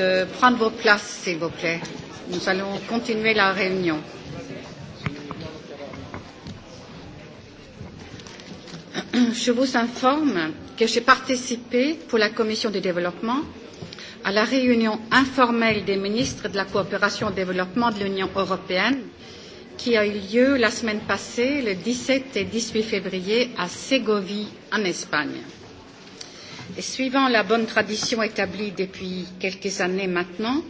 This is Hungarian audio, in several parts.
de prendre vos places, s'il vous plaît. Nous allons continuer la réunion. Je vous informe que j'ai participé pour la Commission du développement à la réunion informelle des ministres de la coopération au développement de l'Union européenne qui a eu lieu la semaine passée, le 17 et 18 février, à Ségovie, en Espagne. Et suivant la bonne tradition établie depuis quelques années maintenant,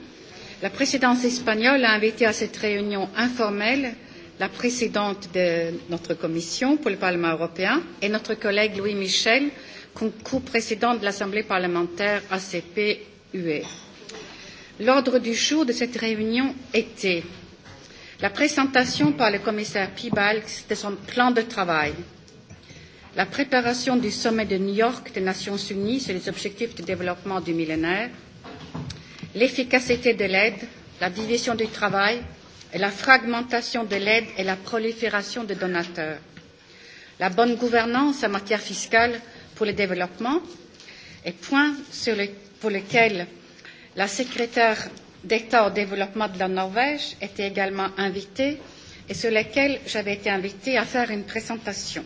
la présidence espagnole a invité à cette réunion informelle la présidente de notre commission pour le Parlement européen et notre collègue Louis Michel, coprésident de l'Assemblée parlementaire ACP-UE. L'ordre du jour de cette réunion était la présentation par le commissaire Piebalgs de son plan de travail, la préparation du sommet de New York des Nations Unies sur les objectifs de développement du millénaire, l'efficacité de l'aide, la division du travail, et la fragmentation de l'aide et la prolifération des donateurs, la bonne gouvernance en matière fiscale pour le développement, et point sur le, pour lequel la secrétaire d'État au développement de la Norvège était également invitée et sur lequel j'avais été invitée à faire une présentation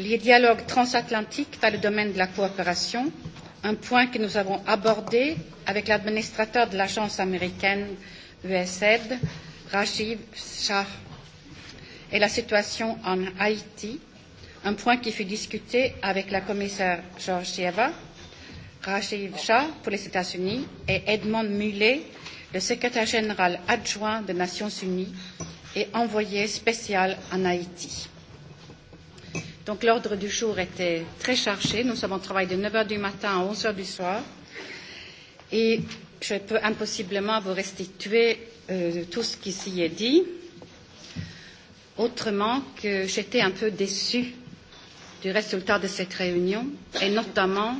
les dialogues transatlantiques dans le domaine de la coopération, un point que nous avons abordé avec l'administrateur de l'agence américaine USAID, Rajiv Shah, et la situation en Haïti, un point qui fut discuté avec la commissaire Georgieva, Rajiv Shah pour les États-Unis et Edmond Mullet, le secrétaire général adjoint des Nations Unies et envoyé spécial en Haïti. Donc l'ordre du jour était très chargé. Nous sommes travaillé travail de 9h du matin à 11h du soir. Et je peux impossiblement vous restituer euh, tout ce qui s'y est dit, autrement que j'étais un peu déçue du résultat de cette réunion et notamment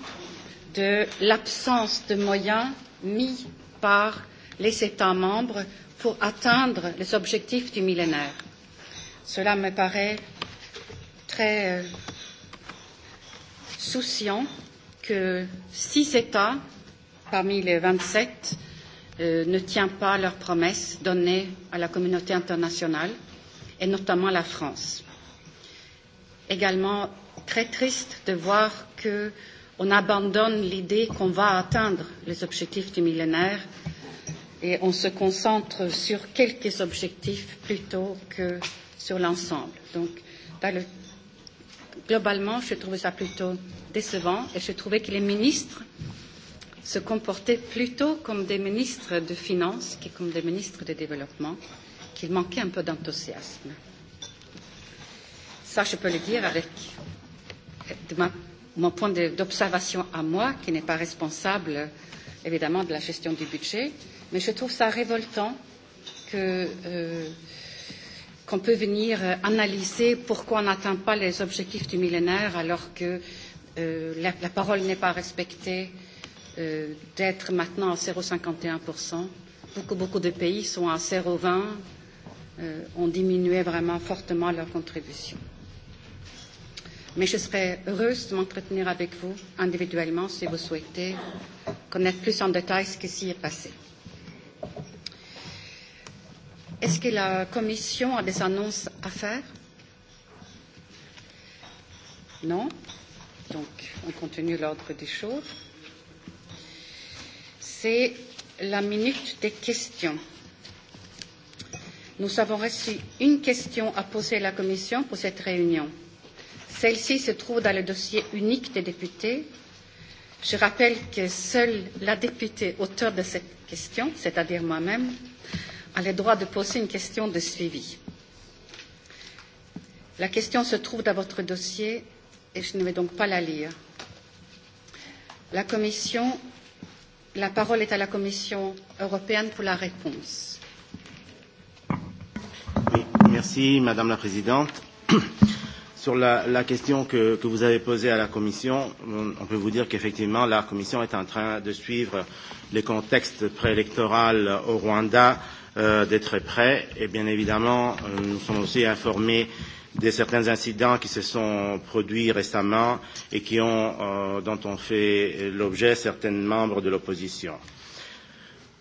de l'absence de moyens mis par les États membres pour atteindre les objectifs du millénaire. Cela me paraît très euh, souciant que six États parmi les 27 euh, ne tiennent pas leurs promesses données à la communauté internationale et notamment la France. Également très triste de voir qu'on abandonne l'idée qu'on va atteindre les objectifs du millénaire et on se concentre sur quelques objectifs plutôt que sur l'ensemble. Donc, dans le globalement, je trouvais ça plutôt décevant et je trouvais que les ministres se comportaient plutôt comme des ministres de finances que comme des ministres de développement, qu'il manquait un peu d'enthousiasme. Ça, je peux le dire avec de ma, mon point d'observation à moi, qui n'est pas responsable évidemment de la gestion du budget, mais je trouve ça révoltant que euh, qu'on peut venir euh, analyser pourquoi on n'atteint pas les objectifs du millénaire alors que euh, la, la parole n'est pas respectée euh, d'être maintenant à 0,51%. Beaucoup, beaucoup de pays sont à 0,20%, euh, ont diminué vraiment fortement leur contribution. Mais je serais heureuse de m'entretenir avec vous individuellement si vous souhaitez connaître plus en détail ce qui s'y est passé. Est-ce que la Commission a des annonces à faire Non Donc, on continue l'ordre des choses. C'est la minute des questions. Nous avons reçu une question à poser à la Commission pour cette réunion. Celle-ci se trouve dans le dossier unique des députés. Je rappelle que seule la députée auteure de cette question, c'est-à-dire moi-même, a le droit de poser une question de suivi. La question se trouve dans votre dossier et je ne vais donc pas la lire. La Commission, la parole est à la Commission européenne pour la réponse. Oui, merci Madame la Présidente. Sur la, la question que, que vous avez posée à la Commission, on, on peut vous dire qu'effectivement, la Commission est en train de suivre le contexte préélectoral au Rwanda euh, d'être prêts. Et bien évidemment, euh, nous sommes aussi informés de certains incidents qui se sont produits récemment et qui ont, euh, dont ont fait l'objet certains membres de l'opposition.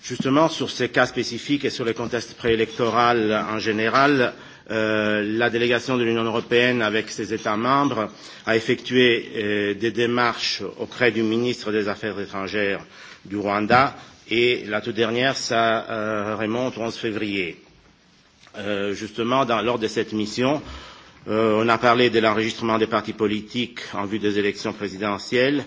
Justement, sur ces cas spécifiques et sur les contexte préélectoraux en général, euh, la délégation de l'Union européenne avec ses États membres a effectué euh, des démarches auprès du ministre des Affaires étrangères du Rwanda Et la toute dernière, ça euh, remonte au 11 février. Euh, justement, dans, lors de cette mission, euh, on a parlé de l'enregistrement des partis politiques en vue des élections présidentielles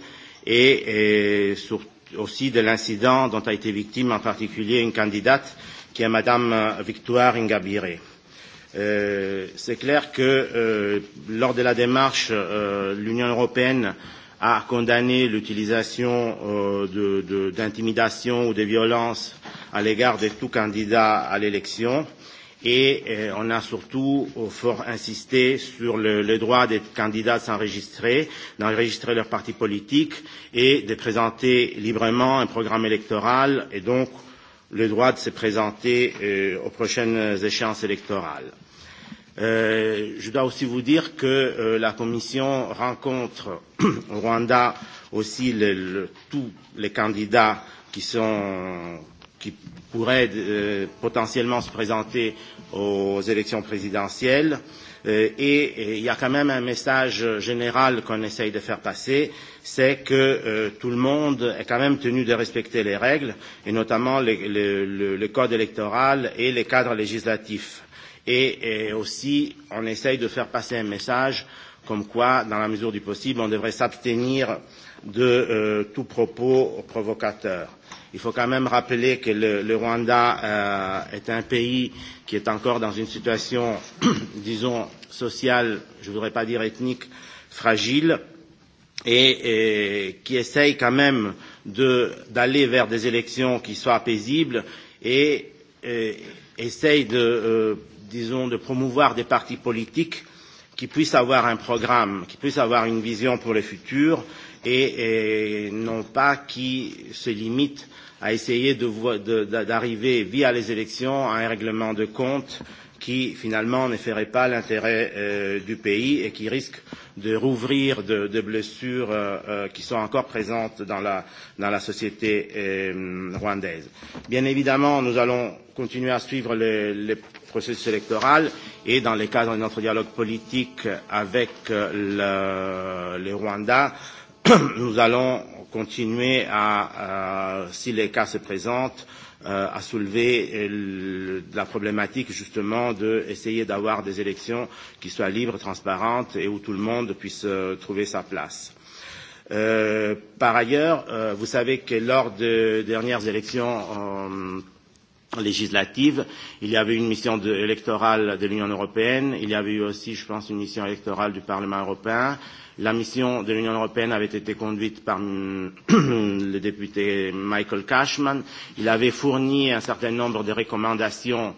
et, et sur, aussi de l'incident dont a été victime en particulier une candidate qui est Madame euh, Victoire Ingabire. Euh, C'est clair que euh, lors de la démarche, euh, l'Union européenne euh, a condamné l'utilisation euh, d'intimidation de, de, ou de violence à l'égard de tout candidat à l'élection. Et euh, on a surtout euh, fort insisté sur le, le droit des candidats de s'enregistrer, d'enregistrer leur parti politique et de présenter librement un programme électoral et donc le droit de se présenter euh, aux prochaines échéances électorales. Euh, je dois aussi vous dire que euh, la Commission rencontre au Rwanda aussi le, le, tous les candidats qui, sont, qui pourraient euh, potentiellement se présenter aux élections présidentielles. Euh, et il y a quand même un message général qu'on essaye de faire passer, c'est que euh, tout le monde est quand même tenu de respecter les règles, et notamment les, les, le, le code électoral et les cadres législatifs Et, et euh, aussi, on essaye de faire passer un message comme quoi, dans la mesure du possible, on devrait s'abstenir de euh, tout propos provocateur. Il faut quand même rappeler que le, le Rwanda euh, est un pays qui est encore dans une situation, disons, sociale, je ne voudrais pas dire ethnique, fragile, et, et qui essaye quand même d'aller de, vers des élections qui soient paisibles et, et essaye de euh, disons, de promouvoir des partis politiques qui puissent avoir un programme, qui puissent avoir une vision pour le futur et, et non pas qui se limitent à essayer d'arriver via les élections à un règlement de compte qui finalement ne ferait pas l'intérêt euh, du pays et qui risque de rouvrir de, de blessures euh, euh, qui sont encore présentes dans la, dans la société euh, rwandaise. Bien évidemment, nous allons continuer à suivre les, les processus électoral et dans le cadre de notre dialogue politique avec euh, le, le Rwanda, nous allons continuer à, à si les cas se présentent, euh, à soulever euh, le, la problématique justement d'essayer de d'avoir des élections qui soient libres, transparentes et où tout le monde puisse trouver sa place. Euh, par ailleurs, euh, vous savez que lors des dernières élections euh, législative. Il y avait une mission de, électorale de l'Union européenne. Il y avait eu aussi, je pense, une mission électorale du Parlement européen. La mission de l'Union européenne avait été conduite par le député Michael Cashman. Il avait fourni un certain nombre de recommandations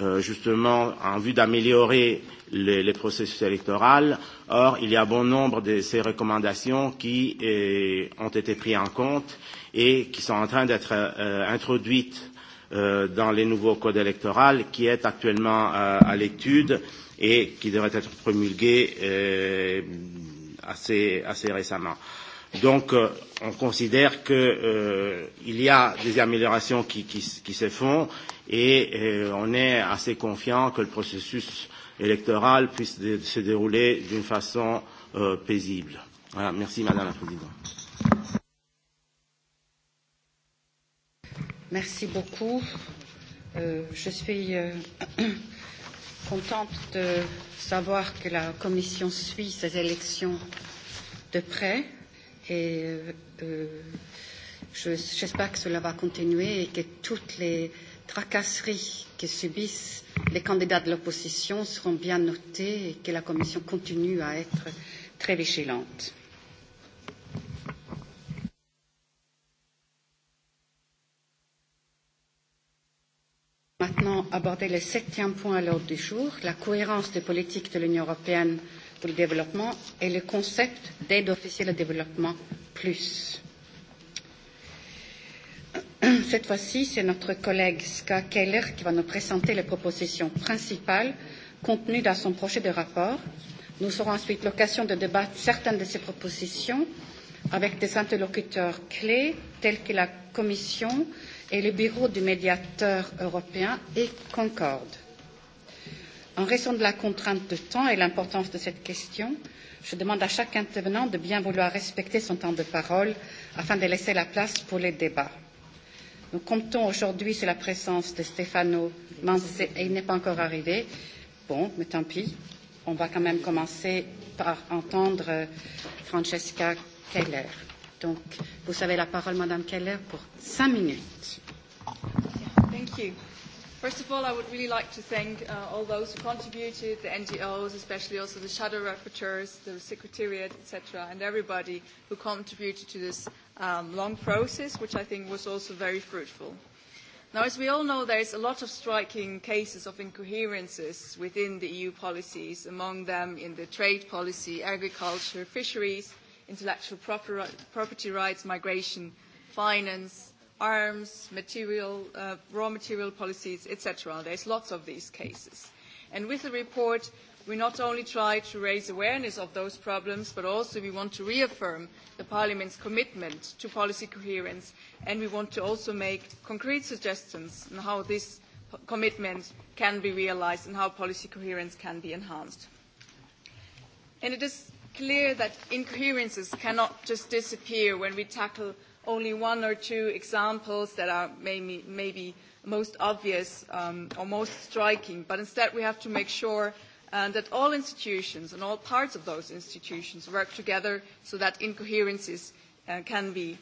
euh, justement en vue d'améliorer les, les processus électoraux. Or, il y a bon nombre de ces recommandations qui eh, ont été prises en compte et qui sont en train d'être euh, introduites euh, Euh, dans les nouveaux codes électoraux qui est actuellement euh, à l'étude et qui devrait être promulgué euh, assez, assez récemment. Donc, euh, on considère qu'il euh, y a des améliorations qui, qui, qui se font et euh, on est assez confiant que le processus électoral puisse de, se dérouler d'une façon euh, paisible. Voilà, merci Madame la Présidente. Merci beaucoup. Euh, je suis euh, contente de savoir que la Commission suit ces élections de près et euh, euh j'espère je, que cela va continuer et que toutes les tracasseries que subissent les candidats de l'opposition seront bien notées et que la Commission continue à être très vigilante. maintenant aborder le septième point à l'ordre du jour, la cohérence des politiques de l'Union européenne pour le développement et le concept d'aide officielle au développement plus. Cette fois-ci, c'est notre collègue Ska Keller qui va nous présenter les propositions principales contenues dans son projet de rapport. Nous aurons ensuite l'occasion de débattre certaines de ces propositions avec des interlocuteurs clés tels que la Commission, et le bureau du médiateur européen et concorde. En raison de la contrainte de temps et l'importance de cette question, je demande à chaque intervenant de bien vouloir respecter son temps de parole afin de laisser la place pour les débats. Nous comptons aujourd'hui sur la présence de Stefano Mansé il n'est pas encore arrivé. Bon, mais tant pis. On va quand même commencer par entendre Francesca Keller. Donc, vous avez la parole, Madame Keller, pour cinq minutes. Thank you. First of all, I would really like to thank uh, all those who contributed, the NGOs, especially also the shadow rapporteurs, the secretariat, etc., and everybody who contributed to this um, long process, which I think was also very fruitful. Now, as we all know, there is a lot of striking cases of incoherences within the EU policies, among them in the trade policy, agriculture, fisheries, intellectual property rights, migration, finance, arms, material, uh, raw material policies, etc. There's lots of these cases. And with the report, we not only try to raise awareness of those problems, but also we want to reaffirm the Parliament's commitment to policy coherence, and we want to also make concrete suggestions on how this commitment can be realised and how policy coherence can be enhanced. And it is clear that incoherences cannot just disappear when we tackle only one or two examples that are maybe, maybe most obvious um, or most striking, but instead we have to make sure uh, that all institutions and all parts of those institutions work together so that incoherences uh, can be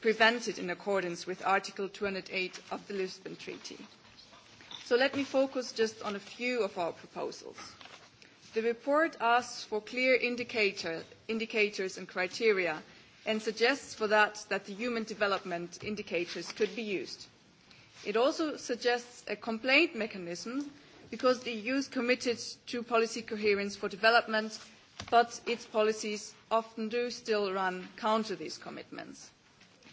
prevented in accordance with Article 208 of the Lisbon Treaty. So let me focus just on a few of our proposals. The report asks for clear indicator, indicators and criteria and suggests for that that the human development indicators could be used. It also suggests a complaint mechanism because the EU is committed to policy coherence for development, but its policies often do still run counter these commitments.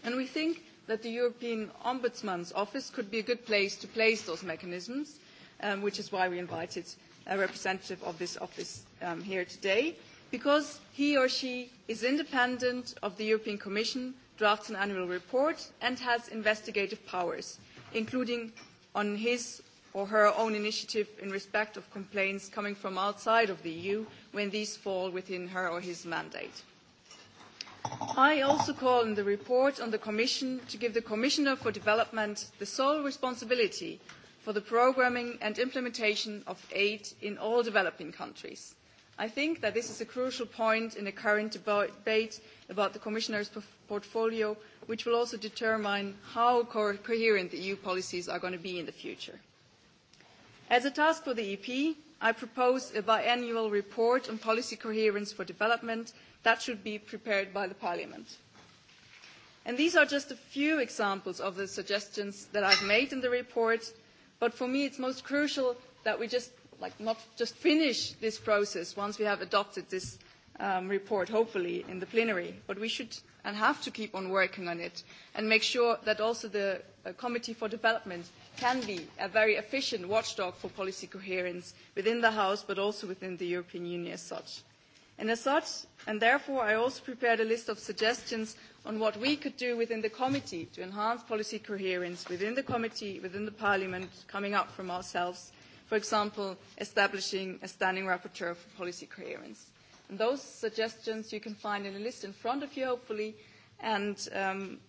And we think that the European Ombudsman's Office could be a good place to place those mechanisms, um, which is why we invited a representative of this office um, here today, because he or she is independent of the European Commission, drafts an annual report, and has investigative powers, including on his or her own initiative in respect of complaints coming from outside of the EU when these fall within her or his mandate. I also call in the report on the Commission to give the Commissioner for Development the sole responsibility for the programming and implementation of aid in all developing countries. I think that this is a crucial point in the current debate about the Commissioner's portfolio, which will also determine how coherent the EU policies are going to be in the future. As a task for the EP, I propose a biannual report on policy coherence for development that should be prepared by the Parliament. And these are just a few examples of the suggestions that I've made in the report But for me, it's most crucial that we just, like, not just finish this process once we have adopted this um, report, hopefully, in the plenary, but we should and have to keep on working on it and make sure that also the uh, Committee for Development can be a very efficient watchdog for policy coherence within the House, but also within the European Union as such. And as such, and therefore I also prepared a list of suggestions on what we could do within the committee to enhance policy coherence within the committee, within the parliament, coming up from ourselves, for example, establishing a standing rapporteur for policy coherence. And those suggestions you can find in a list in front of you, hopefully, and um,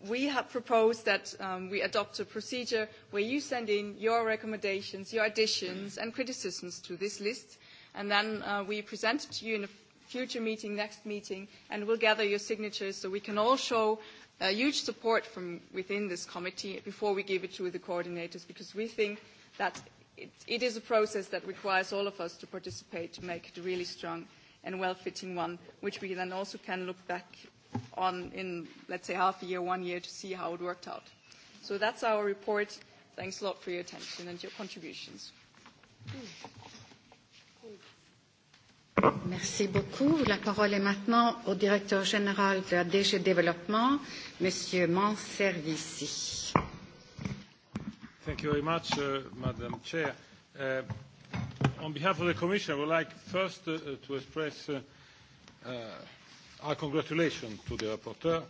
we have proposed that um, we adopt a procedure where you send in your recommendations, your additions and criticisms to this list, and then uh, we present it to you in a future meeting, next meeting, and we'll gather your signatures so we can all show uh, huge support from within this committee before we give it to the coordinators, because we think that it, it is a process that requires all of us to participate to make it a really strong and well-fitting one, which we then also can look back on in, let's say, half a year, one year to see how it worked out. So that's our report. Thanks a lot for your attention and your contributions. Mm. Merci beaucoup. La parole est maintenant au directeur général de la DG Développement, Monsieur Manservici. Thank you very much, uh, Madam Chair. Uh, on behalf of the Commission, I would like first uh, to express uh, uh, our congratulations to the rapporteur,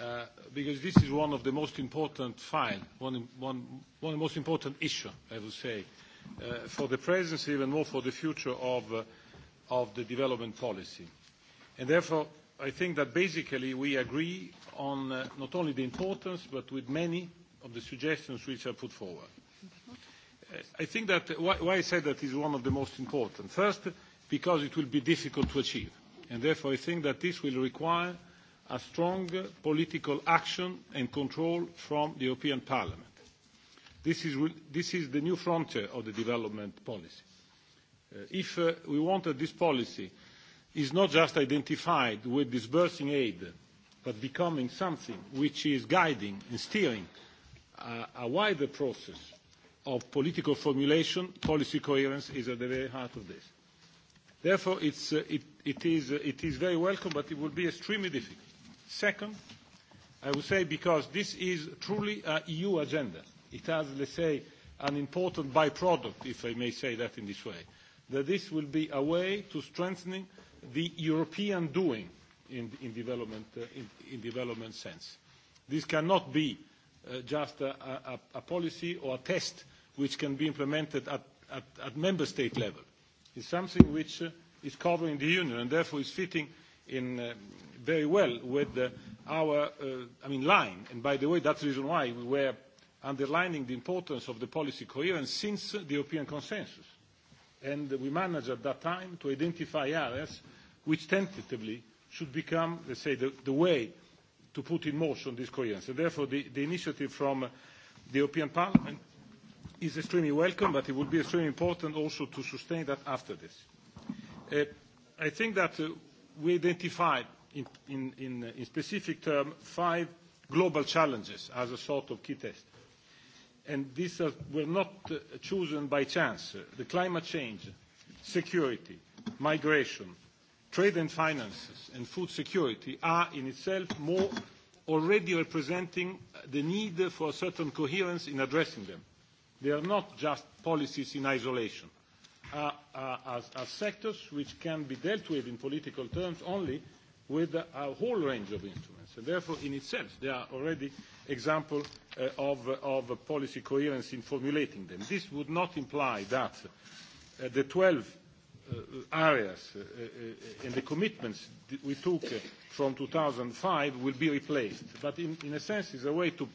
uh, because this is one of the most important files, one, one, one of the most important issues, I would say, uh, for the presence, even more for the future of uh, of the development policy. And therefore, I think that basically we agree on uh, not only the importance, but with many of the suggestions which are put forward. Uh, I think that uh, why, why I said that is one of the most important. First, because it will be difficult to achieve. And therefore, I think that this will require a strong political action and control from the European Parliament. This is, this is the new frontier of the development policy. Uh, if uh, we that this policy is not just identified with disbursing aid, but becoming something which is guiding and steering uh, a wider process of political formulation, policy coherence is at the very heart of this. Therefore, it's, uh, it, it, is, uh, it is very welcome, but it will be extremely difficult. Second, I would say because this is truly an EU agenda. It has, let's say, an important byproduct, if I may say that in this way that this will be a way to strengthening the European doing in, in, development, uh, in, in development sense. This cannot be uh, just a, a, a policy or a test which can be implemented at, at, at member state level. It's something which uh, is covering the union and therefore is fitting in uh, very well with uh, our uh, I mean line. And by the way, that's the reason why we were underlining the importance of the policy coherence since the European consensus and we managed at that time to identify areas which tentatively should become, let's say, the, the way to put in motion this coherence. And therefore, the, the initiative from the European Parliament is extremely welcome, but it will be extremely important also to sustain that after this. Uh, I think that uh, we identified in, in, in, in specific terms five global challenges as a sort of key test and these are, were not uh, chosen by chance. The climate change, security, migration, trade and finances, and food security are in itself more already representing the need for a certain coherence in addressing them. They are not just policies in isolation, Uh, uh, are, are sectors which can be dealt with in political terms only with a whole range of instruments governance. And therefore, in itself, there are already examples uh, of, uh, of policy coherence in formulating them. This would not imply that uh, the 12 uh, areas uh, uh, and the commitments that we took uh, from 2005 will be replaced. But in, in a sense, it's a way to,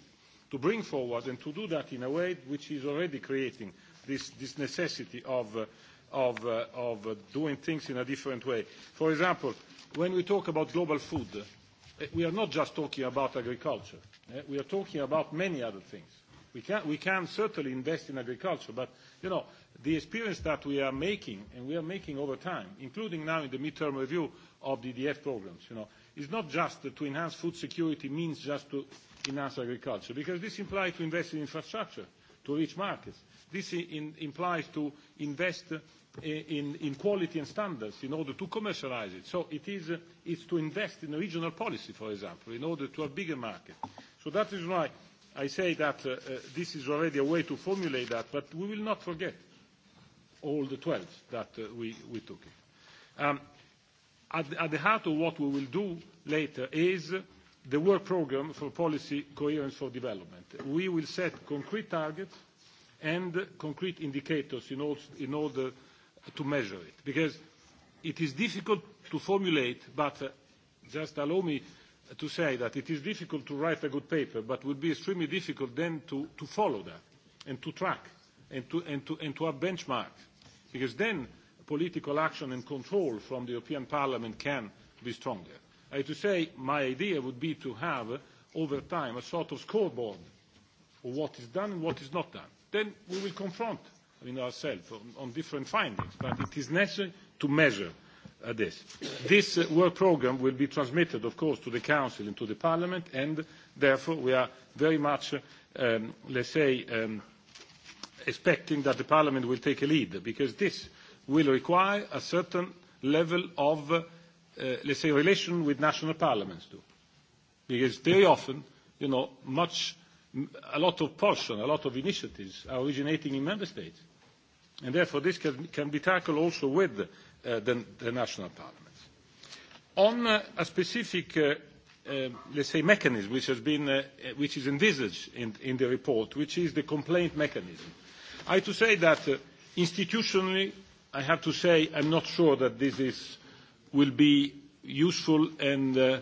to bring forward and to do that in a way which is already creating this, this necessity of, uh, of, uh, of uh, doing things in a different way. For example, when we talk about global food, Eh, we are not just talking about agriculture. Eh, we are talking about many other things. We can, we can certainly invest in agriculture, but, you know, the experience that we are making, and we are making over time, including now in the midterm review of the DDF programs, you know, is not just to enhance food security means just to enhance agriculture, because this implies to invest in infrastructure, to reach markets. This in, implies to invest in, in quality and standards in order to commercialize it. So it is uh, it's to invest in regional policy, for example, in order to a bigger market. So that is why I say that uh, uh, this is already a way to formulate that, but we will not forget all the 12 that uh, we, we took it. Um, at, at the heart of what we will do later is the work program for policy coherence for development. We will set concrete targets and concrete indicators in, all, in order to measure it. Because it is difficult to formulate, but uh, just allow me to say that it is difficult to write a good paper, but would be extremely difficult then to, to follow that and to track and to, and, to, and to have benchmarks. Because then political action and control from the European Parliament can be stronger. I have to say my idea would be to have, uh, over time, a sort of scoreboard of what is done and what is not done. Then we will confront in ourselves on different findings, but it is necessary to measure uh, this. This uh, work programme will be transmitted, of course, to the Council and to the Parliament, and therefore we are very much, uh, um, let's say, um, expecting that the Parliament will take a lead, because this will require a certain level of, uh, let's say, relation with national parliaments too, Because very often, you know, much, a lot of portion, a lot of initiatives are originating in member states And therefore, this can, can be tackled also with uh, the, the national parliaments. On uh, a specific, uh, uh, let's say, mechanism which, has been, uh, uh, which is envisaged in, in the report, which is the complaint mechanism, I have to say that uh, institutionally, I have to say I'm not sure that this is, will be useful and, uh,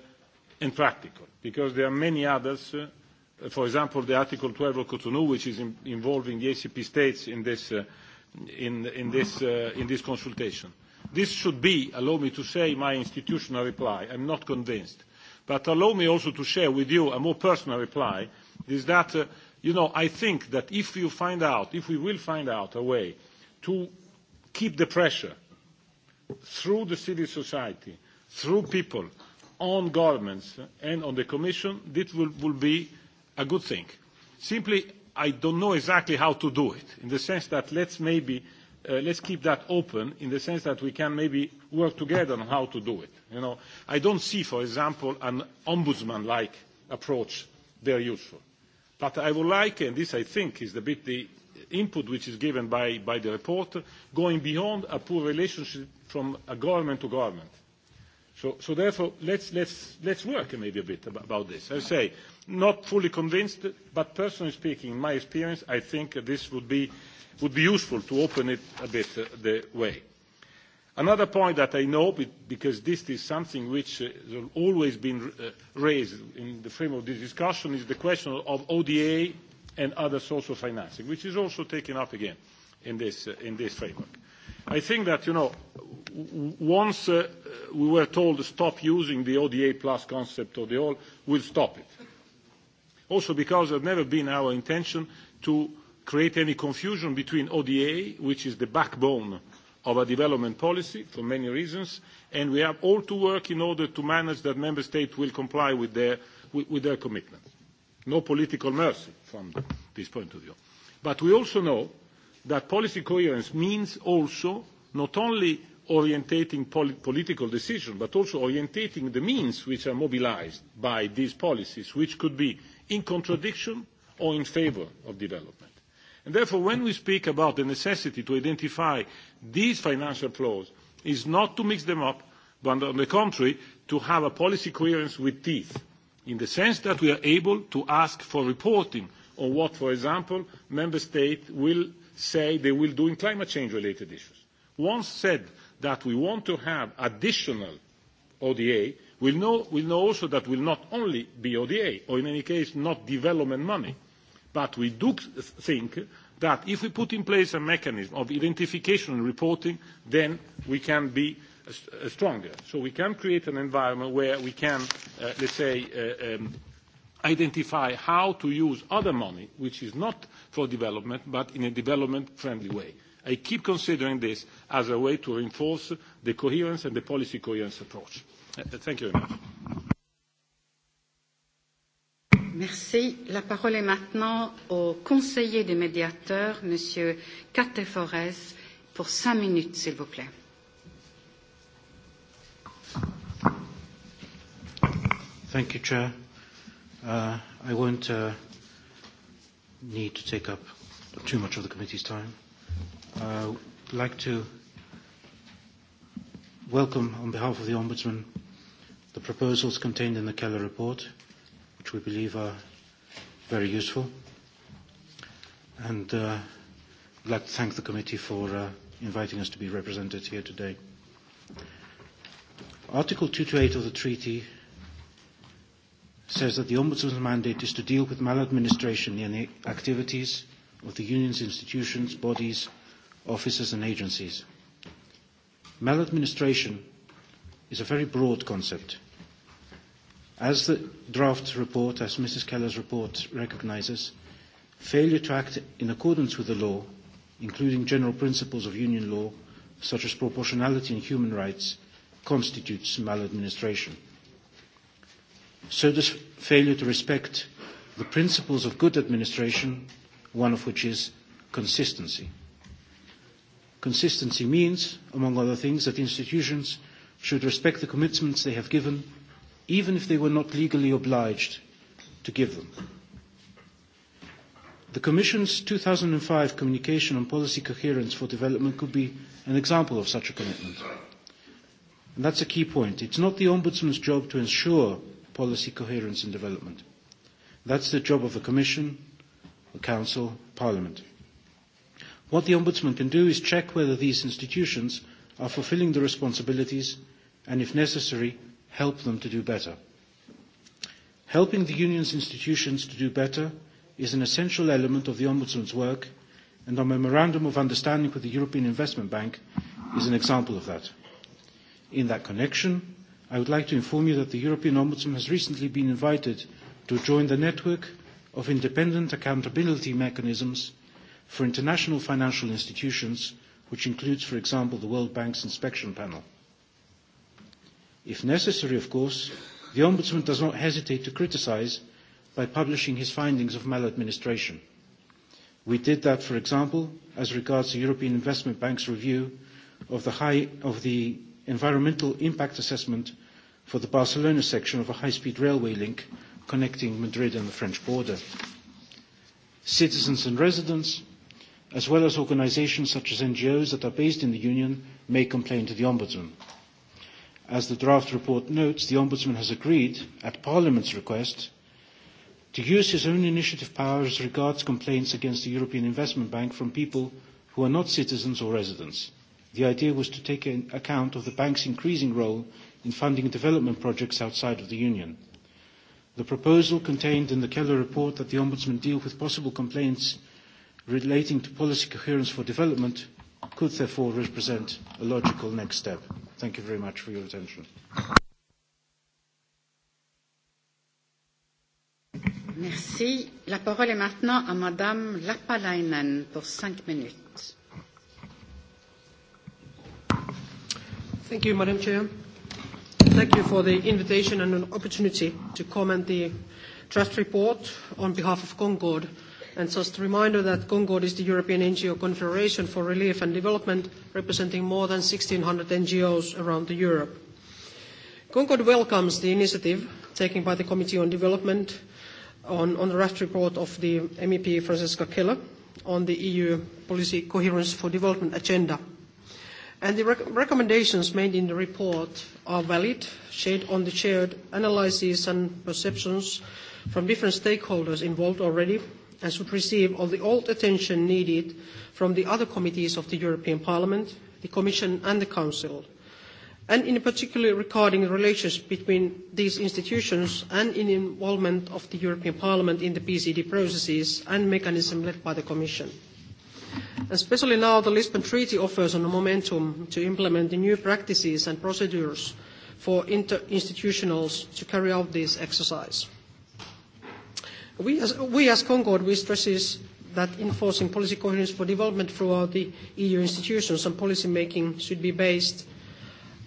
and practical, because there are many others. Uh, for example, the Article 12 of Cotonou, which is in, involving the ACP states in this uh, in, in, this, uh, in this consultation. This should be, allow me to say, my institutional reply. I'm not convinced. But allow me also to share with you a more personal reply, is that, uh, you know, I think that if you find out, if we will find out a way to keep the pressure through the civil society, through people, on governments and on the Commission, this will, will be a good thing. Simply, I don't know exactly how to do it, in the sense that let's maybe uh, let's keep that open, in the sense that we can maybe work together on how to do it. You know, I don't see, for example, an ombudsman-like approach very useful. But I would like, and this I think is the bit the input which is given by, by the report, going beyond a poor relationship from a government to government So, so therefore, let's, let's, let's work maybe a bit about, about this. I say, not fully convinced, but personally speaking, in my experience, I think this would be, would be useful to open it a bit uh, the way. Another point that I know, because this is something which uh, has always been uh, raised in the frame of this discussion, is the question of ODA and other sources of financing, which is also taken up again in this, uh, in this framework. I think that, you know, once uh, we were told to stop using the ODA plus concept or the all, we'll stop it. Also because it never been our intention to create any confusion between ODA, which is the backbone of a development policy for many reasons, and we have all to work in order to manage that member states will comply with their, with, with their commitment. No political mercy from this point of view. But we also know that policy coherence means also not only orientating pol political decisions, but also orientating the means which are mobilised by these policies, which could be in contradiction or in favour of development. And therefore, when we speak about the necessity to identify these financial flows, is not to mix them up, but on the contrary, to have a policy coherence with teeth, in the sense that we are able to ask for reporting on what, for example, member states will say they will do in climate change related issues. Once said that we want to have additional ODA, we we'll know, we'll know also that will not only be ODA, or in any case not development money, but we do think that if we put in place a mechanism of identification and reporting, then we can be uh, stronger. So we can create an environment where we can, uh, let's say, uh, um, identify how to use other money, which is not for development, but in a development-friendly way. I keep considering this as a way to reinforce the coherence and the policy coherence approach. Uh, uh, thank you very much. Merci. La parole est maintenant au conseiller des médiateurs, Monsieur Cateforès, pour cinq minutes, s'il vous plaît. Thank you, Chair. Uh, I won't uh, need to take up too much of the committee's time. Uh, like to welcome, on behalf of the Ombudsman, the proposals contained in the Keller report, which we believe are very useful. And uh, I'd like to thank the committee for uh, inviting us to be represented here today. Article 228 of the treaty says that the Ombudsman's mandate is to deal with maladministration in the activities of the Union's institutions, bodies, offices and agencies. Maladministration is a very broad concept. As the draft report, as Mrs. Keller's report recognises, failure to act in accordance with the law, including general principles of union law, such as proportionality and human rights, constitutes maladministration. So does failure to respect the principles of good administration, one of which is consistency. Consistency means, among other things, that institutions should respect the commitments they have given, even if they were not legally obliged to give them. The Commission's 2005 communication on policy coherence for development could be an example of such a commitment. And that's a key point. It's not the Ombudsman's job to ensure policy coherence and development. That's the job of the Commission, the Council, Parliament. What the Ombudsman can do is check whether these institutions are fulfilling the responsibilities and, if necessary, help them to do better. Helping the Union's institutions to do better is an essential element of the Ombudsman's work, and our Memorandum of Understanding with the European Investment Bank is an example of that. In that connection, I would like to inform you that the European Ombudsman has recently been invited to join the network of independent accountability mechanisms for international financial institutions, which includes, for example, the World Bank's inspection panel. If necessary, of course, the Ombudsman does not hesitate to criticise by publishing his findings of maladministration. We did that, for example, as regards the European Investment Bank's review of the, high, of the environmental impact assessment for the Barcelona section of a high-speed railway link connecting Madrid and the French border. Citizens and residents, as well as organisations such as NGOs that are based in the Union, may complain to the Ombudsman. As the draft report notes, the Ombudsman has agreed, at Parliament's request, to use his own initiative power as regards complaints against the European Investment Bank from people who are not citizens or residents. The idea was to take account of the bank's increasing role in funding development projects outside of the Union. The proposal contained in the Keller report that the Ombudsman deal with possible complaints relating to policy coherence for development could therefore represent a logical next step. Thank you very much for your attention. Merci. La parole est maintenant à Madame Lapalainen pour cinq minutes. Thank you, Madam Chair. Thank you for the invitation and an opportunity to comment the trust report on behalf of Concord. And just a reminder that Concord is the European NGO Confederation for Relief and Development, representing more than 1,600 NGOs around Europe. Concord welcomes the initiative taken by the Committee on Development on, on the draft report of the MEP Francesca Keller on the EU policy coherence for development agenda – And the rec- recommendations made in the report are valid, shared on the shared analyses and perceptions from different stakeholders involved already, and should receive all the old attention needed from the other committees of the European Parliament, the Commission and the Council, and in particular regarding the relationship between these institutions and in involvement of the European Parliament in the PCD processes and mechanism led by the Commission. Especially now, the Lisbon Treaty offers a momentum to implement the new practices and procedures for interinstitutionals to carry out this exercise. We as, we as Concord, we stresses that enforcing policy coherence for development throughout the EU institutions and policy making should be based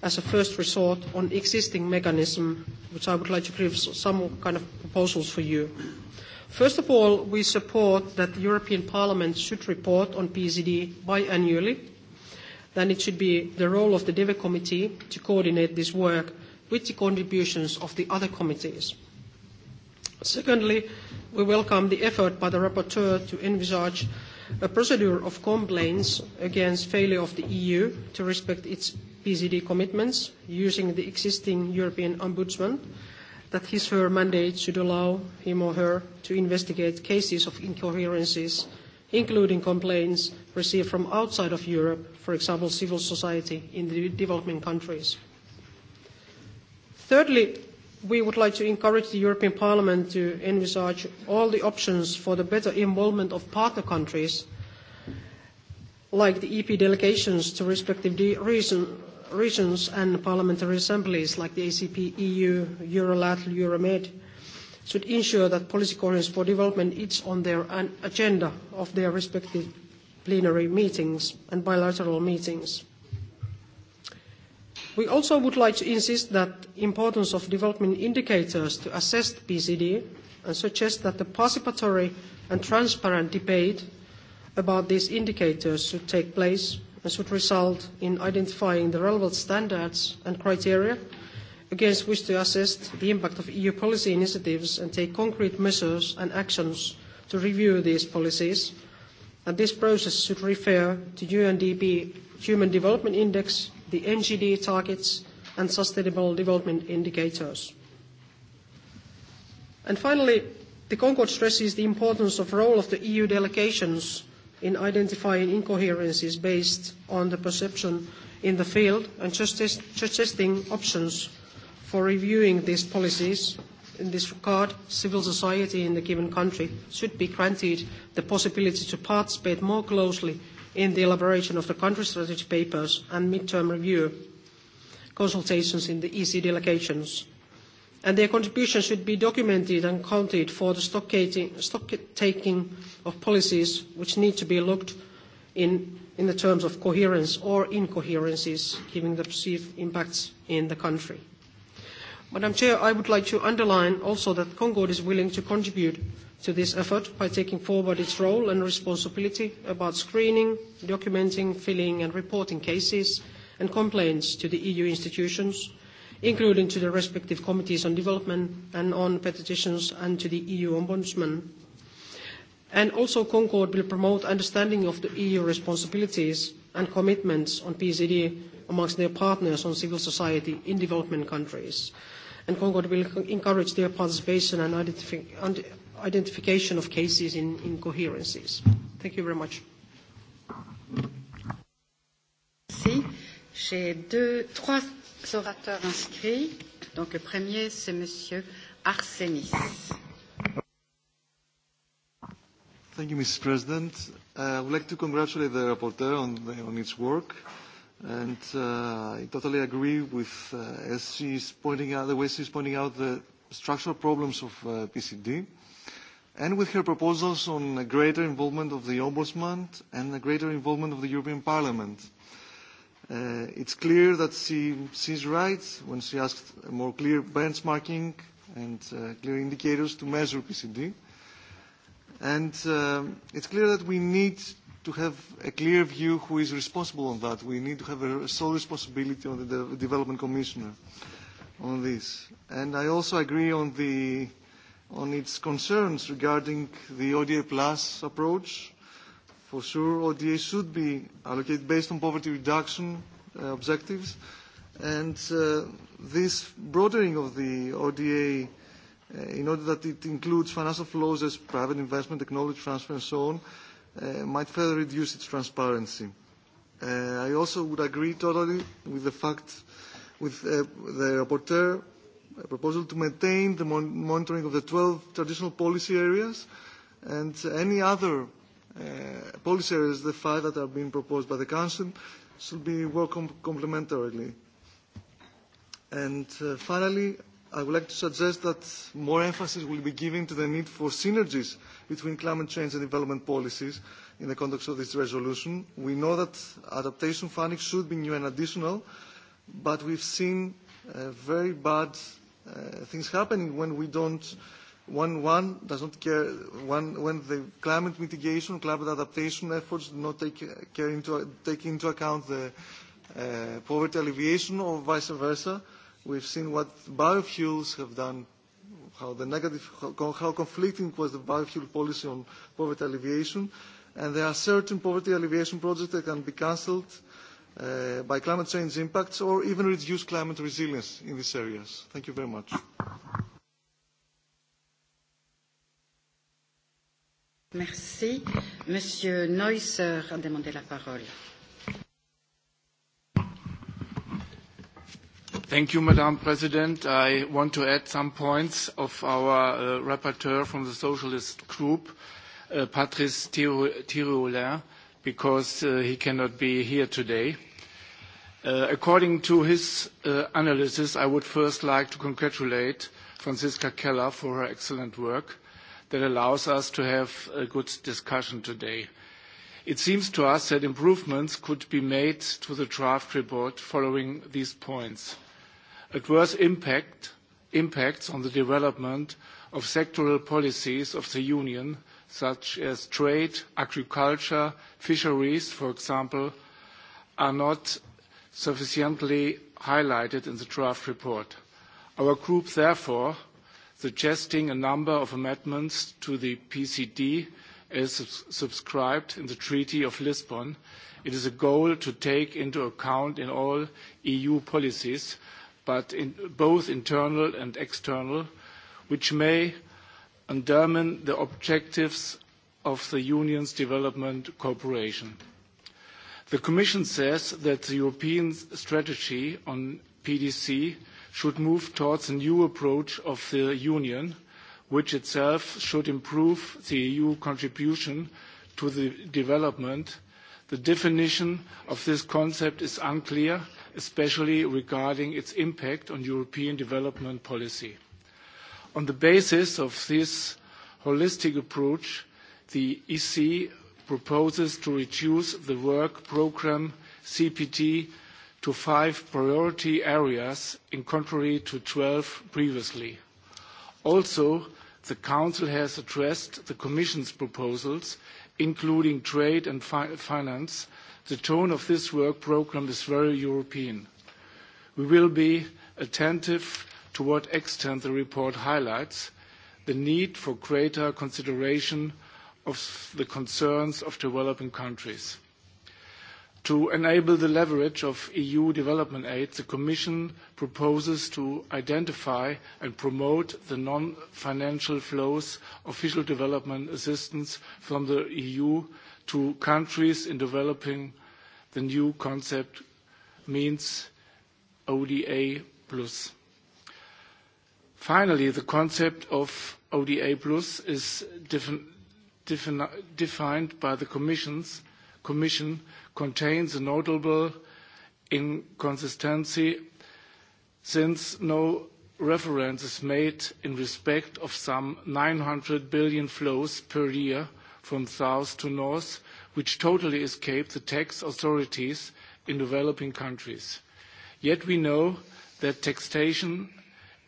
as a first resort on existing mechanism, which I would like to give some kind of proposals for you. First of all, we support that the European Parliament should report on PCD biannually. Then it should be the role of the DEVE committee to coordinate this work with the contributions of the other committees. Secondly, we welcome the effort by the rapporteur to envisage a procedure of complaints against failure of the EU to respect its PCD commitments using the existing European Ombudsman that his or her mandate should allow him or her to investigate cases of incoherences, including complaints received from outside of Europe, for example, civil society in the developing countries. Thirdly, we would like to encourage the European Parliament to envisage all the options for the better involvement of partner countries, like the EP delegations to respective de- reason, regions and parliamentary assemblies like the ACP, EU, Eurolat, Euromed should ensure that policy coherence for development is on their agenda of their respective plenary meetings and bilateral meetings. We also would like to insist that the importance of development indicators to assess the PCD and suggest that the participatory and transparent debate about these indicators should take place This would result in identifying the relevant standards and criteria against which to assess the impact of EU policy initiatives and take concrete measures and actions to review these policies. And this process should refer to UNDP Human Development Index, the NGD targets, and sustainable development indicators. And finally, the Concord stresses the importance of the role of the EU delegations in identifying incoherences based on the perception in the field and suggesting options for reviewing these policies. In this regard, civil society in the given country should be granted the possibility to participate more closely in the elaboration of the country strategy papers and mid-term review consultations in the EC delegations and their contribution should be documented and counted for the stock-taking of policies which need to be looked in, in the terms of coherence or incoherences given the perceived impacts in the country. Madam Chair, I would like to underline also that Congo is willing to contribute to this effort by taking forward its role and responsibility about screening, documenting, filling and reporting cases and complaints to the EU institutions – including to the respective committees on development and on petitions and to the EU Ombudsman. And also Concord will promote understanding of the EU responsibilities and commitments on PCD amongst their partners on civil society in development countries. And Concord will encourage their participation and identifi identification of cases in incoherences. Thank you very much. Merci. J'ai deux, trois orateurs inscrits. Donc le premier, c'est Monsieur Arsenis. Thank you, Mrs. President. Uh, I would like to congratulate the rapporteur on, the, on its work, and uh, I totally agree with uh, as she's pointing out the way she's pointing out the structural problems of uh, PCD, and with her proposals on a greater involvement of the ombudsman and a greater involvement of the European Parliament Uh, it's clear that she, sees right when she asked a more clear benchmarking and uh, clear indicators to measure PCD. And uh, it's clear that we need to have a clear view who is responsible on that. We need to have a, a sole responsibility on the de development commissioner on this. And I also agree on, the, on its concerns regarding the ODA plus approach for sure ODA should be allocated based on poverty reduction uh, objectives. And uh, this broadening of the ODA uh, in order that it includes financial flows as private investment, technology transfer and so on, uh, might further reduce its transparency. Uh, I also would agree totally with the fact, with uh, the rapporteur, a proposal to maintain the mon monitoring of the 12 traditional policy areas and any other uh, policy areas, the five that are being proposed by the Council, should be welcomed complementarily. And uh, finally, I would like to suggest that more emphasis will be given to the need for synergies between climate change and development policies in the context of this resolution. We know that adaptation funding should be new and additional, but we've seen uh, very bad uh, things happening when we don't uh, One, one not care when, when the climate mitigation, climate adaptation efforts do not take, care into, take into account the uh, poverty alleviation or vice versa. We've seen what biofuels have done, how the negative, how, how conflicting was the biofuel policy on poverty alleviation. And there are certain poverty alleviation projects that can be cancelled uh, by climate change impacts or even reduce climate resilience in these areas. Thank you very much. Merci. Monsieur Neusser a demandé la parole. Thank you, Madam President. I want to add some points of our uh, rapporteur from the Socialist Group, uh, Patrice Tirolin, because uh, he cannot be here today. Uh, according to his uh, analysis, I would first like to congratulate Franziska Keller for her excellent work that allows us to have a good discussion today. It seems to us that improvements could be made to the draft report following these points. Adverse impacts on the development of sectoral policies of the Union, such as trade, agriculture, fisheries, for example, are not sufficiently highlighted in the draft report. Our group, therefore, suggesting a number of amendments to the PCD as subscribed in the Treaty of Lisbon. It is a goal to take into account in all EU policies, but in both internal and external, which may undermine the objectives of the Union's development cooperation. The Commission says that the European strategy on PDC should move towards a new approach of the Union, which itself should improve the EU contribution to the development. The definition of this concept is unclear, especially regarding its impact on European development policy. On the basis of this holistic approach, the EC proposes to reduce the work programme CPT to five priority areas in contrary to 12 previously. Also, the Council has addressed the Commission's proposals, including trade and finance. The tone of this work programme is very European. We will be attentive to what extent the report highlights the need for greater consideration of the concerns of developing countries. To enable the leverage of EU development aid, the Commission proposes to identify and promote the non-financial flows of official development assistance from the EU to countries in developing the new concept means ODA+. Finally, the concept of ODA+ is defined by the Commission contains a notable inconsistency since no reference is made in respect of some 900 billion flows per year from south to north, which totally escape the tax authorities in developing countries. Yet we know that taxation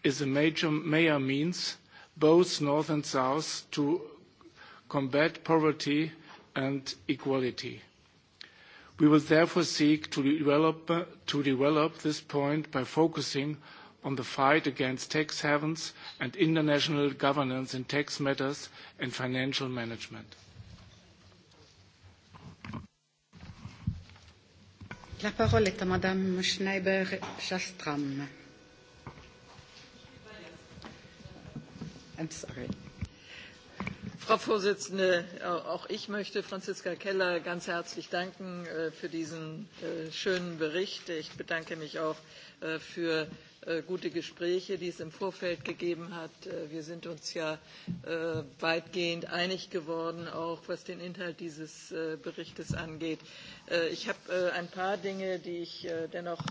is a major, major means, both north and south, to combat poverty and equality. We will therefore seek to develop, this point by focusing on the fight against tax havens and international governance in tax matters and financial management. La parole est à Madame Schneiber-Schastram. I'm sorry. Frau Vorsitzende, äh, auch ich möchte Franziska Keller ganz herzlich danken äh, für diesen äh, schönen Bericht. Ich bedanke mich auch für gute Gespräche, die es im Vorfeld gegeben hat. Wir sind uns ja weitgehend einig geworden, auch was den Inhalt dieses Berichtes angeht. Ich habe ein paar Dinge, die ich dennoch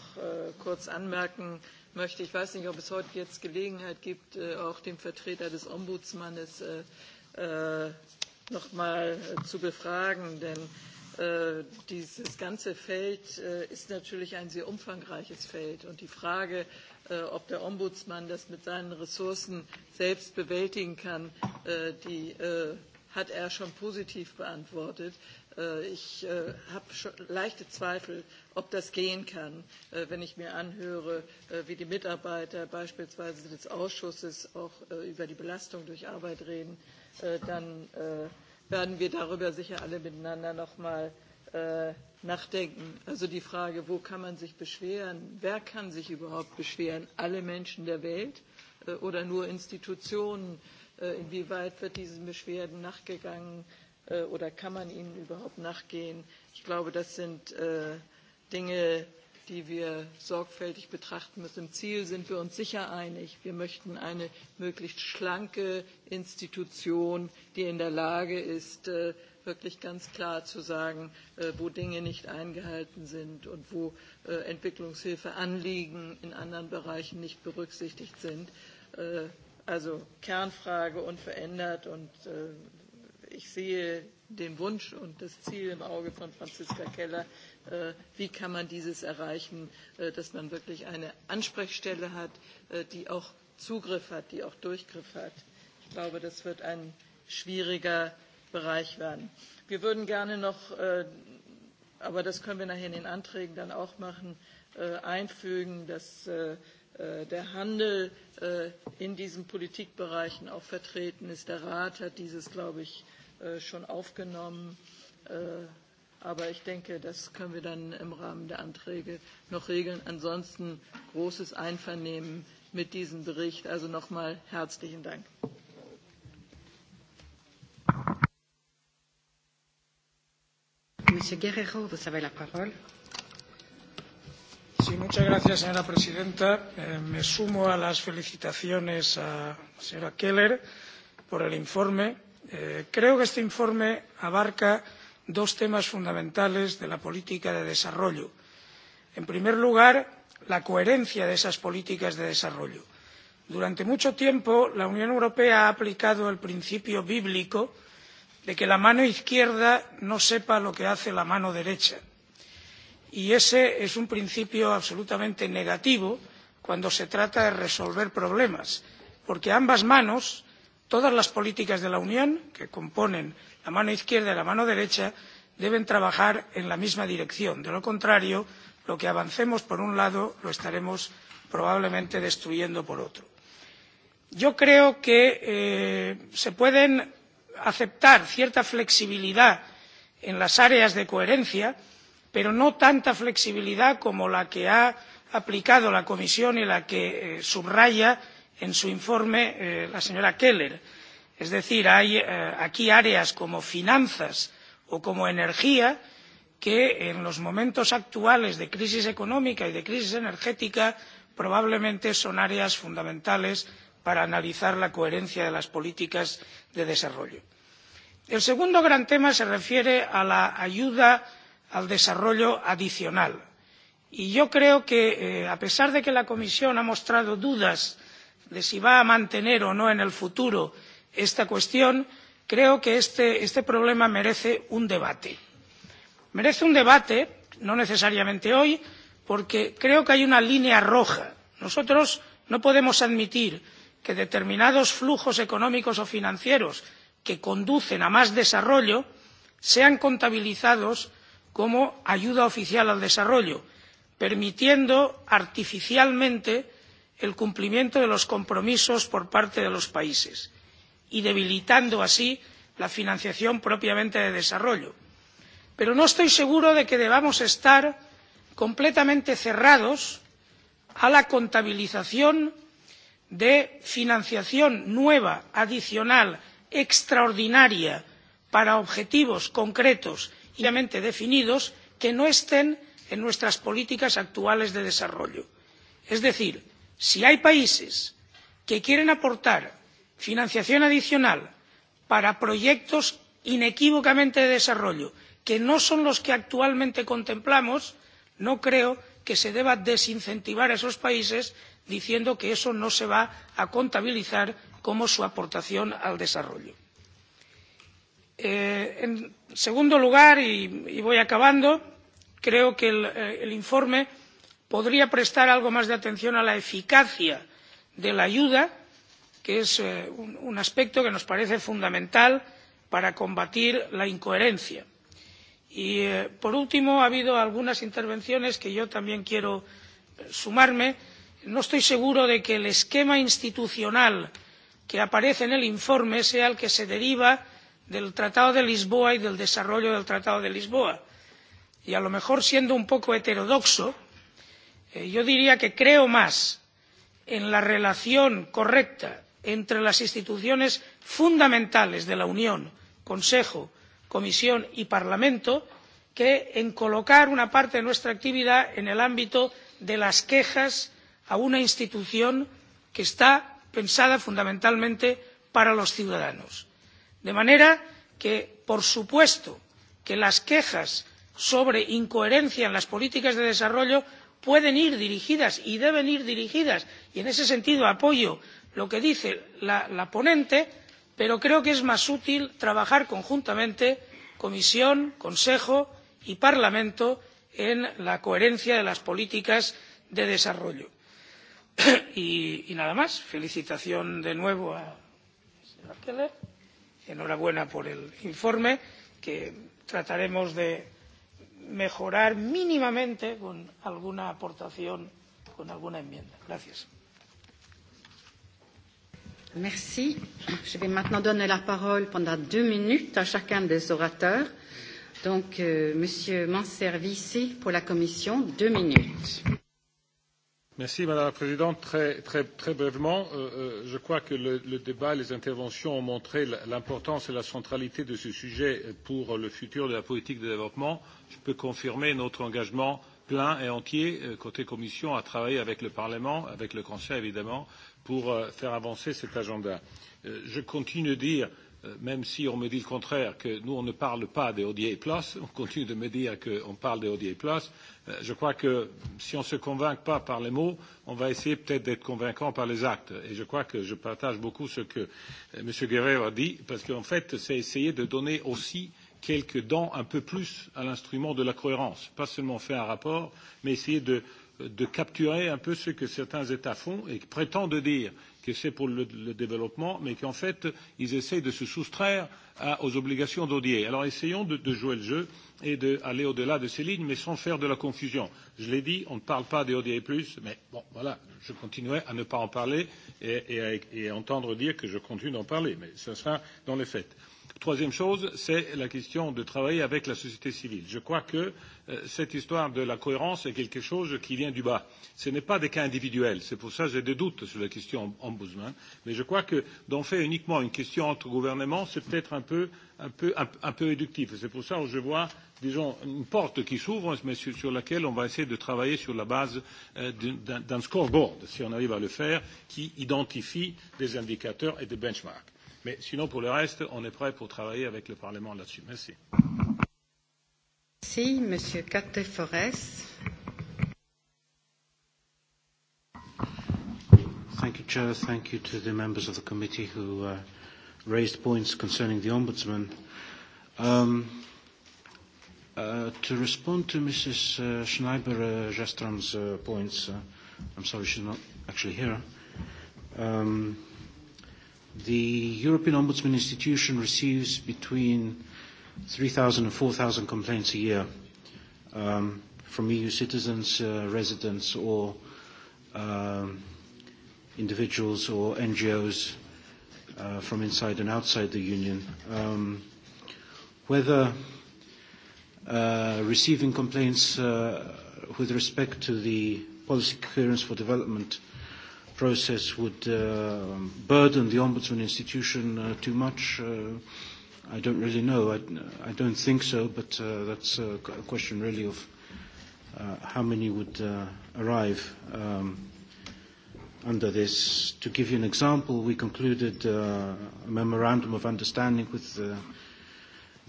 kurz anmerken möchte. Ich weiß nicht, ob es heute jetzt Gelegenheit gibt, auch dem Vertreter des Ombudsmannes äh, noch mal zu befragen, denn äh, dieses ganze Feld äh, ist natürlich ein sehr umfangreiches Feld. Und die Frage, äh, ob der Ombudsmann das mit seinen Ressourcen selbst bewältigen kann, äh, die äh, hat er schon positiv beantwortet. Äh, ich äh, habe leichte Zweifel, ob das gehen kann, äh, wenn ich mir anhöre, äh, wie die Mitarbeiter beispielsweise des Ausschusses auch äh, über die Belastung durch Arbeit reden Äh, dann äh, werden wir darüber sicher alle miteinander noch mal äh, nachdenken. Also die Frage, wo kann man sich beschweren? Wer kann sich überhaupt beschweren? Alle Menschen der Welt oder nur Institutionen? Inwieweit wird diesen Beschwerden nachgegangen oder kann man ihnen überhaupt nachgehen? Ich glaube, das sind Dinge, die wir sorgfältig betrachten müssen. Im Ziel sind wir uns sicher einig. Wir möchten eine möglichst schlanke Institution, die in der Lage ist, äh, wirklich ganz klar zu sagen, äh, wo Dinge nicht eingehalten sind und wo äh, Entwicklungshilfeanliegen in anderen Bereichen nicht berücksichtigt sind. Also Kernfrage unverändert und ich sehe den Wunsch und das Ziel im Auge von Franziska Keller, Äh, wie kann man dieses erreichen, äh, dass man wirklich eine Ansprechstelle hat, äh, die auch Zugriff hat, die auch Durchgriff hat. Ich glaube, das wird ein schwieriger Bereich werden. Wir würden gerne noch, aber das können wir nachher in den Anträgen dann auch machen, einfügen, dass der Handel in diesen Politikbereichen auch vertreten ist. Der Rat hat dieses, glaube ich, schon aufgenommen Aber ich denke, das können wir dann im Rahmen der Anträge noch regeln. Ansonsten großes Einvernehmen mit diesem Bericht. Also nochmal herzlichen Dank. Monsieur Guerrero, vous avez la parole. Sí, muchas gracias, señora presidenta. Eh, me sumo a las felicitaciones a la señora Keller por el informe. Eh, creo que este informe abarca dos temas fundamentales de la política de desarrollo en primer lugar la coherencia de esas políticas de desarrollo. durante mucho tiempo la unión europea ha aplicado el principio bíblico de que la mano izquierda no sepa lo que hace la mano derecha y ese es un principio absolutamente negativo cuando se trata de resolver problemas porque ambas manos todas las políticas de la unión que componen la mano izquierda y la mano derecha deben trabajar en la misma dirección de lo contrario lo que avancemos por un lado lo estaremos probablemente destruyendo por otro. yo creo que eh, se puede aceptar cierta flexibilidad en las áreas de coherencia pero no tanta flexibilidad como la que ha aplicado la comisión y la que eh, subraya en su informe eh, la señora keller es decir hay eh, aquí áreas como finanzas o como energía que en los momentos actuales de crisis económica y de crisis energética probablemente son áreas fundamentales para analizar la coherencia de las políticas de desarrollo. el segundo gran tema se refiere a la ayuda al desarrollo adicional y yo creo que eh, a pesar de que la comisión ha mostrado dudas de si va a mantener o no en el futuro esta cuestión creo que este, problema merece un debate. merece un debate no necesariamente hoy porque creo que hay una línea roja. nosotros no podemos admitir que determinados flujos económicos o financieros que conducen a más desarrollo sean contabilizados como ayuda oficial al desarrollo permitiendo artificialmente el cumplimiento de los compromisos por parte de los países y debilitando así la financiación propiamente de desarrollo pero no estoy seguro de que debamos estar completamente cerrados a la contabilización de financiación nueva adicional extraordinaria para objetivos concretos y ampliamente definidos que no estén en nuestras políticas actuales de desarrollo. es decir si hay países que quieren aportar financiación adicional para proyectos inequívocamente de desarrollo que no son los que actualmente contemplamos no creo que se deba desincentivar a esos países diciendo que eso no se va a contabilizar como su aportación al desarrollo. Eh, en segundo lugar y, y voy acabando creo que el, eh, el informe podría prestar algo más de atención a la eficacia de la ayuda que es eh, un aspecto que nos parece fundamental para combatir la incoherencia. y eh, por último ha habido algunas intervenciones a las que yo también quiero eh, sumarme. no estoy seguro de que el esquema institucional que aparece en el informe sea el que se deriva del tratado de lisboa y del desarrollo del tratado de lisboa y a lo mejor siendo un poco heterodoxo Eh, yo diría que creo más en la relación correcta entre las instituciones fundamentales de la unión consejo comisión y parlamento que en colocar una parte de nuestra actividad en el ámbito de las quejas a una institución que está pensada fundamentalmente para los ciudadanos. de manera que por supuesto que las quejas sobre incoherencia en las políticas de desarrollo pueden ir dirigidas y deben ir dirigidas y en ese sentido apoyo lo que dice la, ponente pero creo que es más útil trabajar conjuntamente comisión consejo y parlamento en la coherencia de las políticas de desarrollo. y, y nada más felicitación de nuevo a la señora keller enhorabuena por el informe que trataremos de mejorar mínimamente con alguna aportación, con alguna enmienda. Gracias. Merci. Je vais maintenant donner la parole pendant deux minutes à chacun des orateurs. Donc, euh, Monsieur Manservici pour la Commission, deux minutes. Merci, Madame la Présidente. Très, très, très brièvement, euh, euh je crois que le, le débat et les interventions ont montré l'importance et la centralité de ce sujet pour le futur de la politique de développement. Je peux confirmer notre engagement plein et entier, euh, côté Commission, à travailler avec le Parlement, avec le Conseil évidemment, pour euh, faire avancer cet agenda. Je continue de dire euh, Euh, même si on me dit le contraire, que nous, on ne parle pas des ODA Plus, on continue de me dire qu'on parle des ODA Plus, euh, je crois que si on ne se convainc pas par les mots, on va essayer peut-être d'être convaincant par les actes. Et je crois que je partage beaucoup ce que euh, M. Guerrero a dit, parce qu'en fait, c'est essayer de donner aussi quelques dents un peu plus à l'instrument de la cohérence. Pas seulement faire un rapport, mais essayer de, de capturer un peu ce que certains États font et prétendent dire qui est pour le, le développement, mais qu'en fait, ils essayent de se soustraire à, aux obligations d'ODA. Alors essayons de, de jouer le jeu et d'aller au-delà de ces lignes, mais sans faire de la confusion. Je l'ai dit, on ne parle pas des ODA+, mais bon, voilà, je continuerai à ne pas en parler et, et, à, et à entendre dire que je continue d'en parler, mais ce sera dans les faits. Troisième chose, c'est la question de travailler avec la société civile. Je crois que euh, cette histoire de la cohérence est quelque chose qui vient du bas. Ce n'est pas des cas individuels. C'est pour ça que j'ai des doutes sur la question ombudsman. Mais je crois que d'en faire uniquement une question entre gouvernements, c'est peut-être un peu, un peu, un, un peu réductif. C'est pour ça que je vois, disons, une porte qui s'ouvre, mais sur, sur laquelle on va essayer de travailler sur la base euh, d'un scoreboard, si on arrive à le faire, qui identifie des indicateurs et des benchmarks. Mais sinon, pour le reste, on est prêt pour travailler avec le Parlement là-dessus. Merci. Merci, Monsieur Cateforès. Thank you, Chair. Thank you to the members of the committee who uh, raised points concerning the Ombudsman. Um, uh, to respond to Mrs. Uh, Schneiber-Gestrom's uh, uh, points, uh, I'm sorry she's not actually here. Um, The European Ombudsman Institution receives between 3,000 and 4,000 complaints a year um, from EU citizens, uh, residents, or um, individuals or NGOs uh, from inside and outside the Union. Um, whether uh, receiving complaints uh, with respect to the policy clearance for development uh, process would uh, burden the ombudsman institution uh, too much. Uh, I don't really know. I, I don't think so, but uh, that's a question really of uh, how many would uh, arrive um, under this. To give you an example, we concluded uh, a memorandum of understanding with uh,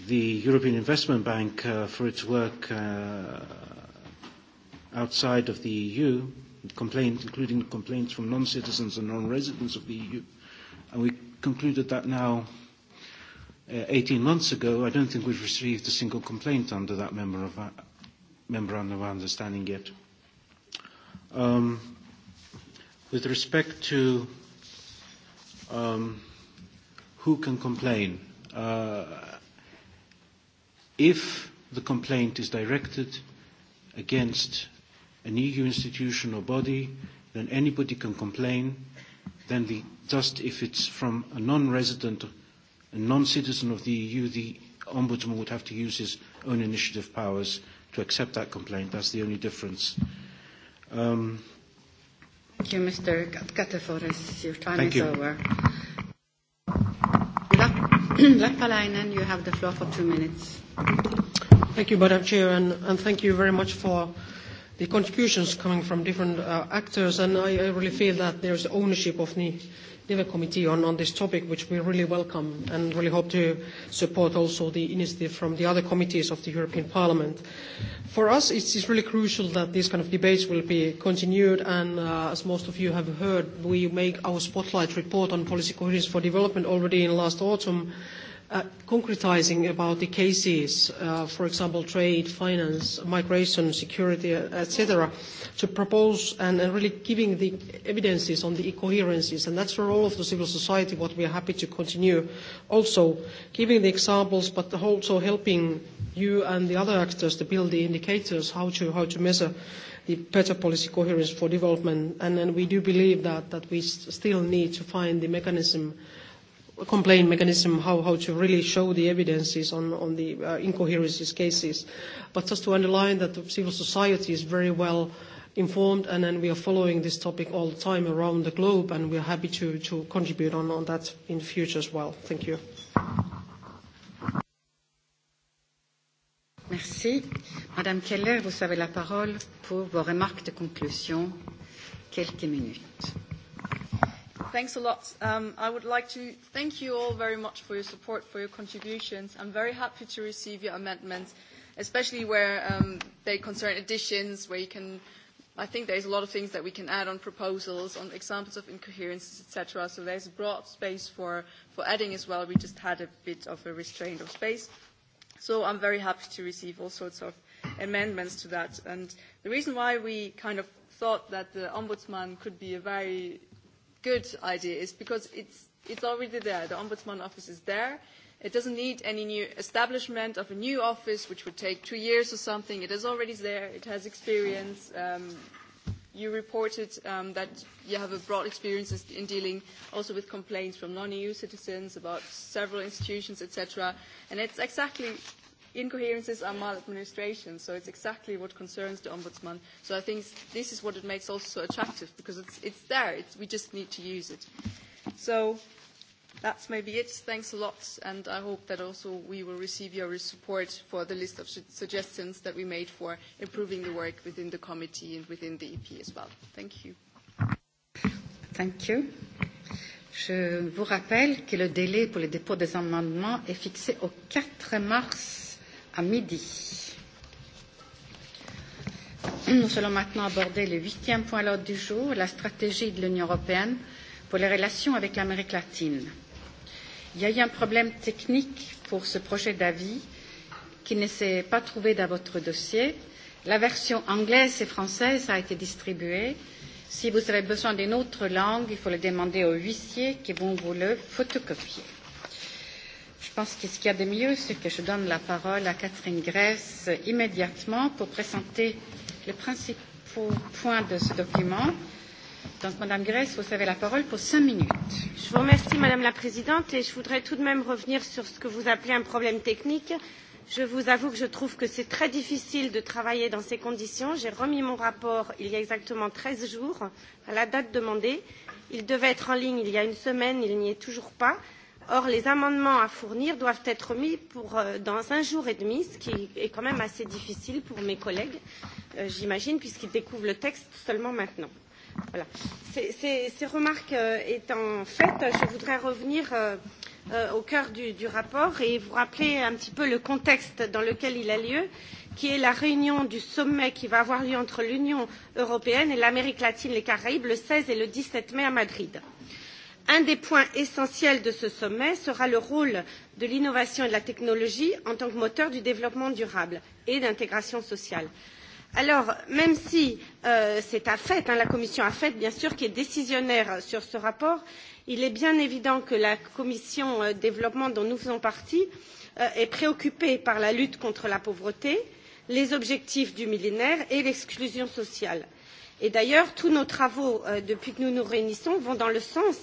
the European Investment Bank uh, for its work uh, outside of the EU Complaint, including complaints from non-citizens and non-residents of the EU. And we concluded that now uh, 18 months ago, I don't think we've received a single complaint under that member of, uh, memorandum of understanding yet. Um, with respect to um, who can complain, uh, if the complaint is directed against an EU institution or body, then anybody can complain. Then the, just if it's from a non-resident, a non-citizen of the EU, the Ombudsman would have to use his own initiative powers to accept that complaint. That's the only difference. Um, Thank you, Mr. Katteforis. Your time Thank is you. over. Lappalainen, you have the floor for two minutes. Thank you, Madam Chair, and, and thank you very much for the contributions coming from different uh, actors, and I, I really feel that there is ownership of the DEVA committee on, on this topic, which we really welcome and really hope to support also the initiative from the other committees of the European Parliament. For us, it's, it's really crucial that these kind of debates will be continued, and uh, as most of you have heard, we make our spotlight report on policy coherence for development already in last autumn uh, concretizing about the cases, uh, for example, trade, finance, migration, security, uh, etc., to propose and, and really giving the evidences on the incoherences. And that's the role of the civil society, what we are happy to continue. Also, giving the examples, but also helping you and the other actors to build the indicators how to, how to measure the better policy coherence for development. And, then we do believe that, that we st- still need to find the mechanism – complaint mechanism, how, how to really show the evidences on, on the uh, incoherences cases. But just to underline that the civil society is very well informed, and then we are following this topic all the time around the globe, and we are happy to, to contribute on, on that in the future as well. Thank you. Merci. Madame Keller, vous avez la parole pour vos remarques de conclusion. Quelques minutes. Thanks a lot. Um, I would like to thank you all very much for your support, for your contributions. I'm very happy to receive your amendments, especially where um, they concern additions, where you can, I think there's a lot of things that we can add on proposals, on examples of incoherences, etc. So there's a broad space for, for adding as well. We just had a bit of a restraint of space. So I'm very happy to receive all sorts of amendments to that. And the reason why we kind of thought that the ombudsman could be a very good idea is because it's, it's already there. The Ombudsman Office is there. It doesn't need any new establishment of a new office, which would take two years or something. It is already there. It has experience. Um, you reported um, that you have a broad experience in dealing also with complaints from non-EU citizens about several institutions, etc. And it's exactly incoherences are maladministration, so it's exactly what concerns the Ombudsman. So I think this is what it makes also so attractive, because it's, it's there, it's, we just need to use it. So that's maybe it. Thanks a lot, and I hope that also we will receive your support for the list of suggestions that we made for improving the work within the committee and within the EP as well. Thank you. Thank you. Je vous rappelle que le délai pour le dépôt des amendements est fixé au 4 mars à midi. Nous allons maintenant aborder le huitième point à l'ordre du jour, la stratégie de l'Union européenne pour les relations avec l'Amérique latine. Il y a eu un problème technique pour ce projet d'avis qui ne s'est pas trouvé dans votre dossier. La version anglaise et française a été distribuée. Si vous avez besoin d'une autre langue, il faut le demander aux huissiers qui vont vous le photocopier. Je pense que ce y a de mieux, c'est que je donne la parole à Catherine Grèce immédiatement pour présenter les principaux points de ce document. Donc, Madame Grèce, vous avez la parole pour cinq minutes. Je vous remercie, Madame la Présidente, et je voudrais tout de même revenir sur ce que vous appelez un problème technique. Je vous avoue que je trouve que c'est très difficile de travailler dans ces conditions. J'ai remis mon rapport il y a exactement 13 jours, à la date demandée. Il devait être en ligne il y a une semaine, il n'y est toujours pas Or, les amendements à fournir doivent être mis pour, euh, dans un jour et demi, ce qui est quand même assez difficile pour mes collègues, euh, j'imagine, puisqu'ils découvrent le texte seulement maintenant. Voilà. Ces, ces, ces remarques euh, étant faites, je voudrais revenir euh, euh, au cœur du, du rapport et vous rappeler un petit peu le contexte dans lequel il a lieu, qui est la réunion du sommet qui va avoir lieu entre l'Union européenne et l'Amérique latine et les Caraïbes le 16 et le 17 mai à Madrid. Euh, Un des points essentiels de ce sommet sera le rôle de l'innovation et de la technologie en tant que moteur du développement durable et d'intégration sociale. Alors, même si euh, c'est AFET, hein, la commission AFET, bien sûr, qui est décisionnaire sur ce rapport, il est bien évident que la commission euh, développement dont nous faisons partie euh, est préoccupée par la lutte contre la pauvreté, les objectifs du millénaire et l'exclusion sociale Et d'ailleurs, tous nos travaux euh, depuis que nous nous réunissons vont dans le sens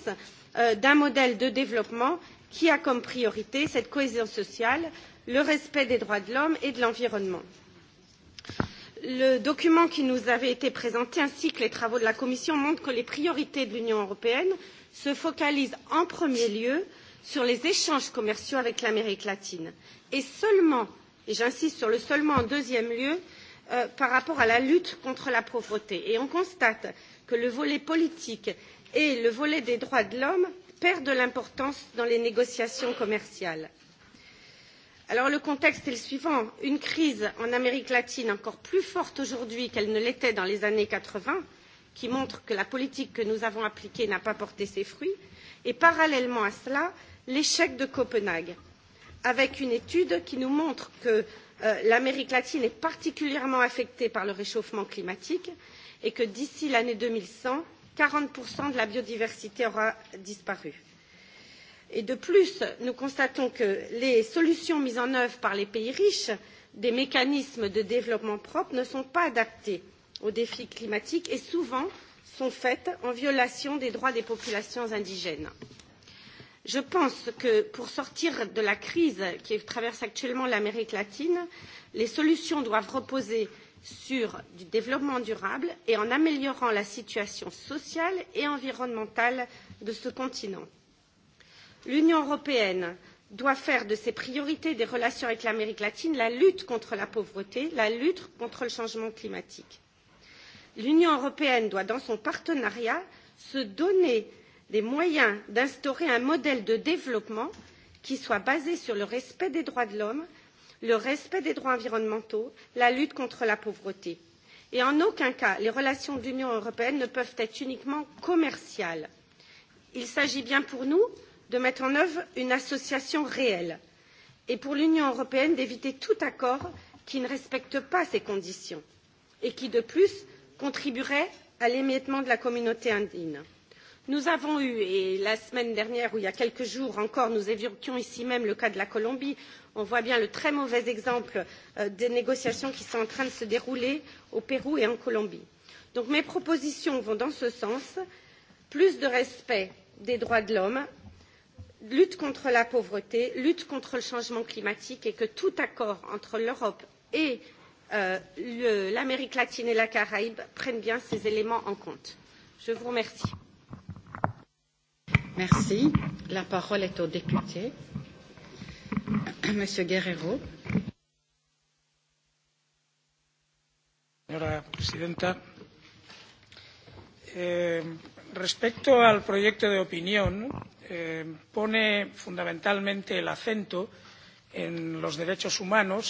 euh, d'un modèle de développement qui a comme priorité cette cohésion sociale, le respect des droits de l'homme et de l'environnement. Le document qui nous avait été présenté ainsi que les travaux de la Commission montrent que les priorités de l'Union européenne se focalisent en premier lieu sur les échanges commerciaux avec l'Amérique latine et seulement, et j'insiste sur le seulement en deuxième lieu, euh, par rapport à la lutte contre la pauvreté. Et on constate que le volet politique et le volet des droits de l'homme perdent de l'importance dans les négociations commerciales. Alors le contexte est le suivant une crise en Amérique latine encore plus forte aujourd'hui qu'elle ne l'était dans les années 80, qui montre que la politique que nous avons appliquée n'a pas porté ses fruits, et parallèlement à cela, l'échec de Copenhague, avec une étude qui nous montre que Euh, l'amérique latine est particulièrement affectée par le réchauffement climatique et que d'ici l'année deux mille cent quarante de la biodiversité aura disparu. Et de plus nous constatons que les solutions mises en œuvre par les pays riches des mécanismes de développement propre ne sont pas adaptées aux défis climatiques et souvent sont faites en violation des droits des populations indigènes je pense que pour sortir de la crise qui traverse actuellement l'amérique latine les solutions doivent reposer sur du développement durable et en améliorant la situation sociale et environnementale de ce continent. l'union européenne doit faire de ses priorités des relations avec l'amérique latine la lutte contre la pauvreté la lutte contre le changement climatique. l'union européenne doit dans son partenariat se donner les moyens d'instaurer un modèle de développement qui soit basé sur le respect des droits de l'homme le respect des droits environnementaux la lutte contre la pauvreté. et en aucun cas les relations de l'union européenne ne peuvent être uniquement commerciales. il s'agit bien pour nous de mettre en œuvre une association réelle et pour l'union européenne d'éviter tout accord qui ne respecte pas ces conditions et qui de plus contribuerait à l'émiettement de la communauté andine nous avons eu et la semaine dernière ou il y a quelques jours encore nous évoquions ici même le cas de la colombie on voit bien le très mauvais exemple euh, des négociations qui sont en train de se dérouler au pérou et en colombie. donc mes propositions vont dans ce sens plus de respect des droits de l'homme lutte contre la pauvreté lutte contre le changement climatique et que tout accord entre l'europe et euh, l'amérique latine et la caraïbe prenne bien ces éléments en compte. je vous remercie. Merci. La parole est au député, Monsieur Guerrero. Señora presidenta, eh, respecto al proyecto de opinión, eh, pone fundamentalmente el acento en los derechos humanos,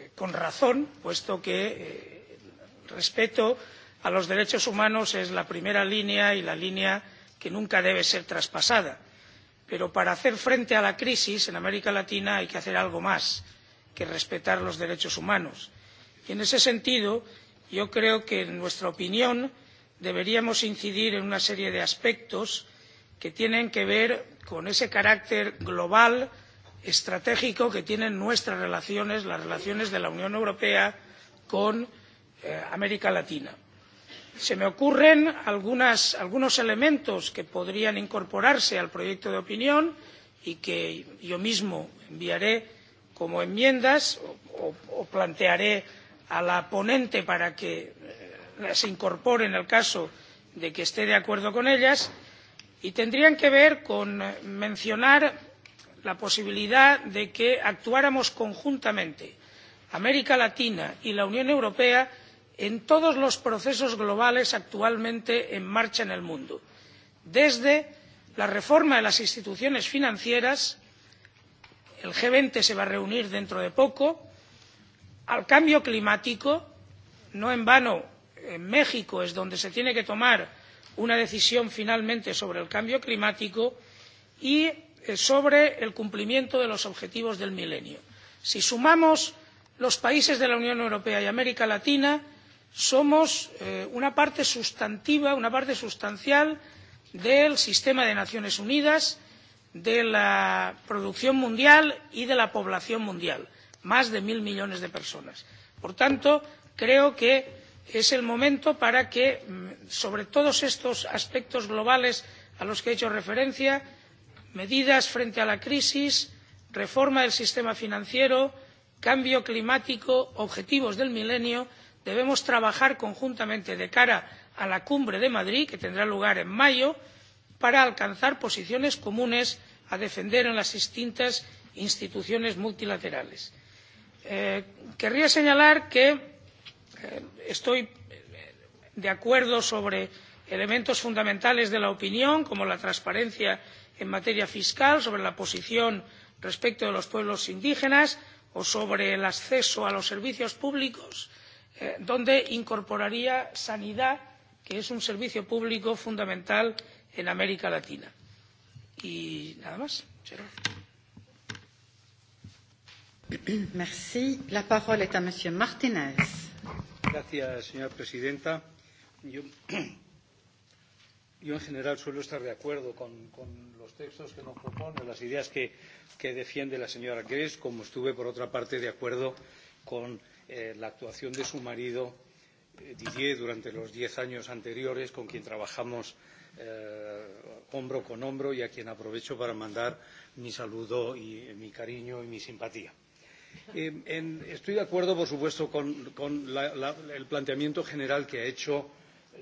eh, con razón, puesto que eh, el respeto a los derechos humanos es la primera línea y la línea que nunca debe ser traspasada pero para hacer frente a la crisis en américa latina hay que hacer algo más que respetar los derechos humanos y en ese sentido yo creo que en nuestra opinión deberíamos incidir en una serie de aspectos que tienen que ver con ese carácter global estratégico que tienen nuestras relaciones las relaciones de la unión europea con eh, américa latina se me ocurren algunos elementos que podrían incorporarse al proyecto de opinión y que yo mismo enviaré como enmiendas o, o plantearé a la ponente para que las eh, incorpore en el caso de que esté de acuerdo con ellas y tendrían que ver con mencionar la posibilidad de que actuáramos conjuntamente américa latina y la unión europea en todos los procesos globales actualmente en marcha en el mundo desde la reforma de las instituciones financieras el g veinte se va a reunir dentro de poco al cambio climático no en vano en méxico es donde se tiene que tomar una decisión finalmente sobre el cambio climático y eh, sobre el cumplimiento de los objetivos del milenio. si sumamos los países de la unión europea y américa latina somos eh, una parte sustantiva una parte sustancial del sistema de las naciones unidas de la producción mundial y de la población mundial más de mil millones de personas. por tanto creo que es el momento para que mm, sobre todos estos aspectos globales a los que he hecho referencia medidas frente a la crisis reforma del sistema financiero cambio climático objetivos del milenio debemos trabajar conjuntamente de cara a la cumbre de madrid que tendrá lugar en mayo para alcanzar posiciones comunes a defender en las distintas instituciones multilaterales. Eh, querría señalar que eh, estoy eh, de acuerdo sobre elementos fundamentales de la opinión como la transparencia en materia fiscal sobre la posición respecto de los pueblos indígenas o sobre el acceso a los servicios públicos y Eh, donde incorporaría sanidad que es un servicio público fundamental en américa latina. y nada más. muchas gracias. gracias señora presidenta. Yo, yo en general suelo estar de acuerdo con, con los textos que nos propone, las ideas que, que defiende la señora Gress, como estuve por otra parte de acuerdo con eh, la actuación de su marido, eh, Didier, durante los diez años anteriores, con quien trabajamos eh, hombro con hombro y a quien aprovecho para mandar mi saludo y eh, mi cariño y mi simpatía. Eh, en, estoy de acuerdo, por supuesto, con, con la, la, el planteamiento general que ha hecho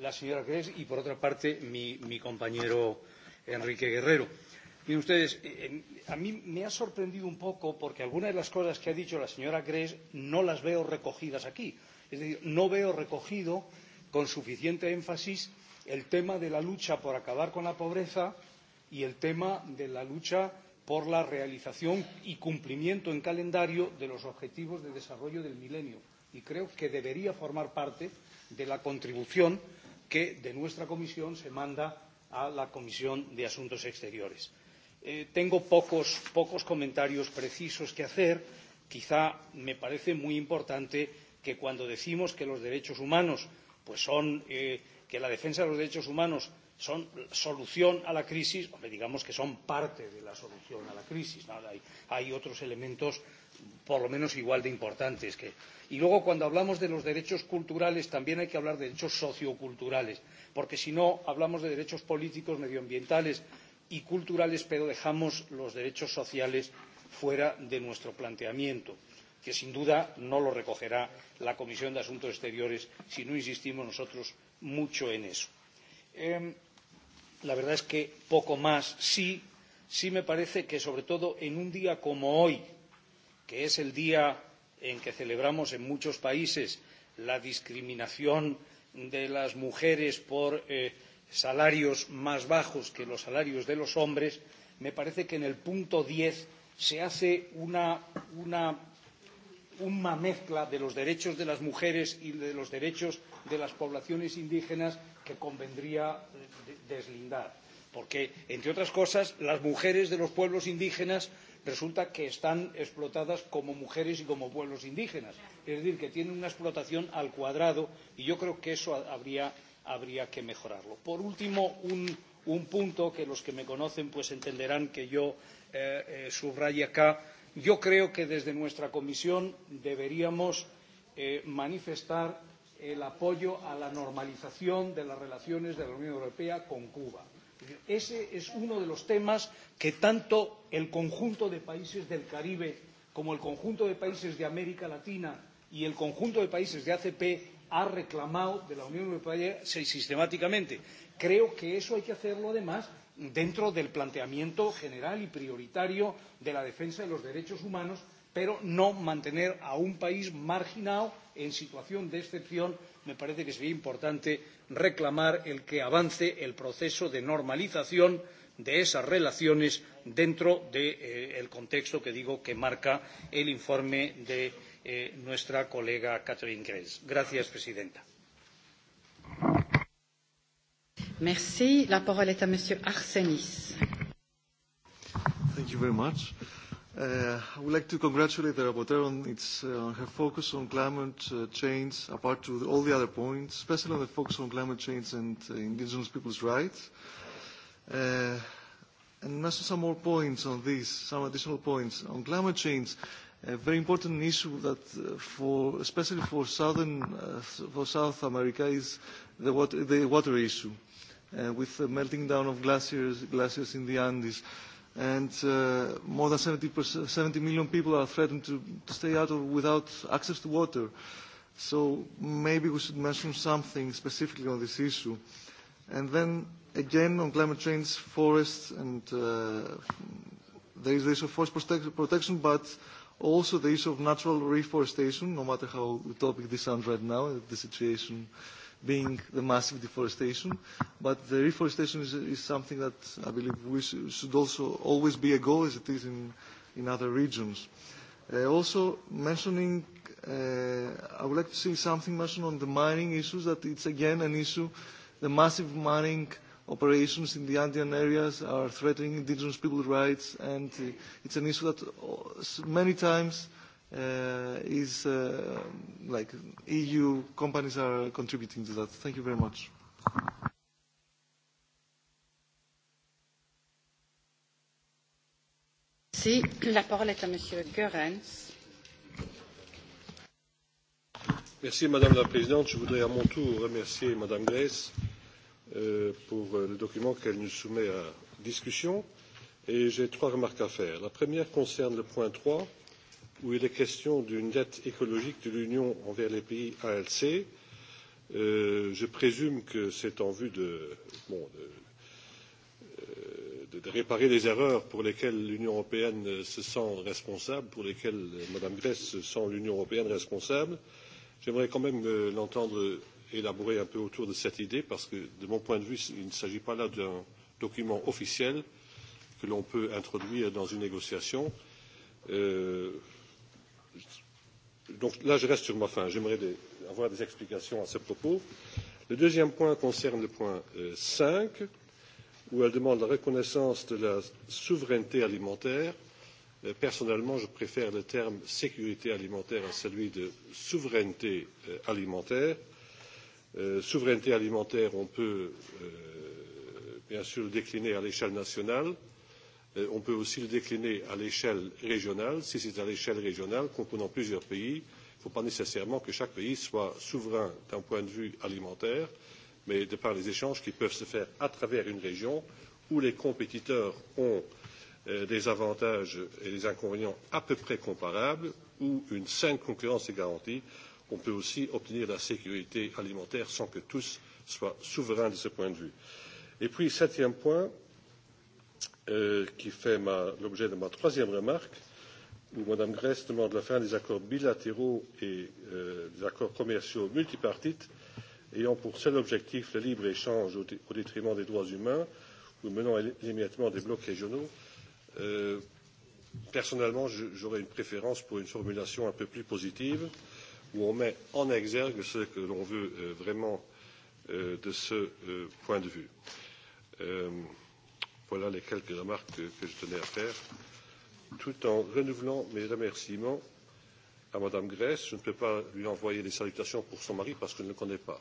la señora Gress y, por otra parte, mi, mi compañero Enrique Guerrero. Eh, Miren ustedes, eh, eh, a mí me ha sorprendido un poco porque algunas de las cosas que ha dicho la señora Gress no las veo recogidas aquí. Es decir, no veo recogido con suficiente énfasis el tema de la lucha por acabar con la pobreza y el tema de la lucha por la realización y cumplimiento en calendario de los objetivos de desarrollo del milenio. Y creo que debería formar parte de la contribución que de nuestra comisión se manda a la Comisión de Asuntos Exteriores eh, tengo pocos, pocos comentarios precisos que hacer. Quizá me parece muy importante que cuando decimos que los derechos humanos pues son eh, que la defensa de los derechos humanos son solución a la crisis, hombre, digamos que son parte de la solución a la crisis. ¿no? Hay, hay otros elementos por lo menos igual de importantes. Que... Y luego, cuando hablamos de los derechos culturales, también hay que hablar de derechos socioculturales, porque si no, hablamos de derechos políticos, medioambientales, y culturales, pero dejamos los derechos sociales fuera de nuestro planteamiento, que sin duda no lo recogerá la Comisión de Asuntos Exteriores si no insistimos nosotros mucho en eso. Eh, la verdad es que poco más. Sí, sí me parece que sobre todo en un día como hoy, que es el día en que celebramos en muchos países la discriminación de las mujeres por eh, salarios más bajos que los salarios de los hombres, me parece que en el punto 10 se hace una, una, una mezcla de los derechos de las mujeres y de los derechos de las poblaciones indígenas que convendría eh, deslindar. Porque, entre otras cosas, las mujeres de los pueblos indígenas resulta que están explotadas como mujeres y como pueblos indígenas. Es decir, que tienen una explotación al cuadrado y yo creo que eso habría habría que mejorarlo. Por último, un, un punto que los que me conocen pues entenderán que yo eh, eh, subraye acá. Yo creo que desde nuestra comisión deberíamos eh, manifestar el apoyo a la normalización de las relaciones de la Unión Europea con Cuba. Ese es uno de los temas que tanto el conjunto de países del Caribe como el conjunto de países de América Latina y el conjunto de países de ACP ha reclamado de la Unión Europea sistemáticamente. Creo que eso hay que hacerlo, además, dentro del planteamiento general y prioritario de la defensa de los derechos humanos, pero no mantener a un país marginado en situación de excepción. Me parece que sería importante reclamar el que avance el proceso de normalización de esas relaciones dentro del de, eh, contexto que digo que marca el informe de eh, nuestra colega Catherine Grace. Gracias, presidenta. Merci. La parole est à Monsieur Arsenis. Thank you very much. Uh, I would like to congratulate the rapporteur on, its, uh, on her focus on climate uh, change, apart from all the other points, especially on the focus on climate change and uh, indigenous people's rights. Uh, and also some more points on this, some additional points. On climate change, a eh, very important issue that eh, for especially for southern uh, for south america is the water, the water issue uh, with the melting down of glaciers glaciers in the andes and uh, more than 70, 70 million people are threatened to, to stay out of, without access to water so maybe we should mention something specifically on this issue and then again on climate change forests and uh, there is the issue of forest protection but Also the issue of natural reforestation, no matter how utopic this sounds right now, the situation being the massive deforestation. But the reforestation is, is something that I believe we sh should also always be a goal as it is in, in other regions. Uh, also mentioning, uh, I would like to see something mentioned on the mining issues, that it's again an issue, the massive mining uh, operations in the Andean areas are threatening indigenous people's rights, and uh, it's an issue that uh, many times uh, is uh, like EU companies are contributing to that. Thank you very much. Merci. La parole est à Monsieur Goerens. Merci Madame la Présidente. Je voudrais à mon tour remercier Madame Grace Euh, pour euh, le document qu'elle nous soumet à discussion et j'ai trois remarques à faire. La première concerne le point 3 où il est question d'une dette écologique de l'Union envers les pays ALC. Euh, je présume que c'est en vue de, bon, de, euh, de, de réparer les erreurs pour lesquelles l'Union européenne se sent responsable, pour lesquelles Mme Grèce sent l'Union européenne responsable. J'aimerais quand même l'entendre élaborer un peu autour de cette idée, parce que de mon point de vue, il ne s'agit pas là d'un document officiel que l'on peut introduire dans une négociation. Euh, donc là, je reste sur ma faim. J'aimerais des, avoir des explications à ce propos. Le deuxième point concerne le point euh, 5, où elle demande la reconnaissance de la souveraineté alimentaire. Euh, personnellement, je préfère le terme sécurité alimentaire à celui de souveraineté euh, alimentaire. Euh, Euh, souveraineté alimentaire on peut euh, bien sûr le décliner à l'échelle nationale euh, on peut aussi le décliner à l'échelle régionale. si c'est à l'échelle régionale comprenant plusieurs pays il ne faut pas nécessairement que chaque pays soit souverain d'un point de vue alimentaire mais de par les échanges qui peuvent se faire à travers une région où les compétiteurs ont des avantages et des inconvénients à peu près comparables où une saine concurrence est garantie on peut aussi obtenir la sécurité alimentaire sans que tous soient souverains de ce point de vue. Et puis, septième point, euh, qui fait l'objet de ma troisième remarque, où Mme Grèce demande la fin des accords bilatéraux et euh, des accords commerciaux multipartites ayant pour seul objectif le libre échange au, au détriment des droits humains ou menant à l'émiettement des blocs régionaux. Euh, personnellement, j'aurais une préférence pour une formulation un peu plus positive. Euh, où on met en exergue ce que l'on veut euh, vraiment euh, de ce euh, point de vue. Euh, voilà les quelques remarques que, que je tenais à faire, tout en renouvelant mes remerciements à Madame Grèce. Je ne peux pas lui envoyer des salutations pour son mari parce que je ne le connais pas.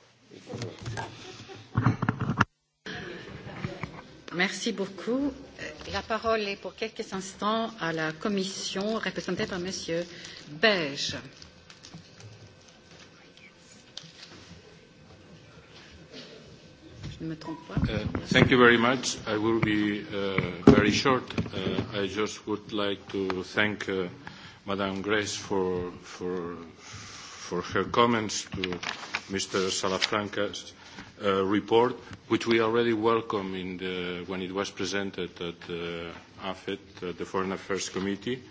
Merci beaucoup. La parole est pour quelques instants à la Commission représentée par Monsieur Beige. Uh, thank you very much. I will be uh, very short. Uh, I just would like to thank uh, Madame Grace for, her comments to Mr. Salafranca's report, which we already welcome in the, when it was presented at the AFET, the Foreign Affairs Committee.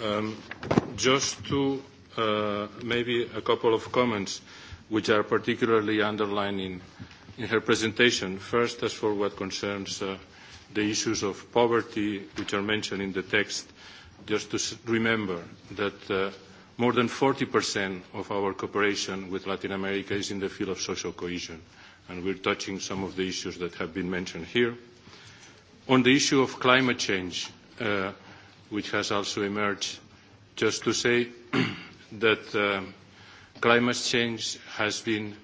Um, just to maybe a couple of comments which are particularly underlining in her presentation. First, as for what concerns uh, the issues of poverty, which are mentioned in the text, just to remember that uh, more than 40% of our cooperation with Latin America is in the field of social cohesion, and we're touching some of the issues that have been mentioned here. On the issue of climate change, uh, which has also emerged, just to say that uh, climate change has been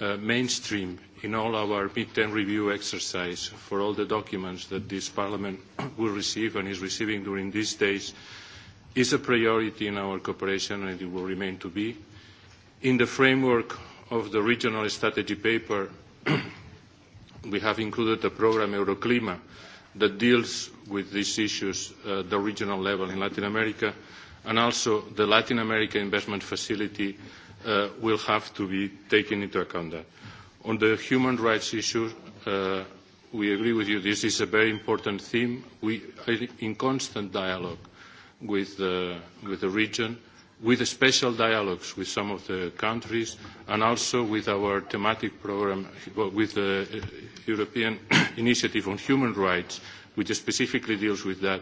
Uh, mainstream in all our midterm review exercise for all the documents that this Parliament will receive and is receiving during these days is a priority in our cooperation and it will remain to be. In the framework of the regional strategy paper, we have included the program Euroclima that deals with these issues at the regional level in Latin America and also the Latin America Investment Facility uh, will have to be taken into account. That. On the human rights issue, uh, we agree with you. This is a very important theme. We are in constant dialogue with the, with the region, with special dialogues with some of the countries, and also with our thematic program, with the uh, European Initiative on Human Rights, which specifically deals with that.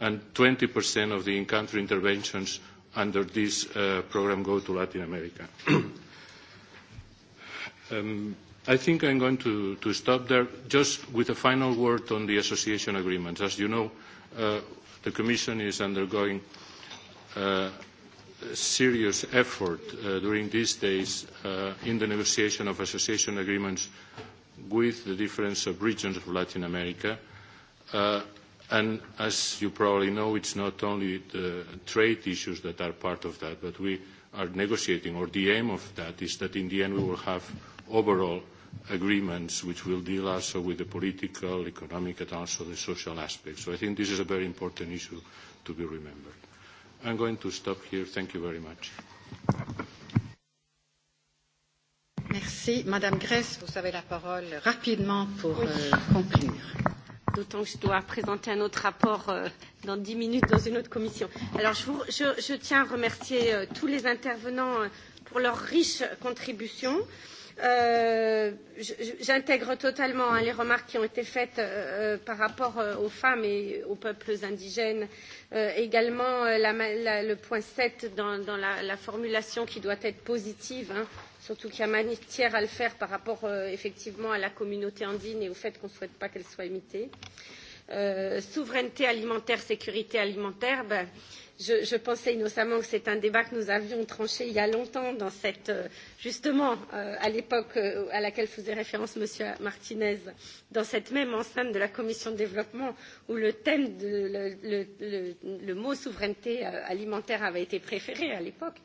And 20% of the in-country interventions under this uh, program go to Latin America. um, I think I'm going to, to stop there. Just with a final word on the association agreements. As you know, uh, the Commission is undergoing uh, a serious effort uh, during these days uh, in the negotiation of association agreements with the different sub-regions of Latin America. Uh, And as you probably know, it's not only the trade issues that are part of that, but we are negotiating, or the aim of that is that in the end we will have overall agreements which will deal also with the political, economic, and also the social aspects. So I think this is a very important issue to be remembered. I'm going to stop here. Thank you very much. Merci. Madame Grèce, vous avez la parole rapidement pour euh, conclure d'autant que je dois présenter un autre rapport euh, dans dix minutes dans une autre commission. Alors, je, vous, je, je tiens à remercier euh, tous les intervenants euh, pour leur riche contribution. Euh, J'intègre totalement hein, les remarques qui ont été faites euh, euh, par rapport euh, aux femmes et aux peuples indigènes. Euh, également, euh, la, la, le point 7 dans, dans la, la formulation qui doit être positive. Hein, surtout qu'il y a matière à le faire par rapport euh, effectivement à la communauté andine et au fait qu'on ne souhaite pas qu'elle soit imitée. Euh, souveraineté alimentaire, sécurité alimentaire, ben, euh, je, je pensais innocemment que c'est un débat que nous avions tranché il y a longtemps dans cette euh, justement euh, à l'époque euh, à laquelle faisait référence M. Martinez dans cette même enceinte de la commission de développement où le thème de le, le, le, le mot souveraineté euh, alimentaire avait été préféré à l'époque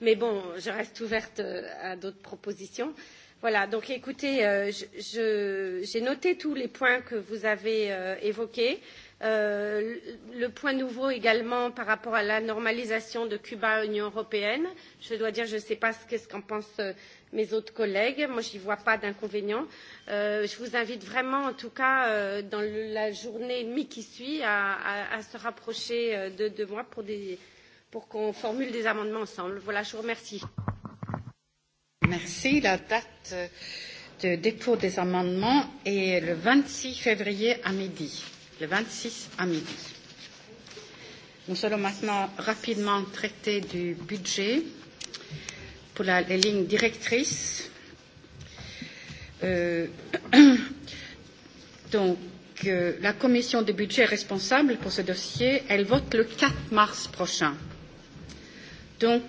mais bon je reste ouverte à d'autres propositions voilà donc écoutez euh, j'ai noté tous les points que vous avez euh, évoqués euh, Euh, le point nouveau également par rapport à la normalisation de Cuba à l'Union européenne. Je dois dire, je ne sais pas ce qu'en pensent euh, mes autres collègues. Moi, je n'y vois pas d'inconvénient. Euh, je vous invite vraiment, en tout cas, euh, dans le, la journée et demie qui suit, à, à, à se rapprocher euh, de, de moi pour, pour qu'on formule des amendements ensemble. Voilà, je vous remercie. Merci. La date de dépôt des amendements est le 26 février à midi le 26 à midi. Nous allons maintenant rapidement traiter du budget pour la, les lignes directrices. Euh, donc, euh, la commission des budget est responsable pour ce dossier. Elle vote le 4 mars prochain. Donc,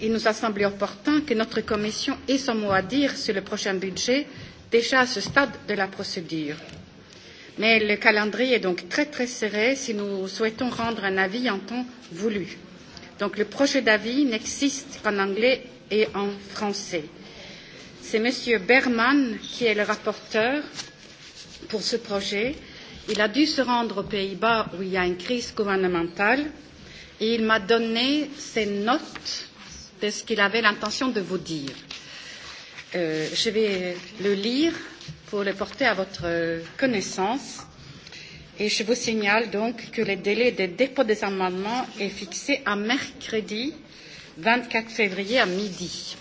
il nous a semblé opportun que notre commission ait son mot à dire sur le prochain budget déjà à ce stade de la procédure mais le calendrier est donc très très serré si nous souhaitons rendre un avis en temps voulu. Donc le projet d'avis n'existe qu'en anglais et en français. C'est M. Berman qui est le rapporteur pour ce projet. Il a dû se rendre aux Pays-Bas où il y a une crise gouvernementale et il m'a donné ses notes de ce qu'il avait l'intention de vous dire. Euh, je vais le lire pour le porter à votre euh, connaissance. Et je vous signale donc que le délai de dépôt des amendements est fixé à mercredi 24 février à midi.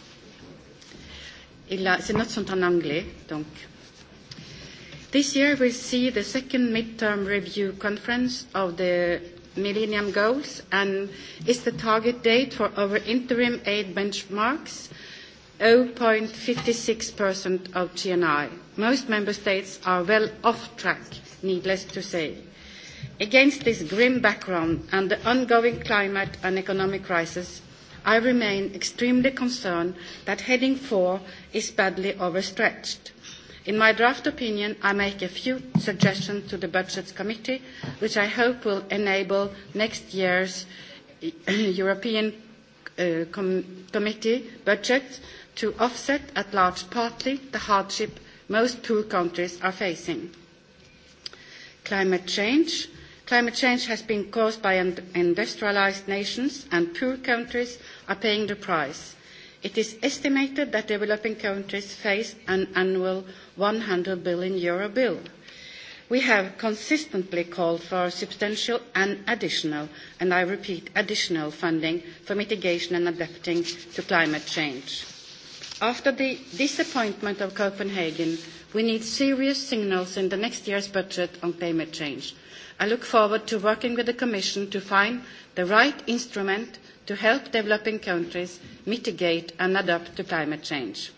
Et là, ces notes sont en anglais, donc. This year we see the second midterm review conference of the Millennium Goals and is the target date for our interim aid benchmarks – 0.56% of GNI. Most member states are well off track, needless to say. Against this grim background and the ongoing climate and economic crisis, I remain extremely concerned that heading 4 is badly overstretched. In my draft opinion, I make a few suggestions to the Budgets Committee, which I hope will enable next year's European uh, com Committee budget to offset at large partly the hardship most poor countries are facing. Climate change. Climate change has been caused by industrialised nations and poor countries are paying the price. It is estimated that developing countries face an annual 100 billion euro bill. We have consistently called for substantial and additional, and I repeat, additional funding for mitigation and adapting to climate change. After the disappointment of Copenhagen, we need serious signals in the next year's budget on climate change. I look forward to working with the Commission to find the right instrument to help developing countries mitigate and adapt to climate change.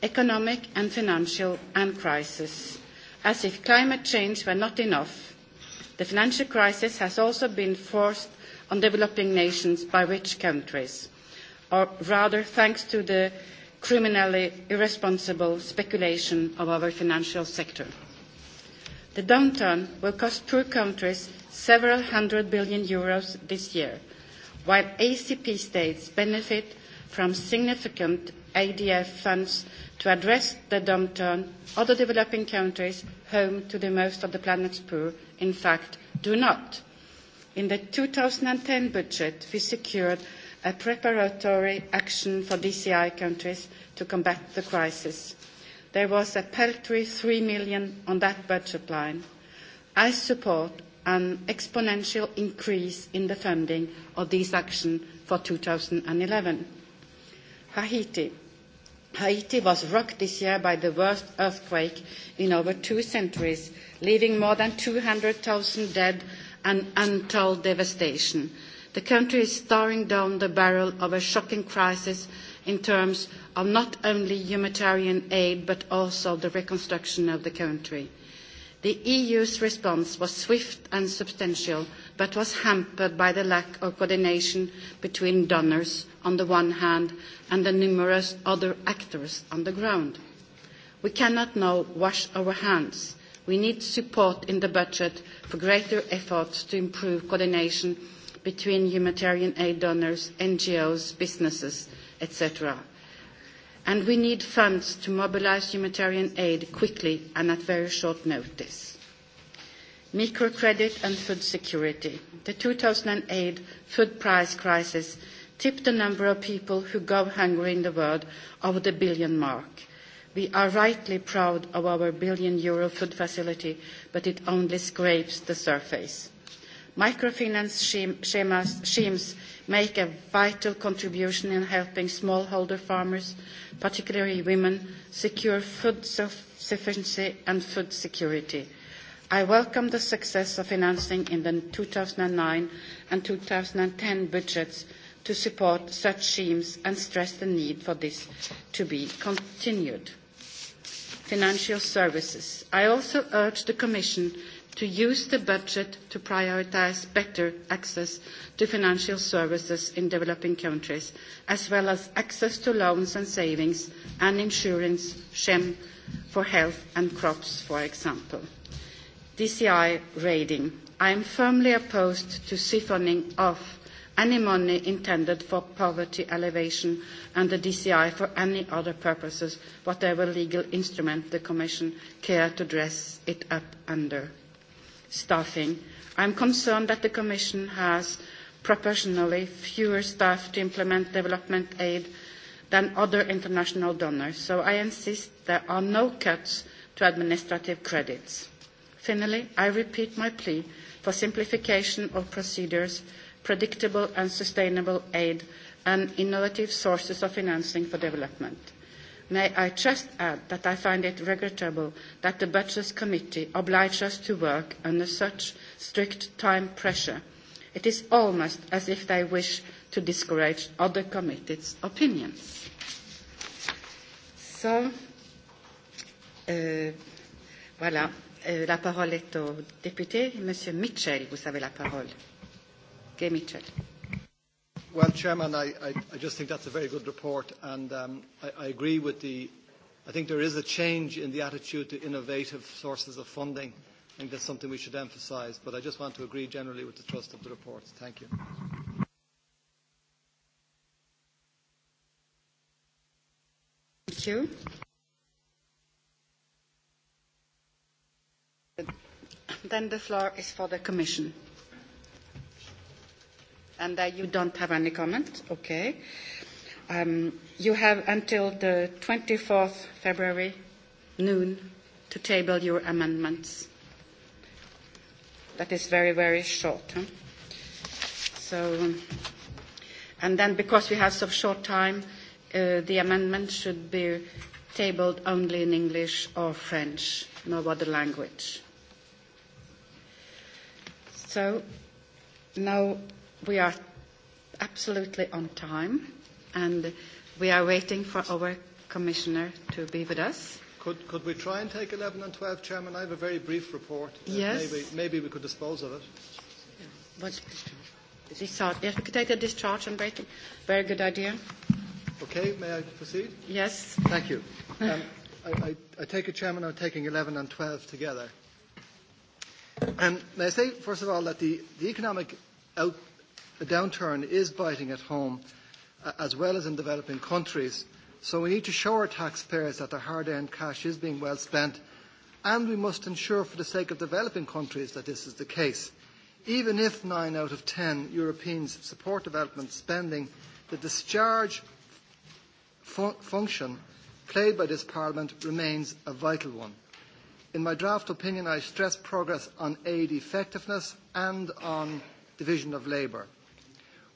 Economic and financial and crisis. As if climate change were not enough, the financial crisis has also been forced on developing nations by rich countries, or rather thanks to the criminally irresponsible speculation of our financial sector. The downturn will cost poor countries several hundred billion euros this year, while ACP states benefit from significant ADF funds to address the downturn, other developing countries, home to the most of the planet's poor, in fact, do not. In the 2010 budget, we secured a preparatory action for DCI countries to combat the crisis. There was a paltry 3 million on that budget line. I support an exponential increase in the funding of this action for 2011. Haiti. Haiti was rocked this year by the worst earthquake in over two centuries, leaving more than 200,000 dead and untold devastation the country is staring down the barrel of a shocking crisis in terms of not only humanitarian aid but also the reconstruction of the country. The EU's response was swift and substantial, but was hampered by the lack of coordination between donors on the one hand and the numerous other actors on the ground. We cannot now wash our hands. We need support in the budget for greater efforts to improve coordination between humanitarian aid donors, NGOs, businesses, etc. And we need funds to mobilise humanitarian aid quickly and at very short notice. Microcredit and food security. The 2008 food price crisis tipped the number of people who go hungry in the world over the billion mark. We are rightly proud of our billion euro food facility, but it only scrapes the surface. Microfinance schemes make a vital contribution in helping smallholder farmers, particularly women, secure food self-sufficiency and food security. I welcome the success of financing in the 2009 and 2010 budgets to support such schemes and stress the need for this to be continued. Financial services. I also urge the Commission to use the budget to prioritise better access to financial services in developing countries, as well as access to loans and savings and insurance, SHEM, for health and crops, for example. DCI rating. I am firmly opposed to siphoning off any money intended for poverty alleviation the DCI for any other purposes, whatever legal instrument the Commission care to dress it up under staffing. I'm concerned that the Commission has proportionally fewer staff to implement development aid than other international donors, so I insist there are no cuts to administrative credits. Finally, I repeat my plea for simplification of procedures, predictable and sustainable aid, and innovative sources of financing for development. May I just add that I find it regrettable that the Budgets Committee obliged us to work under such strict time pressure. It is almost as if they wish to discourage other committees' opinions. So, uh, voilà. Uh, la parole est au député, Monsieur Mitchell. Vous avez la parole. Okay, Mitchell. Well, Chairman, I, I, I just think that's a very good report, and um, I, I agree with the. I think there is a change in the attitude to innovative sources of funding. I think that's something we should emphasise, but I just want to agree generally with the trust of the report. Thank you. Thank you. Then the floor is for the Commission and that you don't have any comment? Okay. Um, you have until the 24th February noon to table your amendments. That is very, very short. Huh? So, and then because we have so short time, uh, the amendment should be tabled only in English or French, no other language. So now we are absolutely on time, and we are waiting for our commissioner to be with us. Could, could we try and take 11 and 12, Chairman? I have a very brief report. Uh, yes. Maybe, maybe we could dispose of it. But discharge. Yes, we could take the discharge and it. Very good idea. Okay, may I proceed? Yes. Thank you. Um, I, I, I take it, Chairman, I'm taking 11 and 12 together. Um, may I say, first of all, that the, the economic out, the downturn is biting at home uh, as well as in developing countries. So we need to show our taxpayers that their hard-earned cash is being well spent, and we must ensure for the sake of developing countries that this is the case. Even if nine out of ten Europeans support development spending, the discharge fun- function played by this Parliament remains a vital one. In my draft opinion, I stress progress on aid effectiveness and on division of labour.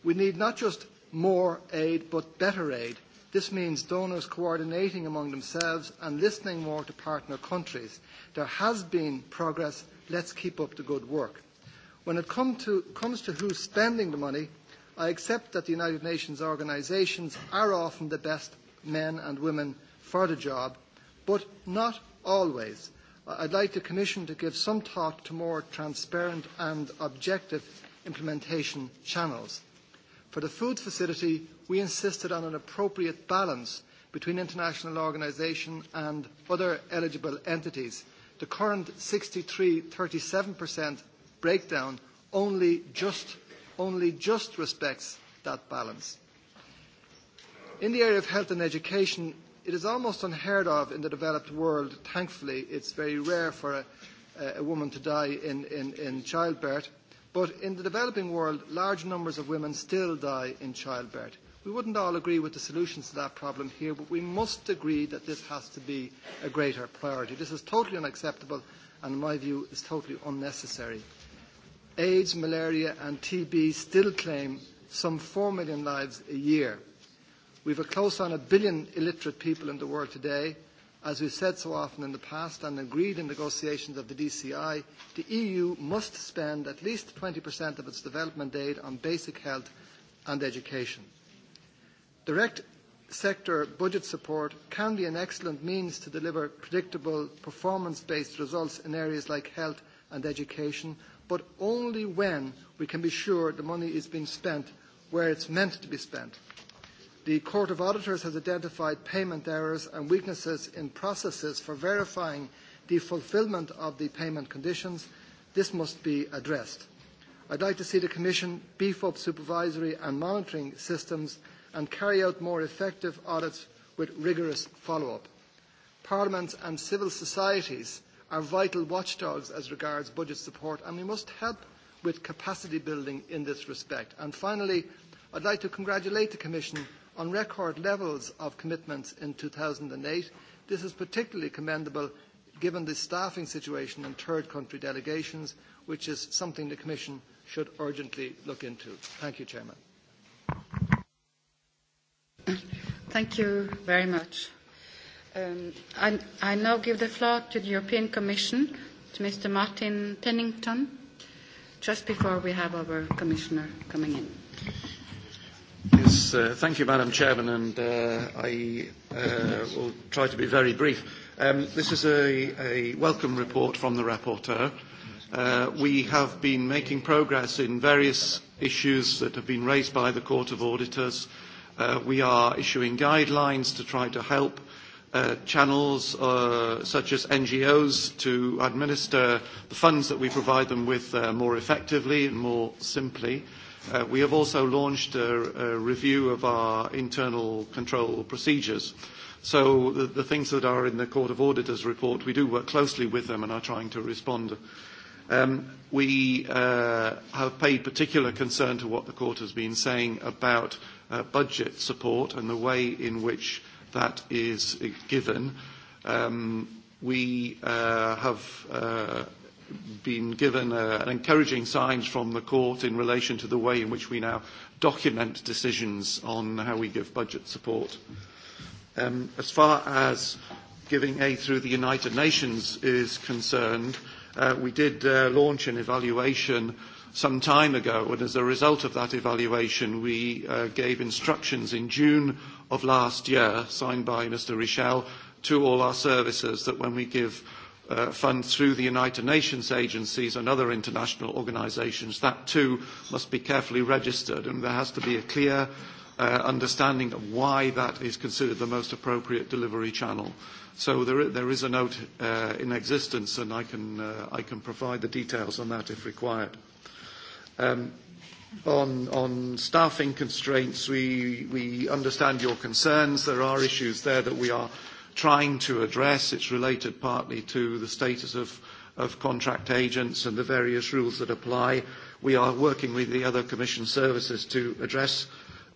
We need not just more aid, but better aid. This means donors coordinating among themselves and listening more to partner countries. There has been progress. Let's keep up the good work. When it come to, comes to who's spending the money, I accept that the United Nations organisations are often the best men and women for the job, but not always. I'd like the Commission to give some thought to more transparent and objective implementation channels. For the food facility, we insisted on an appropriate balance between international organisation and other eligible entities. The current 63-37% breakdown only just, only just respects that balance. In the area of health and education, it is almost unheard of in the developed world. Thankfully, it's very rare for a, a woman to die in, in, in childbirth. But in the developing world, large numbers of women still die in childbirth. We wouldn't all agree with the solutions to that problem here, but we must agree that this has to be a greater priority. This is totally unacceptable and, in my view, is totally unnecessary. AIDS, malaria and TB still claim some 4 million lives a year. We have a close on a billion illiterate people in the world today As we've said so often in the past and agreed in negotiations of the DCI, the EU must spend at least 20% of its development aid on basic health and education. Direct sector budget support can be an excellent means to deliver predictable performance-based results in areas like health and education, but only when we can be sure the money is being spent where it's meant to be spent the Court of Auditors has identified payment errors and weaknesses in processes for verifying the fulfilment of the payment conditions. This must be addressed. I'd like to see the Commission beef up supervisory and monitoring systems and carry out more effective audits with rigorous follow-up. Parliaments and civil societies are vital watchdogs as regards budget support, and we must help with capacity building in this respect. And finally, I'd like to congratulate the Commission on record levels of commitments in 2008. This is particularly commendable given the staffing situation in third country delegations, which is something the Commission should urgently look into. Thank you, Chairman. Thank you very much. Um, I, I now give the floor to the European Commission, to Mr. Martin Pennington, just before we have our Commissioner coming in. Yes, uh, thank you, Madam Chairman, and uh, I uh, will try to be very brief. Um, this is a, a welcome report from the rapporteur. Uh, we have been making progress in various issues that have been raised by the Court of Auditors. Uh, we are issuing guidelines to try to help uh, channels uh, such as NGOs to administer the funds that we provide them with uh, more effectively and more simply. Uh, Uh, we have also launched a, review of our internal control procedures. So the, things that are in the Court of Auditors report, we do work closely with them and are trying to respond. Um, we uh, have paid particular concern to what the Court has been saying about uh, budget support and the way in which that is given. Um, we have been given uh, an encouraging signs from the court in relation to the way in which we now document decisions on how we give budget support. Um, as far as giving aid through the United Nations is concerned, uh, we did uh, launch an evaluation some time ago, and as a result of that evaluation, we uh, gave instructions in June of last year, signed by Mr. Richel, to all our services that when we give uh, fund through the United Nations agencies and other international organisations, that too must be carefully registered and there has to be a clear uh, understanding of why that is considered the most appropriate delivery channel. So there, there is a note uh, in existence and I can, uh, I can provide the details on that if required. Um, on, on staffing constraints, we, we understand your concerns. There are issues there that we are trying to address. It's related partly to the status of, of contract agents and the various rules that apply. We are working with the other Commission services to address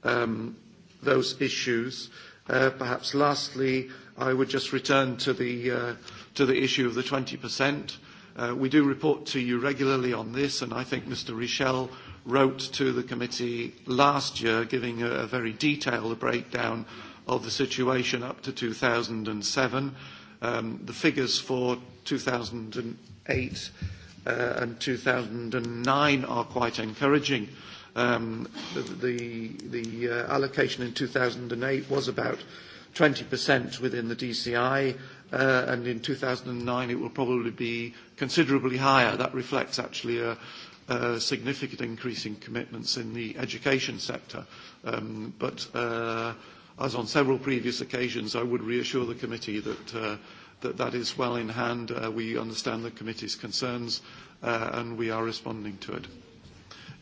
um, those issues. Uh, perhaps lastly, I would just return to the, uh, to the issue of the 20%. Uh, we do report to you regularly on this, and I think Mr. Richel wrote to the committee last year giving a, a very detailed breakdown of the situation up to 2007. Um, the figures for 2008 uh, and 2009 are quite encouraging. Um, the the the uh, allocation in 2008 was about 20% within the DCI, uh, and in 2009 it will probably be considerably higher. That reflects actually a, a significant increase in commitments in the education sector. Um, but uh, as on several previous occasions, I would reassure the committee that uh, that, that is well in hand. Uh, we understand the committee's concerns uh, and we are responding to it.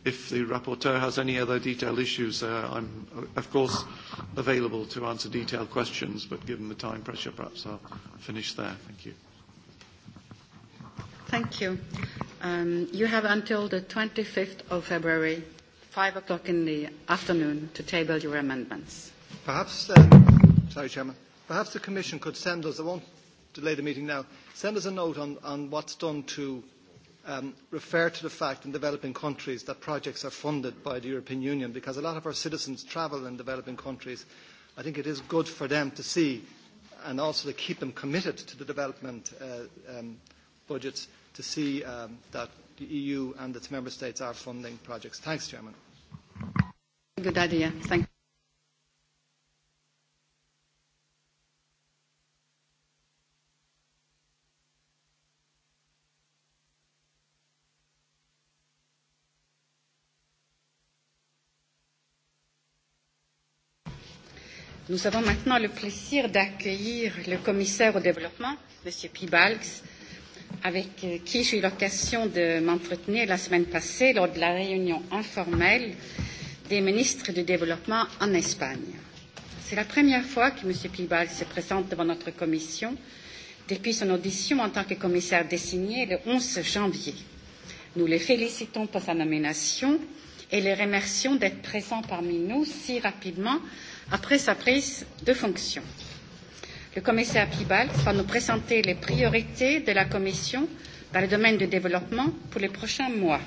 If the rapporteur has any other detailed issues, uh, I'm of course available to answer detailed questions, but given the time pressure, perhaps I'll finish there. Thank you. Thank you. Um, you have until the 25th of February, 5 o'clock in the afternoon, to table your amendments. Perhaps, uh, sorry, Chairman, perhaps the Commission could send us, I won't delay the meeting now, send us a note on, on what's done to um, refer to the fact in developing countries that projects are funded by the European Union because a lot of our citizens travel in developing countries. I think it is good for them to see and also to keep them committed to the development uh, um, budgets to see um, that the EU and its member states are funding projects. Thanks, Chairman. Good idea. Thank you. Nous avons maintenant le plaisir d'accueillir le commissaire au développement, M. Pibalgs, avec euh, qui j'ai eu l'occasion de m'entretenir la semaine passée lors de la réunion informelle des ministres du développement en Espagne. C'est la première fois que M. Pibalgs se présente devant notre commission depuis son audition en tant que commissaire désigné le 11 janvier. Nous le félicitons pour sa nomination et le remercions d'être présent parmi nous si rapidement après sa prise de fonction. Le commissaire Piebalgs va nous présenter les priorités de la Commission dans le domaine du développement pour les prochains mois.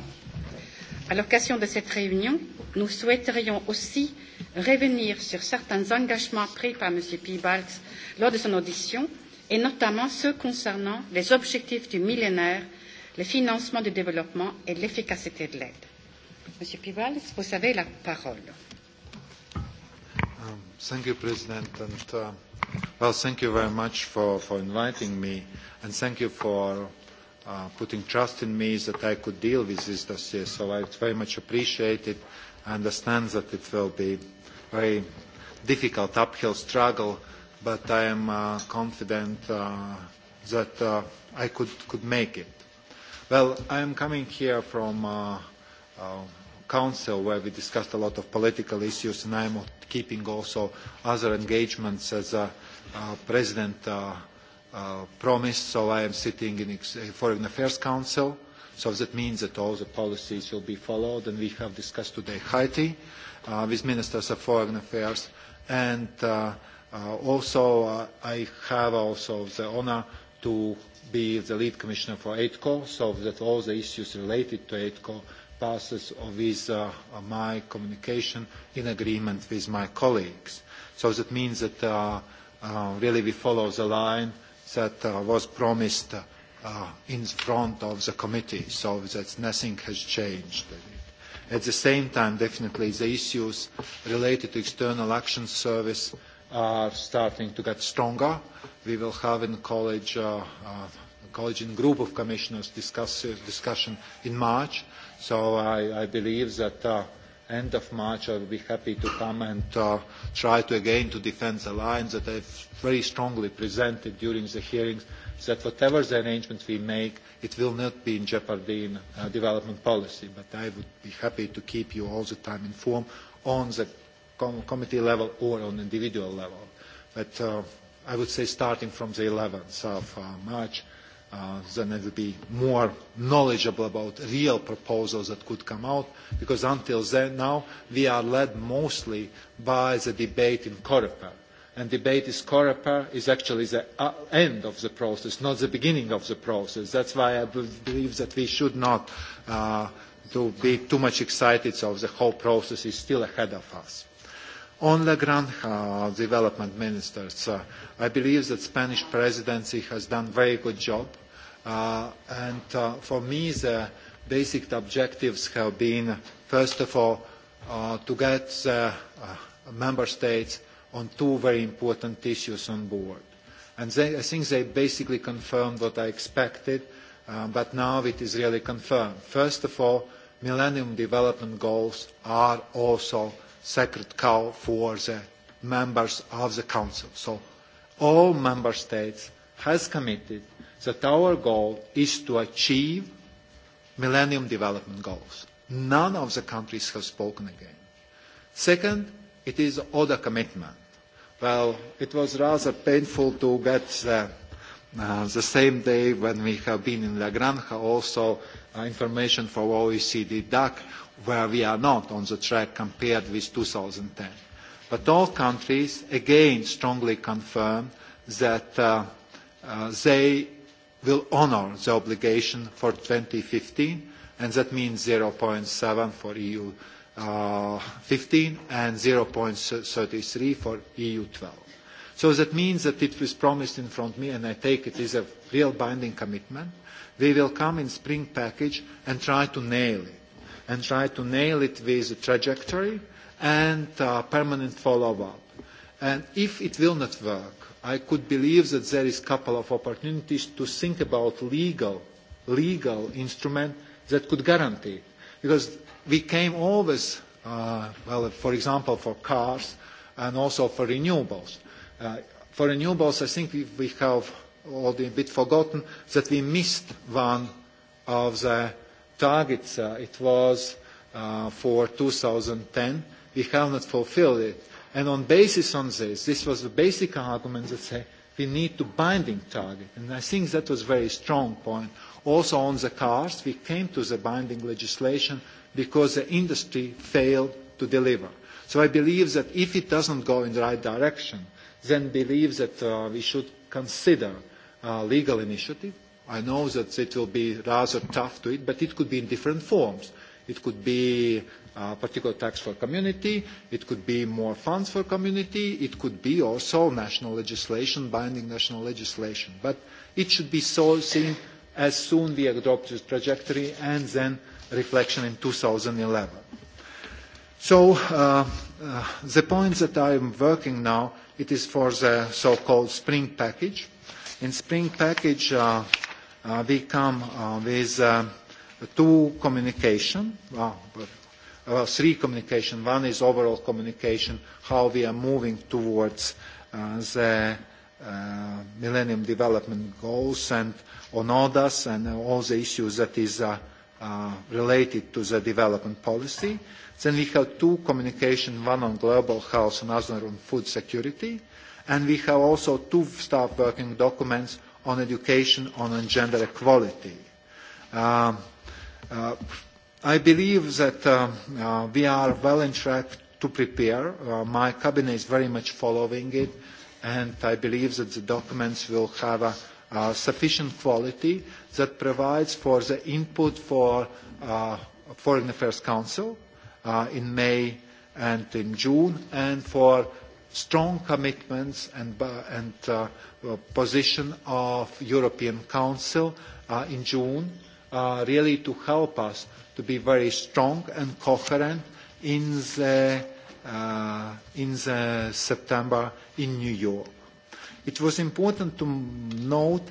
À l'occasion de cette réunion, nous souhaiterions aussi revenir sur certains engagements pris par M. Piebalgs lors de son audition, et notamment ceux concernant les objectifs du millénaire, le financement du développement et l'efficacité de l'aide. Monsieur Piebalgs, vous avez la parole. Thank you, President. And, uh, well, thank you very much for, for inviting me, and thank you for uh, putting trust in me that I could deal with this dossier. So I very much appreciate it. I understand that it will be a very difficult uphill struggle, but I am uh, confident uh, that uh, I could, could make it. Well, I am coming here from uh, uh, Council, where we discussed a lot of political issues, and I am keeping also other engagements as a, a President uh, uh, promised. So I am sitting in Foreign Affairs Council. So that means that all the policies will be followed, and we have discussed today Haiti uh, with ministers of foreign affairs, and Uh, also, uh, I have also the honour to be the lead commissioner for AIDCO, so that all the issues related to AIDCO passes of visa or my communication in agreement with my colleagues. So that means that uh, uh, really we follow the line that uh, was promised uh, in front of the committee, so that nothing has changed. At the same time, definitely the issues related to external action service are starting to get stronger. We will have in college, uh, uh, college and group of commissioners discuss, uh, discussion in March so I, I believe that uh, end of March I will be happy to come and uh, try to again to defend the lines that I've very strongly presented during the hearings that whatever the arrangements we make, it will not be in jeopardy in uh, development policy. But I would be happy to keep you all the time informed on the com committee level or on individual level. But uh, I would say starting from the 11th of uh, March, uh, then it will be more knowledgeable about real proposals that could come out, because until then, now we are led mostly by the debate in Coreper. And debate is Coreper is actually the uh, end of the process, not the beginning of the process. That's why I believe that we should not uh, to be too much excited, so the whole process is still ahead of us. On La Granja, uh, development ministers, uh, I believe that Spanish presidency has done a very good job Uh, and uh, for me, the basic objectives have been, first of all, uh, to get the member states on two very important issues on board. And they, I think they basically confirmed what I expected, but now it is really confirmed. First of all, Millennium Development Goals are also sacred cow for the members of the Council. So all member states has committed that our goal is to achieve Millennium Development Goals. None of the countries have spoken again. Second, it is other commitment. Well, it was rather painful to get the, uh, the same day when we have been in La Granja also uh, information from OECD DAC where we are not on the track compared with 2010. But all countries again strongly confirm that uh, Uh, they will honour the obligation for 2015, and that means 0.7 for EU uh, 15 and 0.33 for EU 12. So that means that it was promised in front of me, and I take it is a real binding commitment. We will come in spring package and try to nail it, and try to nail it with a trajectory and uh, permanent follow-up. And if it will not work, I could believe that there is a couple of opportunities to think about legal, legal instrument that could guarantee. Because we came always, uh, well, for example, for cars and also for renewables. Uh, for renewables, I think we, we have already a bit forgotten that we missed one of the targets. Uh, it was uh, for 2010. We have not fulfilled it And on basis on this, this was the basic argument that say we need to binding target. And I think that was very strong point. Also on the cars, we came to the binding legislation because the industry failed to deliver. So I believe that if it doesn't go in the right direction, then believe that uh, we should consider uh, legal initiative. I know that it will be rather tough to it, but it could be in different forms. It could be uh, particular tax for community, it could be more funds for community, it could be also national legislation, binding national legislation. But it should be so seen as soon we adopt this trajectory and then reflection in 2011. So uh, uh, the point that I am working now, it is for the so-called spring package. In spring package, uh, uh, we come uh, with uh, two communication, well, uh, well, three communication. One is overall communication, how we are moving towards uh, the uh, Millennium Development Goals and on others and all the issues that is uh, uh, related to the development policy. Then we have two communication, one on global health and other on food security. And we have also two staff working documents on education, on gender equality. Um, uh, I believe that uh, uh, we are well on track to prepare. Uh, my cabinet is very much following it, and I believe that the documents will have a, a sufficient quality that provides for the input for uh, Foreign Affairs Council uh, in May and in June, and for strong commitments and, uh, and position of European Council in June really to help us to be very strong and coherent in the, uh, in the September in New York. It was important to note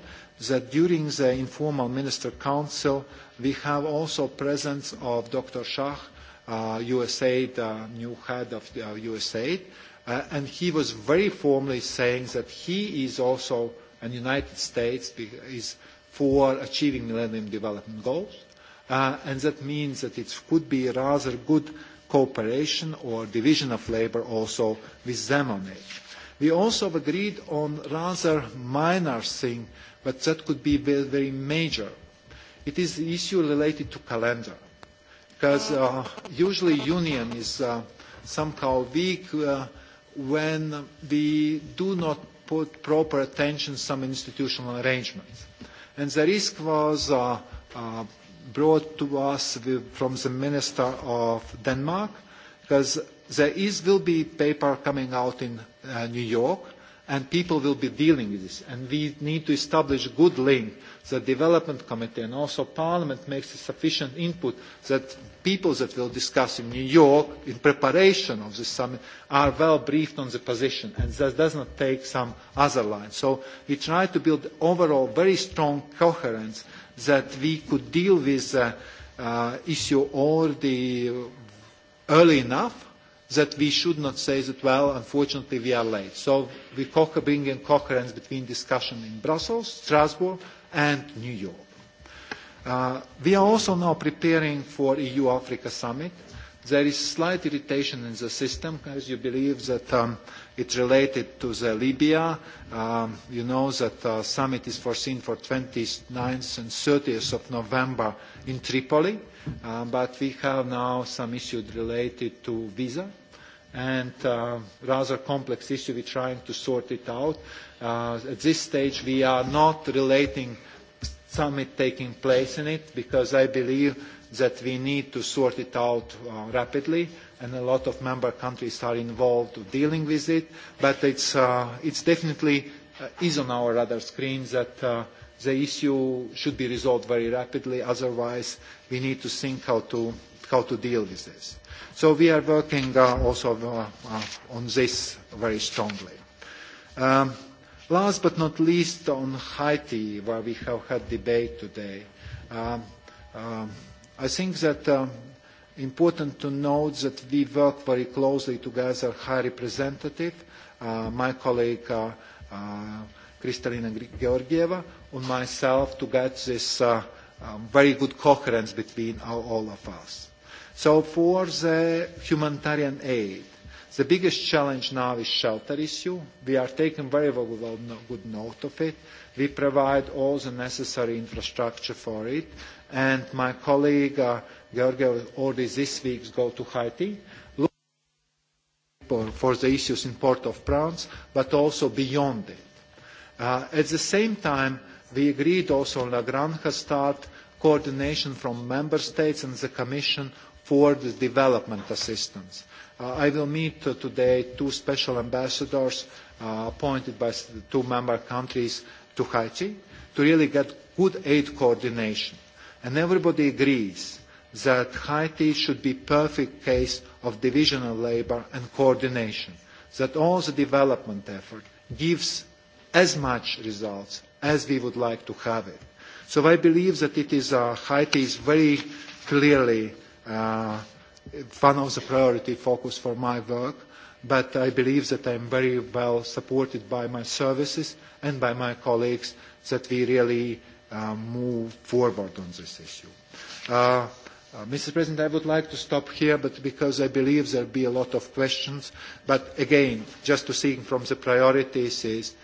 that during the informal minister council, we have also presence of Dr. Shah, uh, USAID, uh, new head of the, uh, USAID, uh, and he was very formally saying that he is also, and United States is for achieving Millennium Development Goals. Uh, and that means that it could be rather good cooperation or division of labor also with them on it. We also agreed on rather minor thing, but that could be very, very major. It is the issue related to calendar, because uh, usually union is uh, somehow weak uh, when we do not put proper attention some institutional arrangements. And the risk was uh, uh, brought to us with, from the Minister of Denmark, because there is, will be paper coming out in uh, New York, and people will be dealing with this. And we need to establish a good link the development committee and also parliament makes a sufficient input that people that will discuss in New York in preparation of this summit are well briefed on the position and that does not take some other line. So we try to build overall very strong coherence that we could deal with the uh, issue already early enough that we should not say that, well, unfortunately we are late. So we bring in coherence between discussion in Brussels, Strasbourg, and New York. Uh, we are also now preparing for EU-Africa summit. There is slight irritation in the system, as you believe that um, it's related to the Libya. Um, you know that uh, summit is foreseen for 29th and 30th of November in Tripoli, uh, but we have now some issues related to visa and uh, rather complex issue. We're trying to sort it out. Uh, at this stage, we are not relating summit taking place in it because I believe that we need to sort it out uh, rapidly and a lot of member countries are involved in dealing with it. But it's, uh, it's definitely uh, is on our radar screen that uh, the issue should be resolved very rapidly. Otherwise, we need to think how to how to deal with this. So we are working uh, also uh, uh, on this very strongly. Um, last but not least, on Haiti, where we have had debate today. Um, um, I think that um, important to note that we work very closely together, High Representative, uh, my colleague uh, uh, Kristalina Georgieva, and myself to get this uh, um, very good coherence between all, all of us. So for the humanitarian aid, the biggest challenge now is shelter issue. We are taking very well, good note of it. We provide all the necessary infrastructure for it. And my colleague uh, Georgia already this week go to Haiti for the issues in Port-au-Prince, but also beyond it. Uh, at the same time, we agreed also on La Granja start coordination from member states and the Commission for the development assistance. Uh, I will meet uh, today two special ambassadors uh, appointed by the two member countries to Haiti to really get good aid coordination. And everybody agrees that Haiti should be perfect case of division of labour and coordination, that all the development effort gives as much results as we would like to have it. So I believe that it is uh, Haiti is very clearly uh, one of the priority focus for my work, but I believe that I am very well supported by my services and by my colleagues that we really uh, move forward on this issue. Uh, Uh, Mr. President, I would like to stop here, but because I believe there will be a lot of questions. But again, just to see from the priorities is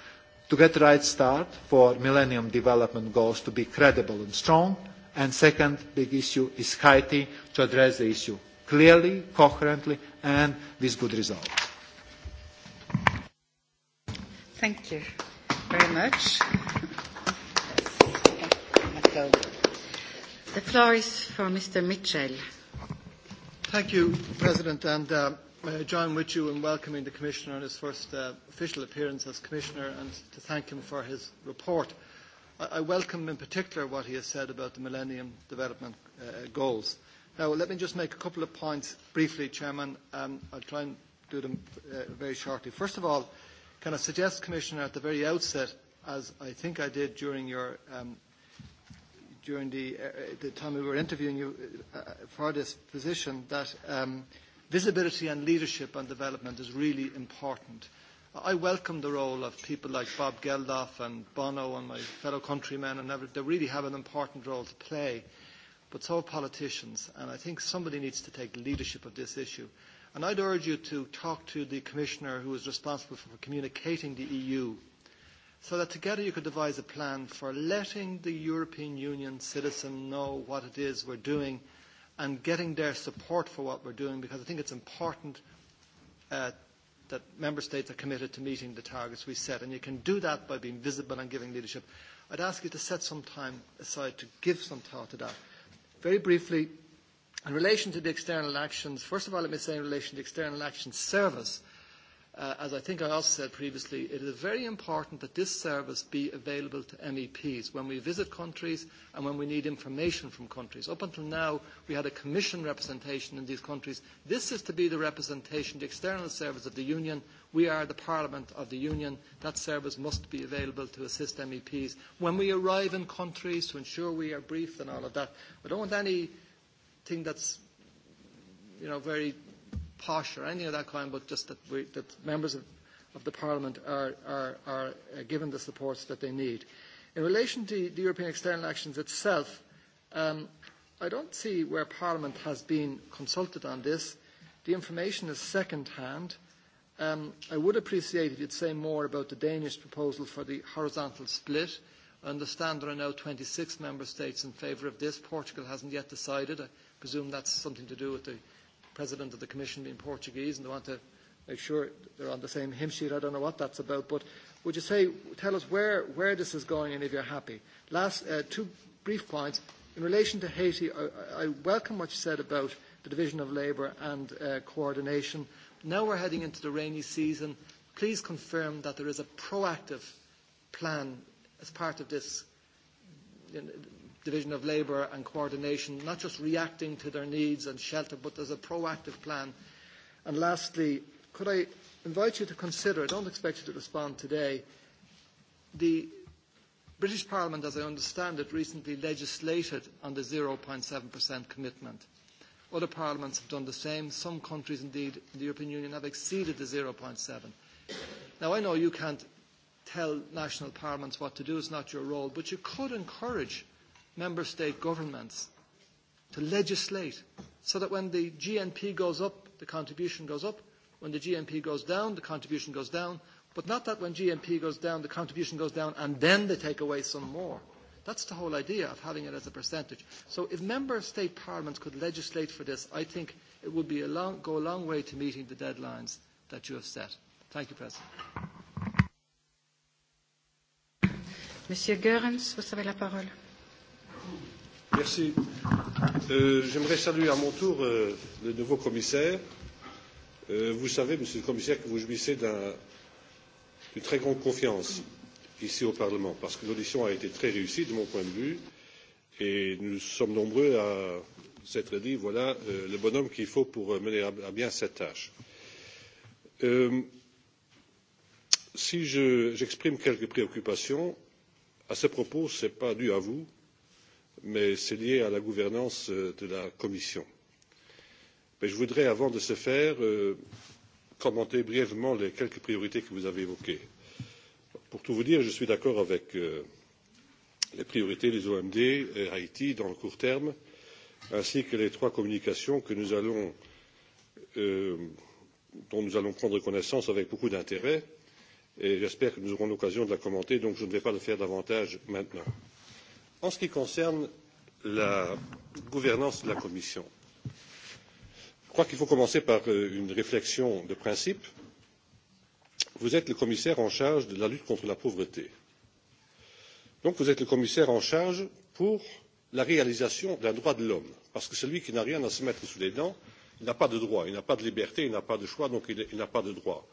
to get the right start for Millennium Development Goals to be credible and strong, And second big issue is Haiti to address the issue clearly, coherently, and with good results. Thank you very much. the floor is for Mr. Mitchell. Thank you, President, and uh, uh John with you in welcoming the Commissioner on his first uh, official appearance as Commissioner and to thank him for his report. I, welcome in particular what he has said about the Millennium Development uh, Goals. Now, let me just make a couple of points briefly, Chairman. Um, I'll try and do them uh, very shortly. First of all, can I suggest, Commissioner, at the very outset, as I think I did during your um, during the, uh, the time we were interviewing you uh, for this position, that um, visibility and leadership on development is really important. I welcome the role of people like Bob Geldof and Bono and my fellow countrymen and They really have an important role to play, but so have politicians. And I think somebody needs to take leadership of this issue. And I'd urge you to talk to the commissioner who is responsible for communicating the EU so that together you could devise a plan for letting the European Union citizen know what it is we're doing and getting their support for what we're doing because I think it's important uh, that member states are committed to meeting the targets we set. And you can do that by being visible and giving leadership. I'd ask you to set some time aside to give some thought to that. Very briefly, in relation to the external actions, first of all, let me say in relation to the external action service, Uh, as I think I also said previously, it is very important that this service be available to MEPs when we visit countries and when we need information from countries. Up until now, we had a commission representation in these countries. This is to be the representation, the external service of the Union. We are the Parliament of the Union. That service must be available to assist MEPs. When we arrive in countries, to ensure we are briefed and all of that, I don't want anything that's you know, very posh or anything of that kind, but just that, we, that members of, of the Parliament are, are, are uh, given the supports that they need. In relation to the European External Actions itself, um, I don't see where Parliament has been consulted on this. The information is second-hand. Um, I would appreciate if you'd say more about the Danish proposal for the horizontal split. I understand there are now 26 member states in favour of this. Portugal hasn't yet decided. I presume that's something to do with the president of the commission being Portuguese, and they want to make sure they're on the same hymn sheet. I don't know what that's about, but would you say, tell us where, where this is going and if you're happy? Last uh, two brief points. In relation to Haiti, I, I welcome what you said about the division of labour and uh, coordination. Now we're heading into the rainy season. Please confirm that there is a proactive plan as part of this division of labour and coordination, not just reacting to their needs and shelter, but there's a proactive plan. And lastly, could I invite you to consider, I don't expect you to respond today, the British Parliament, as I understand it, recently legislated on the 0.7% commitment. Other parliaments have done the same. Some countries, indeed, in the European Union have exceeded the 0.7. Now, I know you can't tell national parliaments what to do. It's not your role. But you could encourage member state governments to legislate so that when the GNP goes up, the contribution goes up. When the GNP goes down, the contribution goes down. But not that when GNP goes down, the contribution goes down and then they take away some more. That's the whole idea of having it as a percentage. So if member state parliaments could legislate for this, I think it would be a long, go a long way to meeting the deadlines that you have set. Thank you, President. Monsieur Goerens, vous avez la parole. Merci. Euh, J'aimerais saluer à mon tour euh, le nouveau commissaire. Euh, vous savez, monsieur le commissaire, que vous jouissez d'une un, très grande confiance ici au Parlement, parce que l'audition a été très réussie de mon point de vue, et nous sommes nombreux à s'être dit voilà euh, le bonhomme qu'il faut pour euh, mener à, à bien cette tâche. Euh, si j'exprime je, quelques préoccupations à ce propos, ce n'est pas dû à vous, mais c'est lié à la gouvernance euh, de la commission. Mais je voudrais avant de ce faire euh, commenter brièvement les quelques priorités que vous avez évoquées. pour tout vous dire je suis d'accord avec euh, les priorités des omd et haïti dans le court terme ainsi que les trois communications que nous allons, euh, dont nous allons prendre connaissance avec beaucoup d'intérêt et j'espère que nous aurons l'occasion de la commenter donc je ne vais pas le faire davantage maintenant. En ce qui concerne la gouvernance de la Commission, je crois qu'il faut commencer par euh, une réflexion de principe. Vous êtes le commissaire en charge de la lutte contre la pauvreté. Donc vous êtes le commissaire en charge pour la réalisation d'un droit de l'homme, parce que celui qui n'a rien à se mettre sous les dents, il n'a pas de droit, il n'a pas de liberté, il n'a pas de choix, donc il n'a pas de droit.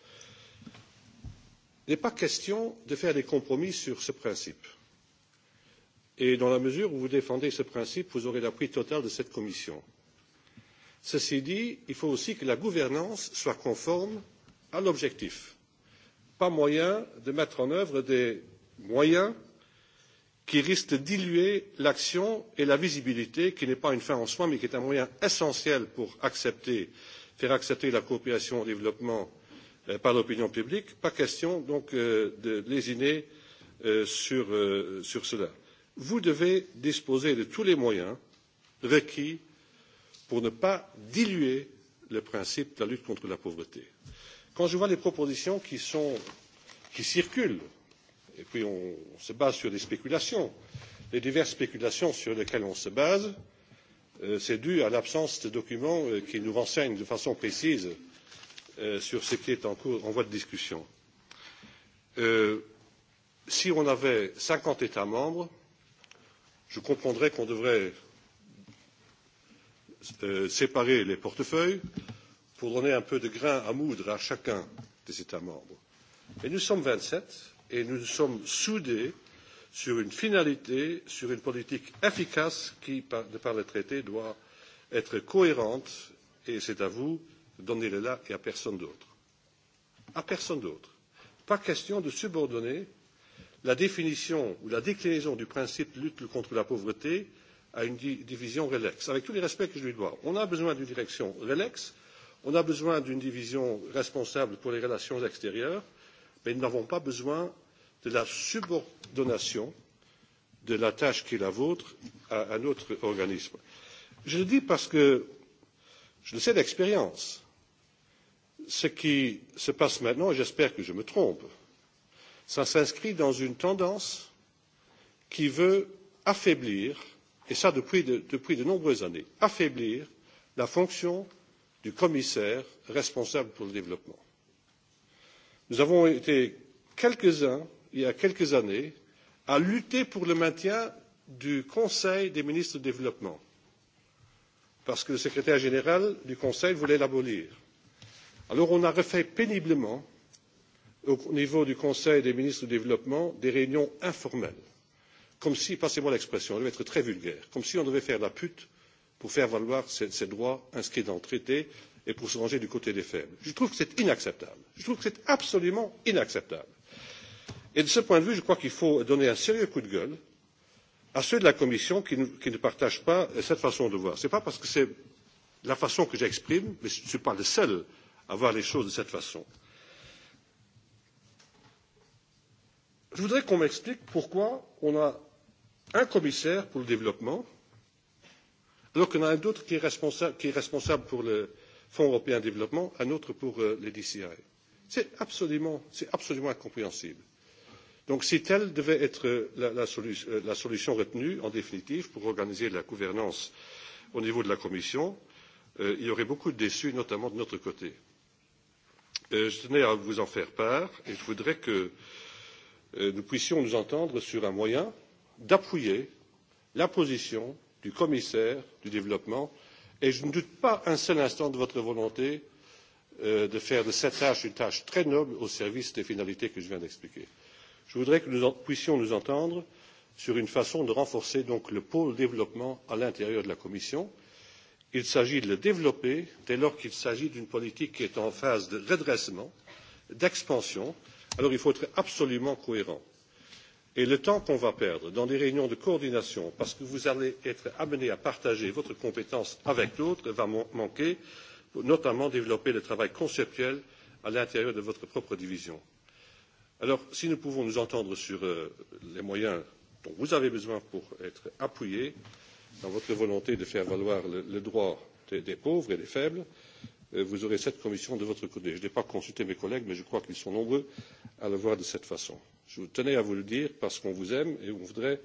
Il n'est pas question de faire des compromis sur ce principe et dans la mesure où vous défendez ce principe vous aurez l'appui total de cette commission. ceci dit il faut aussi que la gouvernance soit conforme à l'objectif. pas moyen de mettre en œuvre des moyens qui risquent de diluer l'action et la visibilité qui n'est pas une fin en soi mais qui est un moyen essentiel pour accepter, faire accepter la coopération au développement euh, par l'opinion publique. pas question donc euh, de lésiner euh, sur, cela vous devez disposer de tous les moyens requis pour ne pas diluer le principe de la lutte contre la pauvreté. quand je vois les propositions qui, circulent et puis on se base sur des spéculations les diverses spéculations sur lesquelles on se base euh, c'est dû à l'absence de documents euh, qui nous renseignent de façon précise euh, sur ce qui est en cours en voie de discussion. si on avait cinquante états membres je comprendrais qu'on devrait euh, séparer les portefeuilles pour donner un peu de grain à moudre à chacun des États membres. Mais nous sommes 27 et nous sommes soudés sur une finalité, sur une politique efficace qui, de par le traité, doit être cohérente et c'est à vous de donner le là et à personne d'autre. À personne d'autre. Pas question de subordonner la définition ou la déclinaison du principe de lutte contre la pauvreté à une division relex avec tous les respects que je lui dois. on a besoin d'une direction relex on a besoin d'une division responsable pour les relations extérieures mais nous n'avons pas besoin de la subordination de la tâche qui est la vôtre à un autre organisme. je le dis parce que je le sais d'expérience ce qui se passe maintenant et j'espère que je me trompe cela s'inscrit dans une tendance qui veut affaiblir et cela depuis de nombreuses années la fonction du commissaire responsable pour le développement. nous avons été quelques uns il y a quelques années à lutter pour le maintien du conseil des ministres du développement parce que le secrétaire général du conseil voulait l'abolir. alors on a refait péniblement au niveau du conseil des ministres du développement des réunions informelles comme si passez moi l'expression je vais être très vulgaire on devait faire la pute pour faire valoir ses droits inscrits dans le traité et pour se ranger du côté des faibles. je trouve que c'est inacceptable je trouve que c'est absolument inacceptable. et de ce point de vue je crois qu'il faut donner un sérieux coup de gueule à ceux de la commission qui ne, qui ne partagent pas cette façon de voir. ce n'est pas parce que c'est la façon que j'exprime mais je ne suis pas le seul à voir les choses de cette façon. je voudrais qu'on m'explique pourquoi on a un commissaire pour le développement alors qu'on a un autre qui est responsable, qui est responsable pour le Fonds européen de développement, un autre pour euh, les DCI. C'est absolument, absolument incompréhensible. Donc si telle devait être euh, la, la, solu euh, la solution retenue, en définitive, pour organiser la gouvernance au niveau de la Commission, euh, il y aurait beaucoup de déçus, notamment de notre côté. Euh, je tenais à vous en faire part et je voudrais que euh, Euh, nous puissions nous entendre sur un moyen d'appuyer la position du commissaire au développement et je ne doute pas un seul instant de votre volonté euh, de faire de cette tâche une tâche très noble au service des finalités que je viens d'expliquer. je voudrais que nous puissions nous entendre sur une façon de renforcer donc le pôle développement à l'intérieur de la commission. il s'agit de le développer dès lors qu'il s'agit d'une politique qui est en phase de redressement d'expansion et alors il faut être absolument cohérent et le temps qu'on va perdre dans des réunions de coordination parce que vous allez être amenés à partager votre compétence avec d'autres va manquer pour notamment développer le travail conceptuel à l'intérieur de votre propre division. alors si nous pouvons nous entendre sur euh, les moyens dont vous avez besoin pour être appuyés dans votre volonté de faire valoir le, droit des pauvres et des faibles Euh, vous aurez cette commission de votre côté. je n'ai pas consulté mes collègues mais je crois qu'ils sont nombreux à le voir de cette façon. je tenais à vous le dire parce qu'on vous aime et on voudrait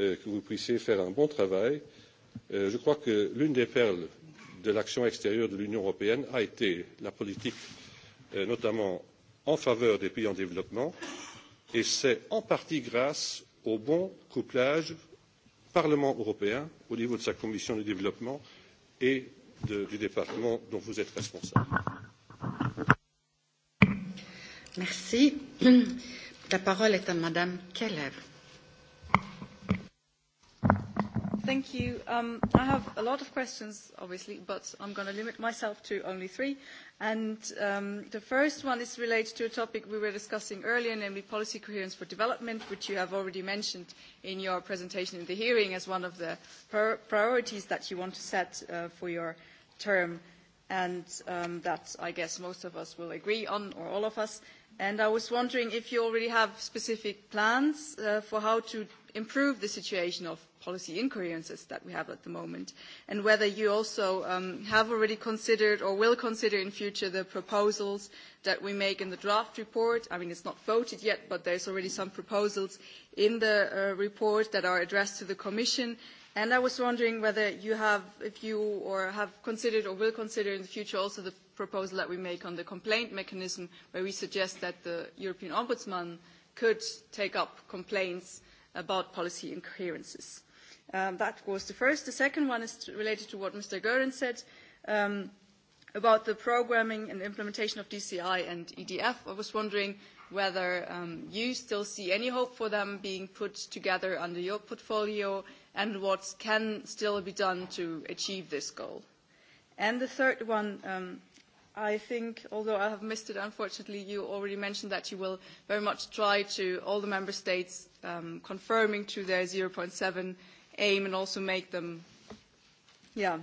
euh, que vous puissiez faire un bon travail. Euh, je crois que l'une des perles de l'action extérieure de l'union européenne a été la politique notamment en faveur des pays en développement et c'est en partie grâce au bon couplage parlement européen au niveau de sa commission du développement et de, du département dont vous êtes responsable. Merci. La parole est à Madame Keller. Thank you. Um, I have a lot of questions, obviously, but I'm going to limit myself to only three. And um, the first one is related to a topic we were discussing earlier, namely policy coherence for development, which you have already mentioned in your presentation in the hearing as one of the priorities that you want to set uh, for your term, and um, that I guess most of us will agree on, or all of us. And I was wondering if you already have specific plans uh, for how to improve the situation of policy incoherences that we have at the moment, and whether you also um, have already considered or will consider in future the proposals that we make in the draft report. I mean, it's not voted yet, but there's already some proposals in the uh, report that are addressed to the Commission, And I was wondering whether you have, if you or have considered or will consider in the future also the proposal that we make on the complaint mechanism, where we suggest that the European Ombudsman could take up complaints about policy incoherences. Um, that was the first. The second one is related to what Mr. Gorin said um, about the programming and implementation of DCI and EDF. I was wondering whether um, you still see any hope for them being put together under your portfolio and what can still be done to achieve this goal. And the third one, um, I think, although I have missed it, unfortunately, you already mentioned that you will very much try to all the member states um, confirming to their 0.7 aim and also make them, yeah,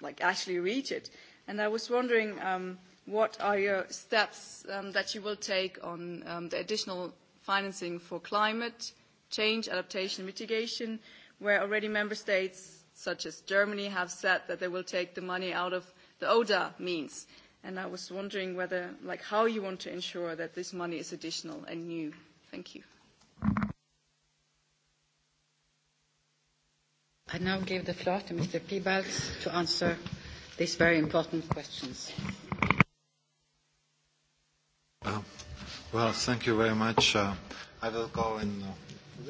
like actually reach it. And I was wondering um, what are your steps um, that you will take on um, the additional financing for climate change, adaptation, mitigation, where already member states such as Germany have said that they will take the money out of the ODA means. And I was wondering whether, like, how you want to ensure that this money is additional and new. Thank you. I now give the floor to Mr. Piebalgs to answer these very important questions. Uh, well, thank you very much. Uh, I will go in uh,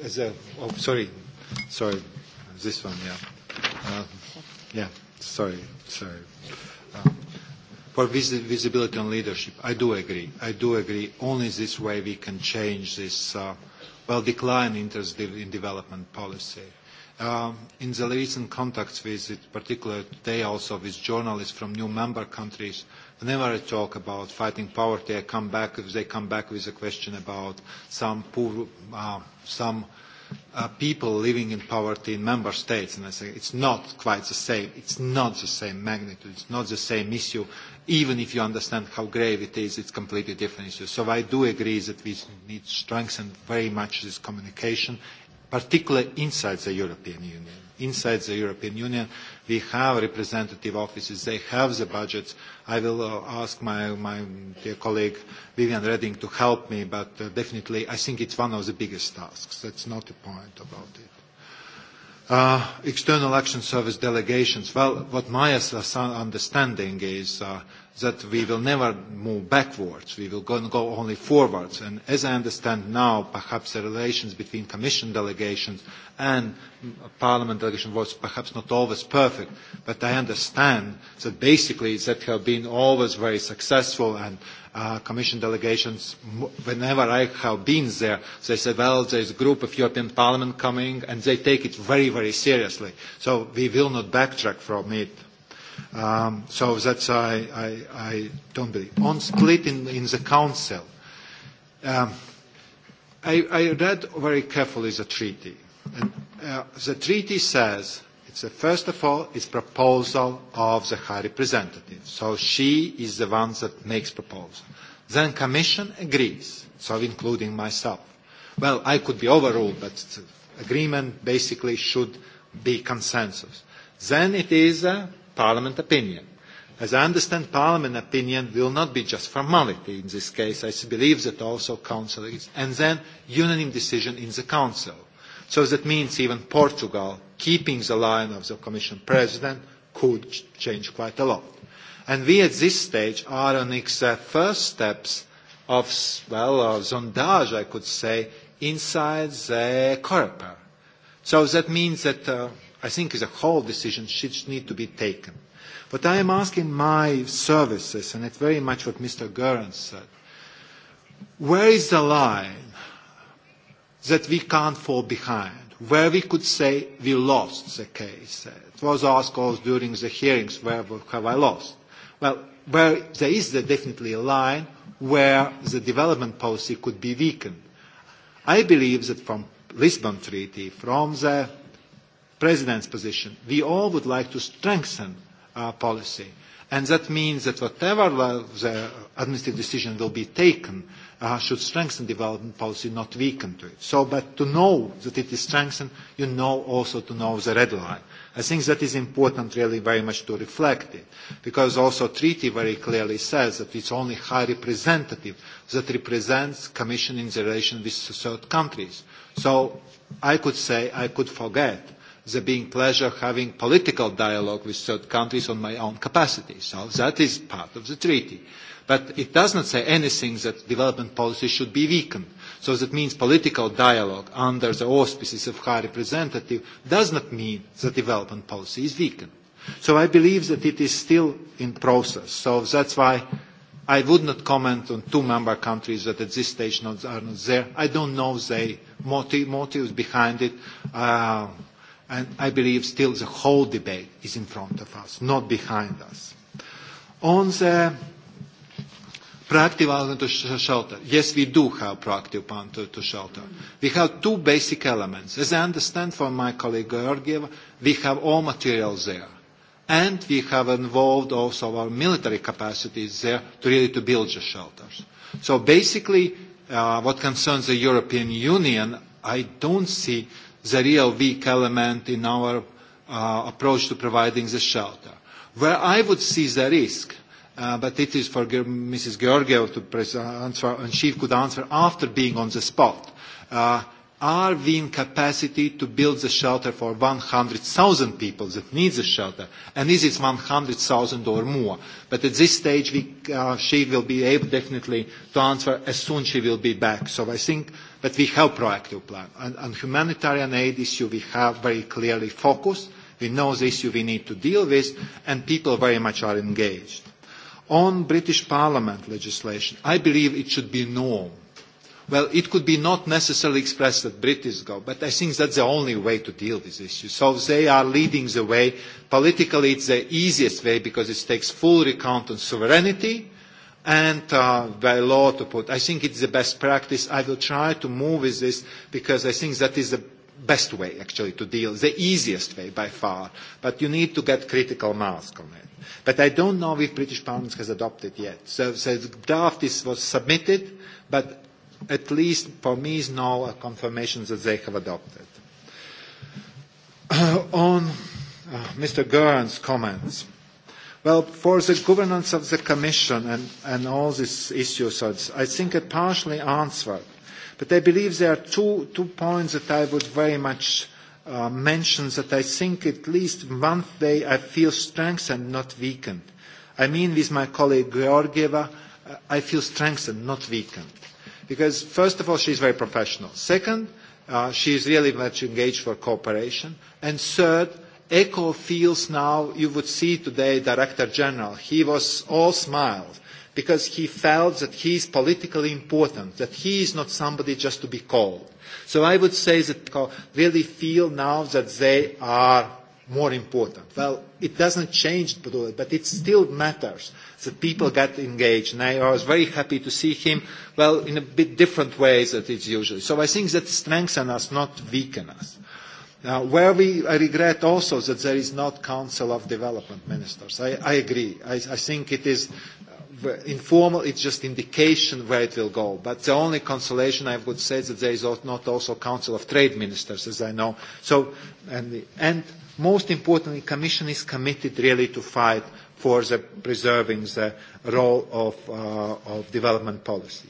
is there, oh, sorry, sorry, this one, yeah. Uh, yeah, sorry, sorry. Uh, for vis visibility on leadership, I do agree. I do agree. Only this way we can change this, uh, well, decline interest in development policy. Um, in the recent contacts with, particularly today also with journalists from new member countries, never talk about fighting poverty. I come back, they come back with a question about some poor, uh, some uh, people living in poverty in member states. And I say it's not quite the same. It's not the same magnitude. It's not the same issue. Even if you understand how grave it is, it's completely different issue. So I do agree that we need to strengthen very much this communication, particularly inside the European Union inside the European Union. We have representative offices. They have the budgets. I will uh, ask my, my dear colleague Vivian Redding to help me, but uh, definitely I think it's one of the biggest tasks. That's not the point about it. Uh, external action service delegations. Well, what my understanding is uh, that we will never move backwards. We will go, go only forwards. And as I understand now, perhaps the relations between Commission delegations and Parliament delegation was perhaps not always perfect, but I understand that basically that have been always very successful and uh, Commission delegations, whenever I have been there, they say, well, there is a group of European Parliament coming, and they take it very, very seriously. So we will not backtrack from it. Um, so that's I, I, I don't believe. On split in, in the council, um, I, I read very carefully the treaty. And, uh, the treaty says it's a, first of all it's proposal of the high representative. So she is the one that makes proposal. Then commission agrees, so including myself. Well, I could be overruled, but agreement basically should be consensus. Then it is a Parliament opinion. As I understand, Parliament opinion will not be just formality in this case. I believe that also Council is, and then unanimous decision in the Council. So that means even Portugal, keeping the line of the Commission President, could change quite a lot. And we at this stage are on its uh, first steps of, well, of sondage, I could say, inside the coreper. So that means that uh, I think is a whole decision should need to be taken. But I am asking my services, and it's very much what Mr. Goerens said, where is the line that we can't fall behind, where we could say we lost the case? It was asked also during the hearings, where have I lost? Well, where there is the definitely a line where the development policy could be weakened. I believe that from Lisbon Treaty, from the President's position, we all would like to strengthen our policy. And that means that whatever the administrative decision will be taken uh, should strengthen development policy, not weaken to it. So, but to know that it is strengthened, you know also to know the red line. I think that is important really very much to reflect it, because also treaty very clearly says that it's only high representative that represents commission in relation with third countries. So I could say, I could forget the being pleasure having political dialogue with third countries on my own capacity. So that is part of the treaty. But it does not say anything that development policy should be weakened. So that means political dialogue under the auspices of high representative does not mean that development policy is weakened. So I believe that it is still in process. So that's why I would not comment on two member countries that at this stage not, are not there. I don't know the motive, motives behind it. Uh, And I believe still the whole debate is in front of us, not behind us. On the proactive answer to shelter. Yes, we do have proactive answer to shelter. We have two basic elements. As I understand from my colleague Georgiev, we have all materials there. And we have involved also our military capacities there to really to build the shelters. So basically, uh, what concerns the European Union, I don't see the real weak element in our uh, approach to providing the shelter. Where I would see the risk, uh, but it is for Mrs. Georgiev to uh, answer, and she could answer after being on the spot, uh, are we in capacity to build the shelter for 100,000 people that need the shelter? And is it 100,000 or more? But at this stage, we, uh, she will be able definitely to answer as soon as she will be back. So I think But we have proactive plan. And and humanitarian aid issue, we have very clearly focused. We know the issue we need to deal with, and people very much are engaged. On British Parliament legislation, I believe it should be norm. Well, it could be not necessarily expressed that British go, but I think that's the only way to deal with this issue. So they are leading the way. Politically, it's the easiest way because it takes full account on sovereignty, and uh, by law to put. I think it's the best practice. I will try to move with this because I think that is the best way actually to deal, the easiest way by far. But you need to get critical mass on it. But I don't know if British Parliament has adopted yet. So, so the draft is, was submitted, but at least for me is no confirmation that they have adopted. Uh, on uh, Mr. Gurren's comments. Well, for the governance of the Commission and, and all these issues, I think I partially answered. But I believe there are two, two points that I would very much uh, mention that I think at least one day I feel strengthened, not weakened. I mean, with my colleague Georgieva, uh, I feel strengthened, not weakened. Because, first of all, she is very professional. Second, uh, she is really much engaged for cooperation. And third, ECHO feels now, you would see today Director General, he was all smiles because he felt that he is politically important, that he is not somebody just to be called. So I would say that ECHO really feel now that they are more important. Well, it doesn't change, but it still matters that people get engaged. And I was very happy to see him, well, in a bit different ways than it's usually. So I think that strengthens us, not weakens us. Now, where we I regret also that there is not Council of Development Ministers. I, I agree. I, I think it is uh, informal, it's just indication where it will go. But the only consolation I would say is that there is not also Council of Trade Ministers, as I know. So, and, and most importantly, Commission is committed really to fight for the preserving the role of, uh, of development policy.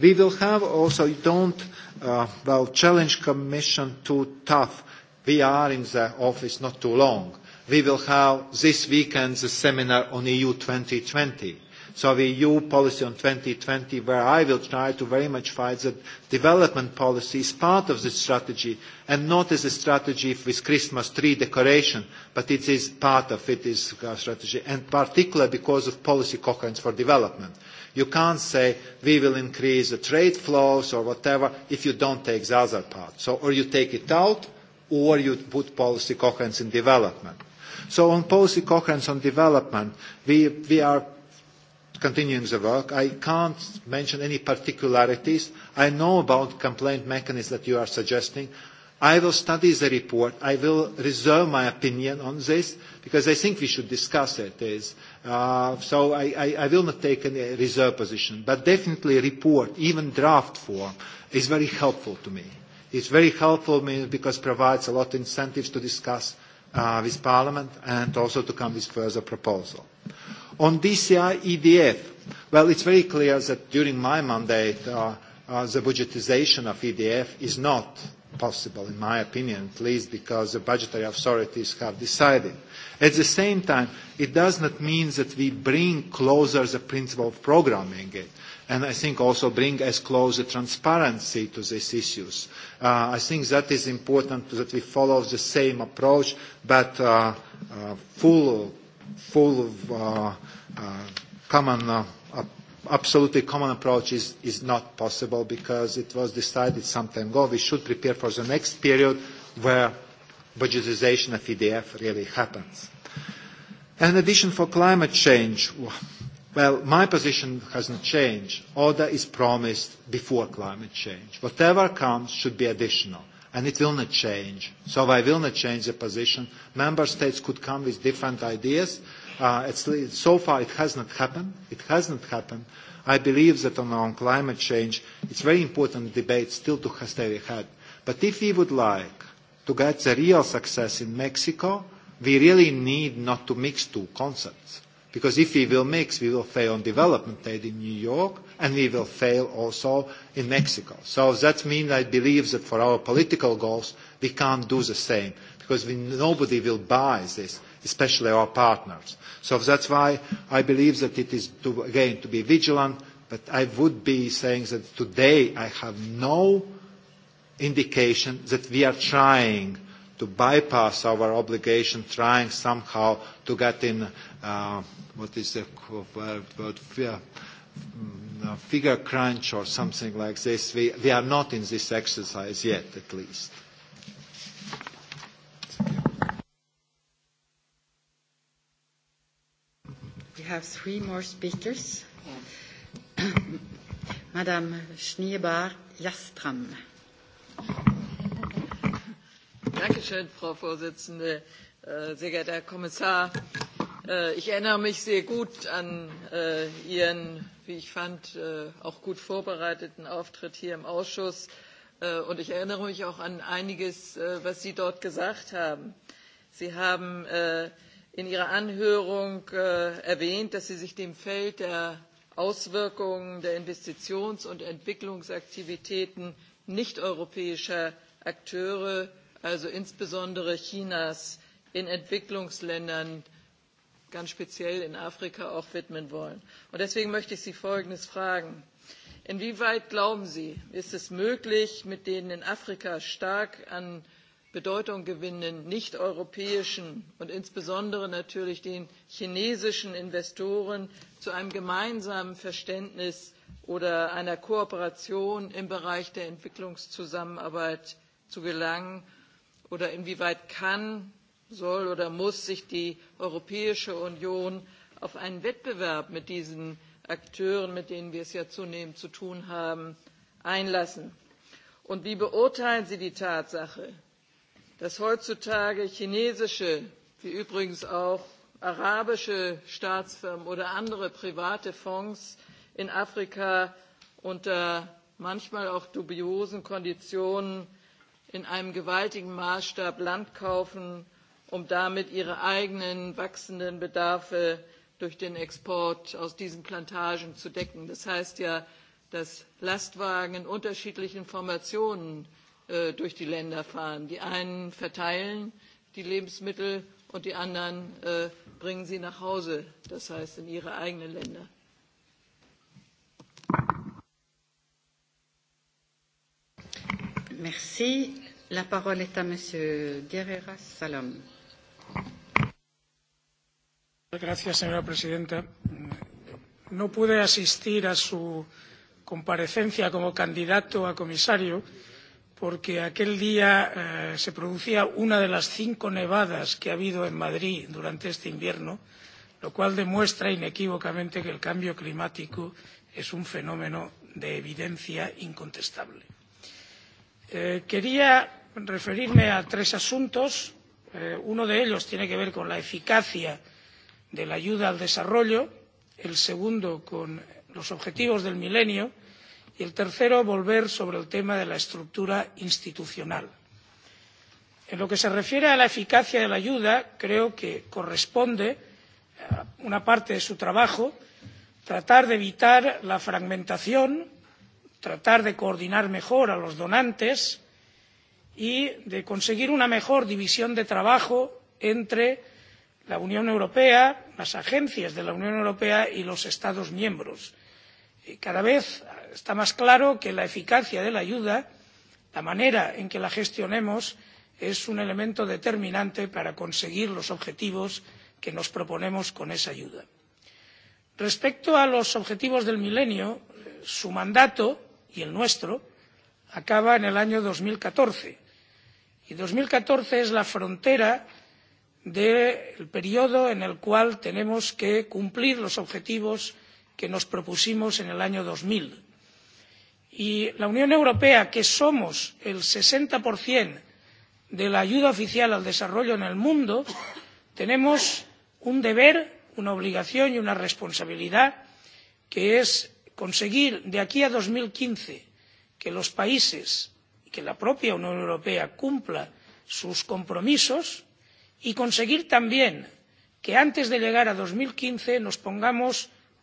We will have also, don't, uh, well, challenge Commission too tough We are in the office not too long. We will have this weekend the seminar on EU 2020. So the EU policy on 2020, where I will try to very much fight that development policy is part of the strategy and not as a strategy with Christmas tree decoration, but it is part of it is a strategy, and particularly because of policy coherence for development. You can't say we will increase the trade flows or whatever if you don't take the other part. So, or you take it out, or you put policy coherence in development. So on policy coherence on development, we, we are continuing the work. I can't mention any particularities. I know about complaint mechanisms that you are suggesting. I will study the report. I will reserve my opinion on this because I think we should discuss it. Is, uh, so I, I, I will not take any reserve position. But definitely report, even draft form, is very helpful to me is very helpful because it provides a lot of incentives to discuss uh, with Parliament and also to come with further proposal. On DCI EDF, well, it's very clear that during my mandate, uh, uh, the budgetization of EDF is not possible, in my opinion, at least because the budgetary authorities have decided. At the same time, it does not mean that we bring closer the principle of programming it and I think also bring as close a transparency to these issues. Uh, I think that is important that we follow the same approach, but uh, uh, full, full uh, uh, common, uh, absolutely common approach is, is not possible because it was decided some time ago. We should prepare for the next period where budgetization of EDF really happens. In addition, for climate change, Well, my position hasn't changed. Order is promised before climate change. Whatever comes should be additional, and it will not change. So I will not change the position. Member states could come with different ideas. Uh, it's, so far, it has not happened. It has not happened. I believe that on, on climate change, it's very important debate still to stay ahead. But if we would like to get the real success in Mexico, we really need not to mix two concepts Because if we will mix, we will fail on development aid in New York, and we will fail also in Mexico. So that means I believe that for our political goals, we can't do the same, because we, nobody will buy this, especially our partners. So that's why I believe that it is, to, again, to be vigilant, but I would be saying that today I have no indication that we are trying to bypass our obligation, trying somehow to get in uh, what is the word, fear, mm, figure crunch or something like this. We, we are not in this exercise yet, at least. We have three more speakers. Madame Schneebar-Jastram. Dankeschön, Frau Vorsitzende. Äh, sehr geehrter Herr Kommissar, Äh, ich erinnere mich sehr gut an äh, Ihren, wie ich fand, äh, auch gut vorbereiteten Auftritt hier im Ausschuss. Und ich erinnere mich auch an einiges, was Sie dort gesagt haben. Sie haben in Ihrer Anhörung erwähnt, dass Sie sich dem Feld der Auswirkungen der Investitions- und Entwicklungsaktivitäten nichteuropäischer Akteure, also insbesondere Chinas, in Entwicklungsländern ganz speziell in Afrika auch widmen wollen. Und deswegen möchte ich Sie Folgendes fragen. Inwieweit glauben Sie, ist es möglich, mit den in Afrika stark an Bedeutung gewinnenden nicht-europäischen und insbesondere natürlich den chinesischen Investoren zu einem gemeinsamen Verständnis oder einer Kooperation im Bereich der Entwicklungszusammenarbeit zu gelangen? Oder inwieweit kann soll oder muss sich die Europäische Union auf einen Wettbewerb mit diesen Akteuren, mit denen wir es ja zunehmend zu tun haben, einlassen? Und wie beurteilen Sie die Tatsache, dass heutzutage chinesische, wie übrigens auch arabische Staatsfirmen oder andere private Fonds in Afrika unter manchmal auch dubiosen Konditionen in einem gewaltigen Maßstab Land kaufen um damit ihre eigenen wachsenden Bedarfe durch den Export aus diesen Plantagen zu decken. Das heißt ja, dass Lastwagen in unterschiedlichen Formationen äh, durch die Länder fahren. Die einen verteilen die Lebensmittel und die anderen äh, bringen sie nach Hause, das heißt in ihre eigenen Länder. Merci. La parole est à Monsieur Guerrera Salom señora presidenta. No pude asistir a su comparecencia como candidato a comisario porque aquel día eh, se producía una de las cinco nevadas que ha habido en Madrid durante este invierno, lo cual demuestra inequívocamente que el cambio climático es un fenómeno de evidencia incontestable. Eh, quería referirme a tres asuntos Eh, uno de ellos tiene que ver con la eficacia de la ayuda al desarrollo, el segundo con los objetivos del milenio y el tercero volver sobre el tema de la estructura institucional. En lo que se refiere a la eficacia de la ayuda, creo que corresponde a una parte de su trabajo tratar de evitar la fragmentación, tratar de coordinar mejor a los donantes, y de conseguir una mejor división de trabajo entre la unión europea las agencias de la unión europea y los estados miembros. cada vez está más claro que la eficacia de la ayuda la manera en que la gestionemos es un elemento determinante para conseguir los objetivos que nos proponemos con esa ayuda. respecto a los objetivos del milenio eh, su mandato y el nuestro acaba en el año dos mil catorce y dos mil catorce es la frontera del periodo en el cual tenemos que cumplir los objetivos que nos propusimos en el año dos mil y la unión europea que somos el sesenta de la ayuda oficial al desarrollo en el mundo tenemos un deber una obligación y una responsabilidad que es conseguir de aquí a dos mil quince que los países que la propia unión europea cumpla sus compromisos y conseguir también que antes de llegar a dos mil quince nos pongamos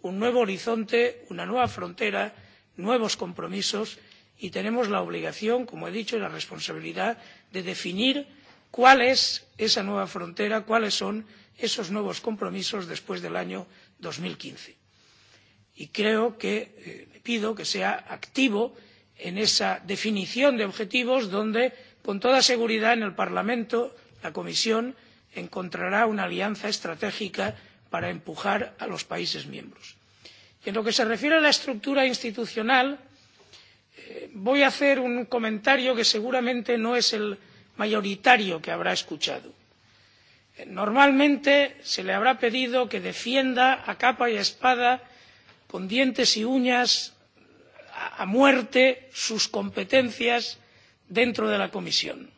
un nuevo horizonte una nueva frontera nuevos compromisos y tenemos la obligación como he dicho y la responsabilidad de definir cuál es esa nueva frontera cuáles son esos nuevos compromisos después del año dos mil quince y creo que le eh, pido que sea activo en en esa definición de objetivos donde con toda seguridad en el parlamento la comisión encontrará una alianza estratégica para empujar a los países miembros. y en lo que se refiere a la estructura institucional eh, voy a hacer un comentario que seguramente no es el mayoritario que habrá escuchado. normalmente se le habrá pedido que defienda a capa y espada con dientes y uñas a muerte sus competencias dentro de la comisión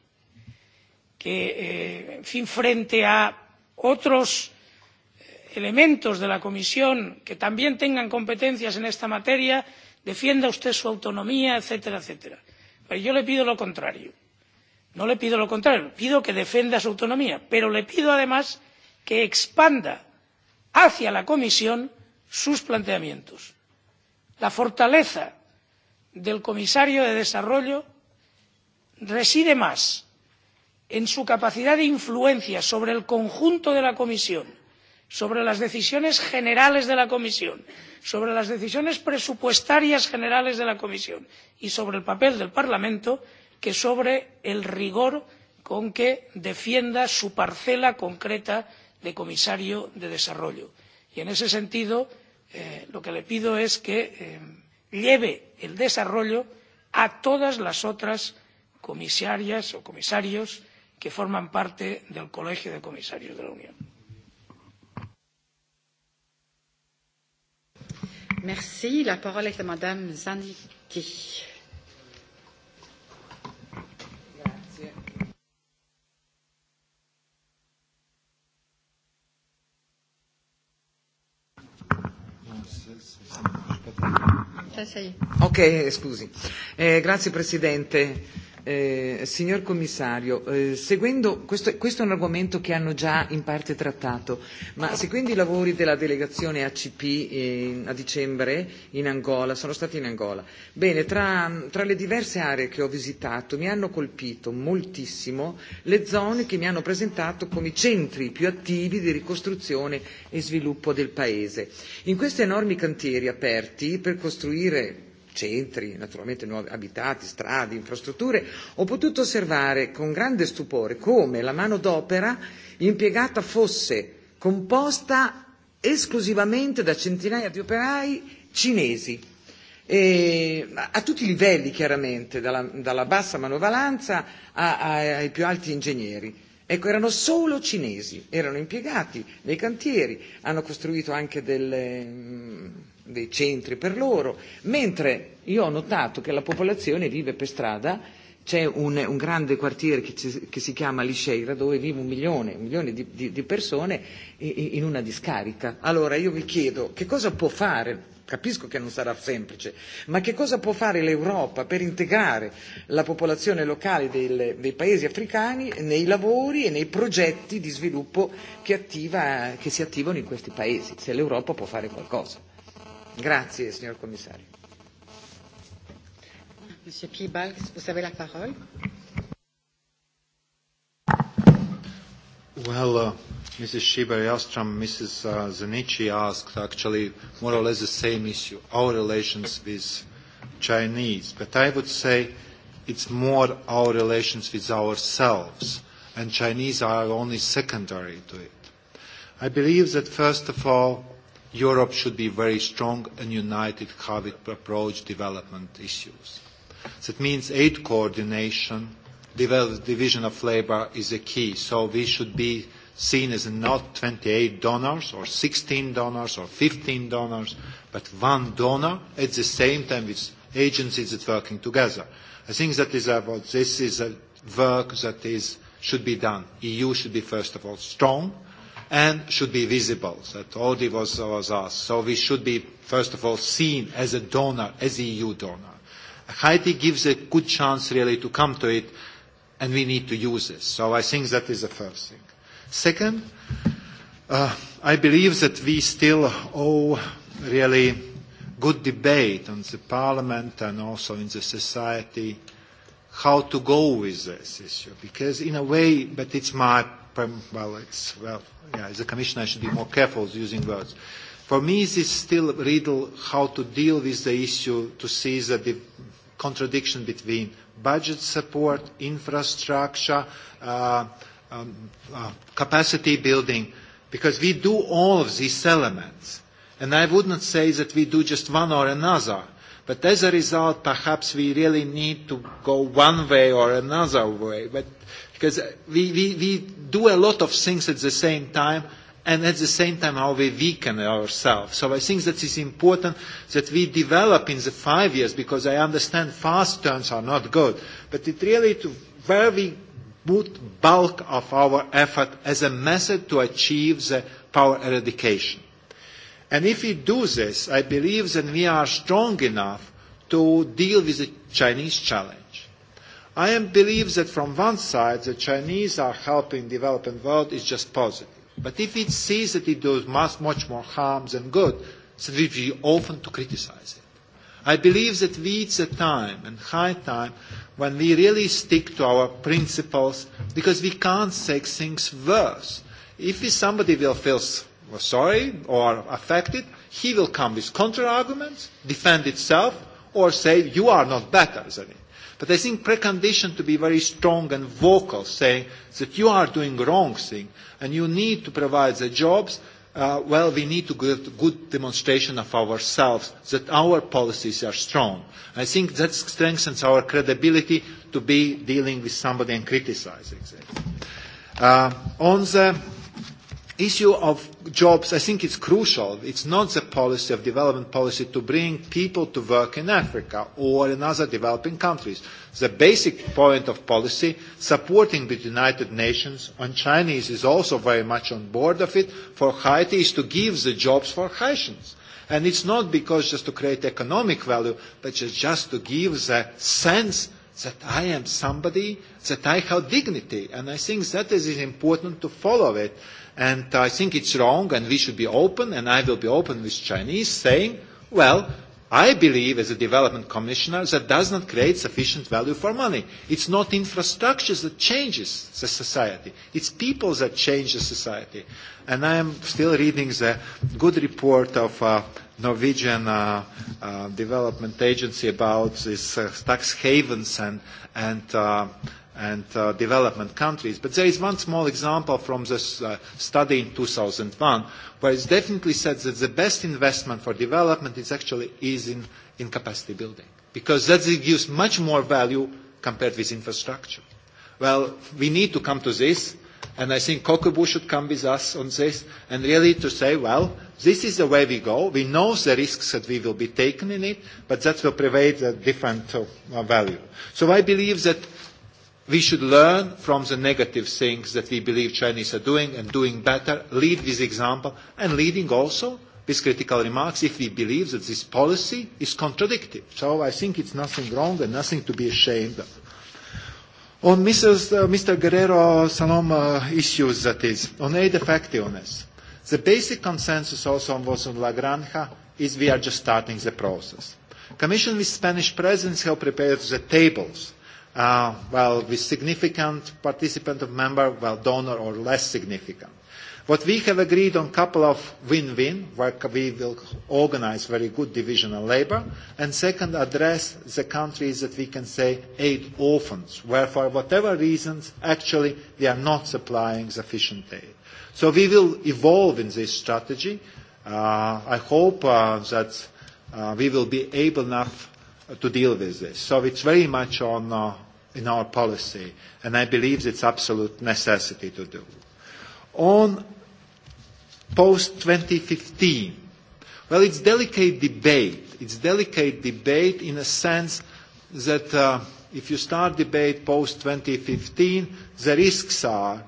que eh, en fin frente a otros eh, elementos de la comisión que también tengan competencias en esta materia defienda usted su autonomía etcétera etcétera. pero yo le pido lo contrario no le pido lo contrario pido que defienda su autonomía pero le pido además que expanda hacia la comisión sus planteamientos. la fortaleza del comisario de desarrollo reside más en su capacidad de influencia sobre el conjunto de la comisión sobre las decisiones generales de la comisión sobre las decisiones presupuestarias generales de la comisión y sobre el papel del parlamento que sobre el rigor con que defienda su parcela concreta de comisario de desarrollo. y en ese sentido eh, lo que le pido es que eh, lleve el desarrollo a todas las otras comisarias o comisarios que forman parte del colegio de comisarios de la unión. Merci, la parole est à Madame Zanetti. Ok, scusi. Eh, grazie Presidente. Eh, signor commissario, eh, seguendo, questo, questo è un argomento che hanno già in parte trattato, ma seguendo i lavori della delegazione ACP in, eh, a dicembre in Angola, sono stati in Angola, bene, tra, tra le diverse aree che ho visitato mi hanno colpito moltissimo le zone che mi hanno presentato come i centri più attivi di ricostruzione e sviluppo del Paese. In questi enormi cantieri aperti per costruire centri, naturalmente nuovi abitati, strade, infrastrutture, ho potuto osservare con grande stupore come la manodopera impiegata fosse composta esclusivamente da centinaia di operai cinesi, e, a tutti i livelli chiaramente, dalla, dalla bassa manovalanza a, a, ai più alti ingegneri. Ecco, erano solo cinesi, erano impiegati nei cantieri, hanno costruito anche delle... Mh, mm, dei centri per loro, mentre io ho notato che la popolazione vive per strada, c'è un, un grande quartiere che, ci, che si chiama Lisceira dove vive un milione, un milione di, di, di persone in una discarica. Allora io vi chiedo che cosa può fare capisco che non sarà semplice, ma che cosa può fare l'Europa per integrare la popolazione locale del, dei paesi africani nei lavori e nei progetti di sviluppo che, attiva, che si attivano in questi paesi, se l'Europa può fare qualcosa. Grazie, signor Commissario. Monsieur Piebalgs, vous avez la parole. Well, uh, Mrs. Shiba-Yastram, Mrs. Uh, Zanichi asked actually more or less the same issue, our relations with Chinese. But I would say it's more our relations with ourselves, and Chinese are only secondary to it. I believe that first of all, Europe should be very strong and united how it approach development issues. So that means aid coordination, division of labor is a key. So we should be seen as not 28 donors or 16 donors or 15 donors, but one donor at the same time with agencies that working together. I think that is about this is a work that is should be done. EU should be first of all strong, and should be visible. That already was, was asked. So we should be, first of all, seen as a donor, as EU donor. Haiti gives a good chance really to come to it, and we need to use this. So I think that is the first thing. Second, uh, I believe that we still owe really good debate on the parliament and also in the society how to go with this issue. Because in a way, but it's my well, it's, well, yeah, as a commissioner, I should be more careful using words. For me, this is still a riddle how to deal with the issue to see that the contradiction between budget support, infrastructure, uh, um, uh, capacity building, because we do all of these elements. And I would not say that we do just one or another. But as a result, perhaps we really need to go one way or another way. But Because we, we, we do a lot of things at the same time, and at the same time how we weaken ourselves. So I think that it's important that we develop in the five years, because I understand fast turns are not good, but it really to where we put bulk of our effort as a method to achieve the power eradication. And if we do this, I believe that we are strong enough to deal with the Chinese challenge. I am believe that from one side the Chinese are helping developing world is just positive. But if it sees that it does much, much more harm than good, so we be often to criticize it. I believe that we it's a time and high time when we really stick to our principles because we can't take things worse. If somebody will feel sorry or affected, he will come with counter arguments, defend itself, or say you are not better than it. But I think precondition to be very strong and vocal, saying that you are doing wrong thing and you need to provide the jobs. Uh, well, we need to give good demonstration of ourselves that our policies are strong. I think that strengthens our credibility to be dealing with somebody and criticizing them. Uh, on the issue of jobs, I think it's crucial. It's not the policy of development policy to bring people to work in Africa or in other developing countries. The basic point of policy supporting the United Nations on Chinese is also very much on board of it. For Haiti is to give the jobs for Haitians. And it's not because just to create economic value, but just to give the sense that I am somebody, that I have dignity. And I think that is important to follow it. And I think it's wrong, and we should be open, and I will be open with Chinese, saying, well, I believe as a development commissioner that does not create sufficient value for money. It's not infrastructure that changes the society. It's people that change the society. And I am still reading the good report of uh, Norwegian uh, uh, development agency about these uh, tax havens and, and uh, and uh, development countries. But there is one small example from this uh, study in 2001 where it definitely said that the best investment for development is actually is in, in capacity building because that gives much more value compared with infrastructure. Well, we need to come to this and I think Kokobu should come with us on this and really to say, well, this is the way we go. We know the risks that we will be taken in it, but that will provide a different uh, value. So I believe that We should learn from the negative things that we believe Chinese are doing and doing better, lead with example, and leading also with critical remarks if we believe that this policy is contradictory. So I think it's nothing wrong and nothing to be ashamed of. On Mrs., uh, Mr. Guerrero Saloma uh, issues, that is, on aid effectiveness, the basic consensus also on was on La Granja is we are just starting the process. Commission with Spanish presidents have prepared the tables uh, well, with significant participant of member, well, donor or less significant. What we have agreed on a couple of win-win, where we will organize very good division of labor, and second, address the countries that we can say aid orphans, where for whatever reasons, actually, they are not supplying sufficient aid. So we will evolve in this strategy. Uh, I hope uh, that uh, we will be able enough to deal with this. So it's very much on, uh, in our policy, and I believe it's absolute necessity to do. On post-2015, well, it's delicate debate. It's delicate debate in a sense that uh, if you start debate post-2015, the risks are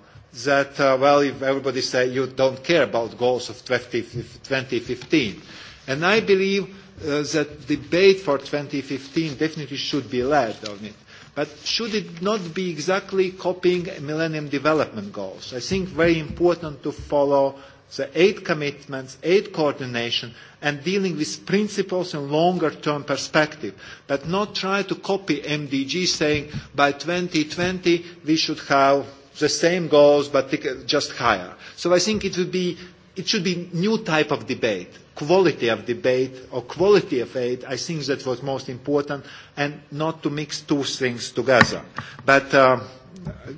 that, uh, well, if everybody say you don't care about goals of 2015. And I believe uh, that debate for 2015 definitely should be led on it. But should it not be exactly copying Millennium Development Goals? I think very important to follow the eight commitments, eight coordination, and dealing with principles and longer-term perspective, but not try to copy MDG saying by 2020 we should have the same goals but just higher. So I think it would be, it should be new type of debate quality of debate or quality of aid, I think that was most important, and not to mix two things together. But uh,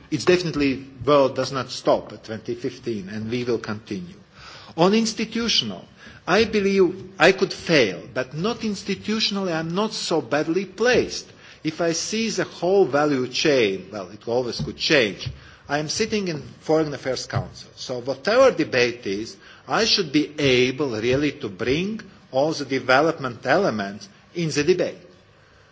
it's definitely world does not stop at 2015, and we will continue. On institutional, I believe I could fail, but not institutionally, I'm not so badly placed. If I see the whole value chain, well, it always could change. I am sitting in Foreign Affairs Council, so whatever debate is, I should be able really to bring all the development elements in the debate.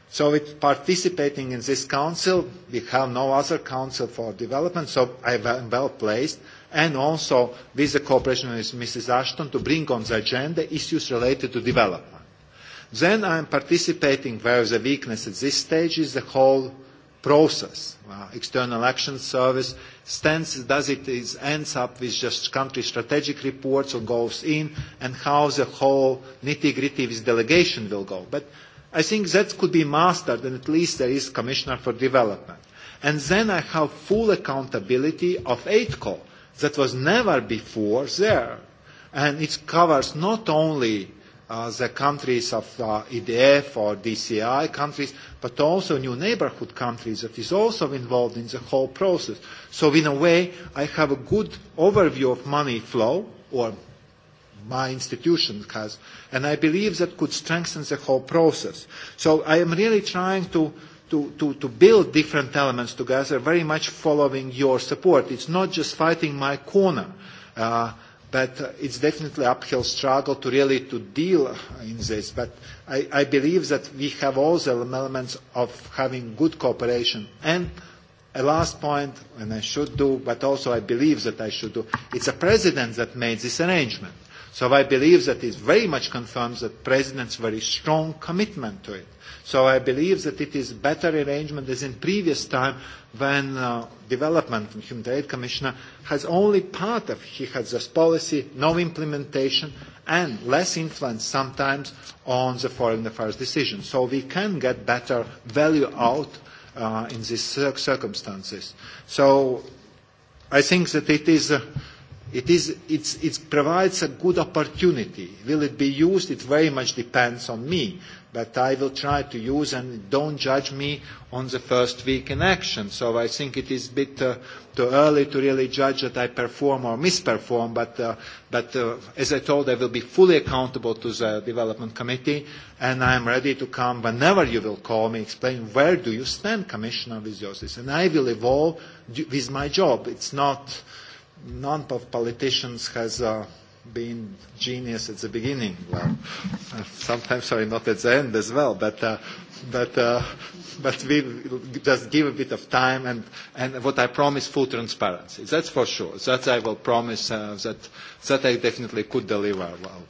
So with participating in this council, we have no other council for development, so I am well placed, and also with the cooperation with Mrs. Ashton to bring on the agenda issues related to development. Then I am participating where the weakness at this stage is the whole process Uh, external Action Service stands, does it is, ends up with just country strategic reports or goes in, and how the whole nitty-gritty of this delegation will go. But I think that could be mastered, and at least there is Commissioner for Development. And then I have full accountability of AIDCO that was never before there. And it covers not only Uh, the countries of uh, EDF or DCI countries, but also new neighborhood countries that is also involved in the whole process. So in a way, I have a good overview of money flow, or my institution has, and I believe that could strengthen the whole process. So I am really trying to to, to, to build different elements together, very much following your support. It's not just fighting my corner. Uh, but it's definitely uphill struggle to really to deal in this. But I, I believe that we have all the elements of having good cooperation. And a last point, and I should do, but also I believe that I should do, it's a president that made this arrangement. So I believe that it very much confirms the president's very strong commitment to it. So I believe that it is better arrangement than in previous time when uh, development and human aid commissioner has only part of he has this policy, no implementation, and less influence sometimes on the foreign affairs decision. So we can get better value out uh, in these circumstances. So I think that it is. Uh, it, is, it's, it provides a good opportunity. Will it be used? It very much depends on me but I will try to use and don't judge me on the first week in action. So I think it is a bit uh, too early to really judge that I perform or misperform, but, uh, but uh, as I told, I will be fully accountable to the development committee, and I am ready to come whenever you will call me, explain where do you stand, Commissioner Viziosis, and I will evolve with my job. It's not, none of politicians has... Uh, being genius at the beginning. Well, sometimes sorry, not at the end as well, but uh, but uh, but we just give a bit of time and and what I promise full transparency. That's for sure. That I will promise uh, that that I definitely could deliver. Well,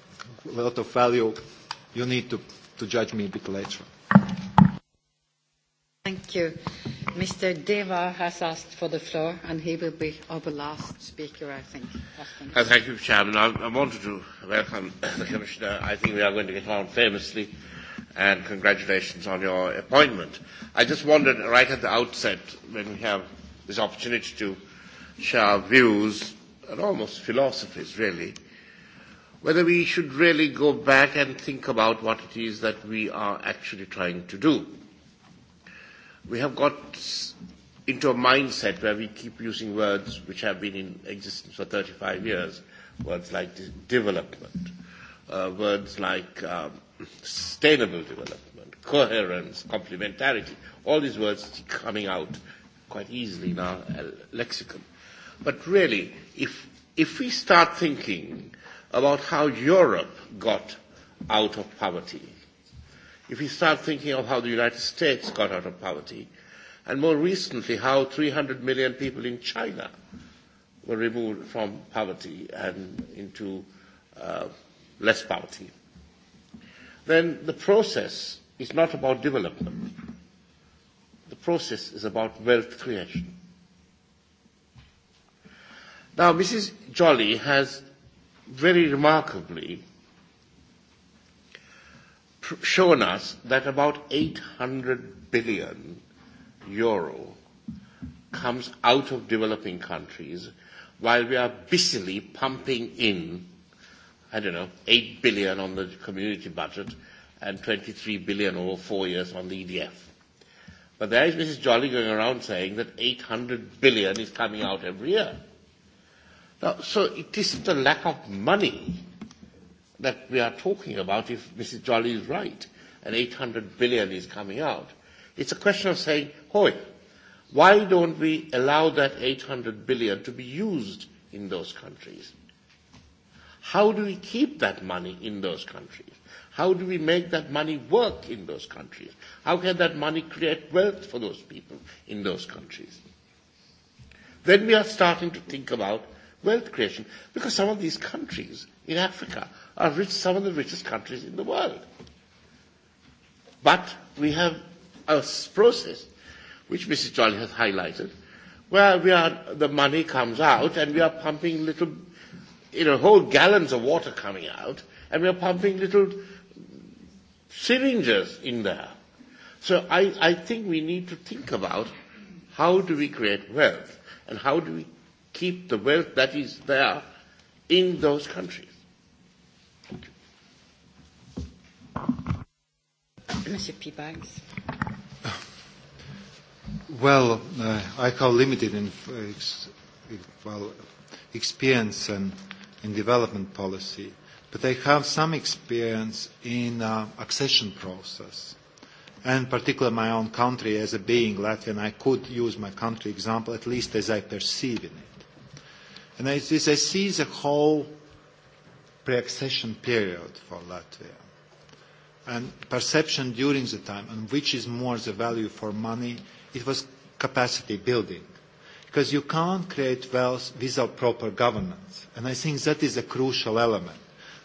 a lot of value. You need to to judge me a bit later. Thank you. Mr. Deva has asked for the floor, and he will be our last speaker, I think. Uh, thank you, Chairman. I, I wanted to welcome the Commissioner. I think we are going to get on famously, and congratulations on your appointment. I just wondered right at the outset, when we have this opportunity to share views and almost philosophies, really, whether we should really go back and think about what it is that we are actually trying to do we have got into a mindset where we keep using words which have been in existence for 35 years, words like development, uh, words like um, sustainable development, coherence, complementarity, all these words coming out quite easily in our uh, lexicon. But really, if, if we start thinking about how Europe got out of poverty, If we start thinking of how the United States got out of poverty, and more recently how 300 million people in China were removed from poverty and into uh, less poverty, then the process is not about development. The process is about wealth creation. Now, Mrs. Jolly has very remarkably shown us that about 800 billion euro comes out of developing countries while we are busily pumping in, I don't know, 8 billion on the community budget and 23 billion over four years on the EDF. But there is Mrs. Jolly going around saying that 800 billion is coming out every year. Now, so it isn't a lack of money that we are talking about if Mrs. Jolly is right and 800 billion is coming out. It's a question of saying, hoy, why don't we allow that 800 billion to be used in those countries? How do we keep that money in those countries? How do we make that money work in those countries? How can that money create wealth for those people in those countries? Then we are starting to think about wealth creation because some of these countries in Africa are rich, some of the richest countries in the world. But we have a process, which Mrs. Jolly has highlighted, where we are, the money comes out and we are pumping little, you know, whole gallons of water coming out and we are pumping little syringes in there. So I, I think we need to think about how do we create wealth and how do we keep the wealth that is there in those countries. Well, uh, I have limited in, ex, well, experience in, in development policy, but I have some experience in uh, accession process. And particularly my own country, as a being Latvian, I could use my country example at least as I perceive in it. And as I see the whole pre-accession period for Latvia, and perception during the time and which is more the value for money, it was capacity building. Because you can't create wealth without proper governance. And I think that is a crucial element.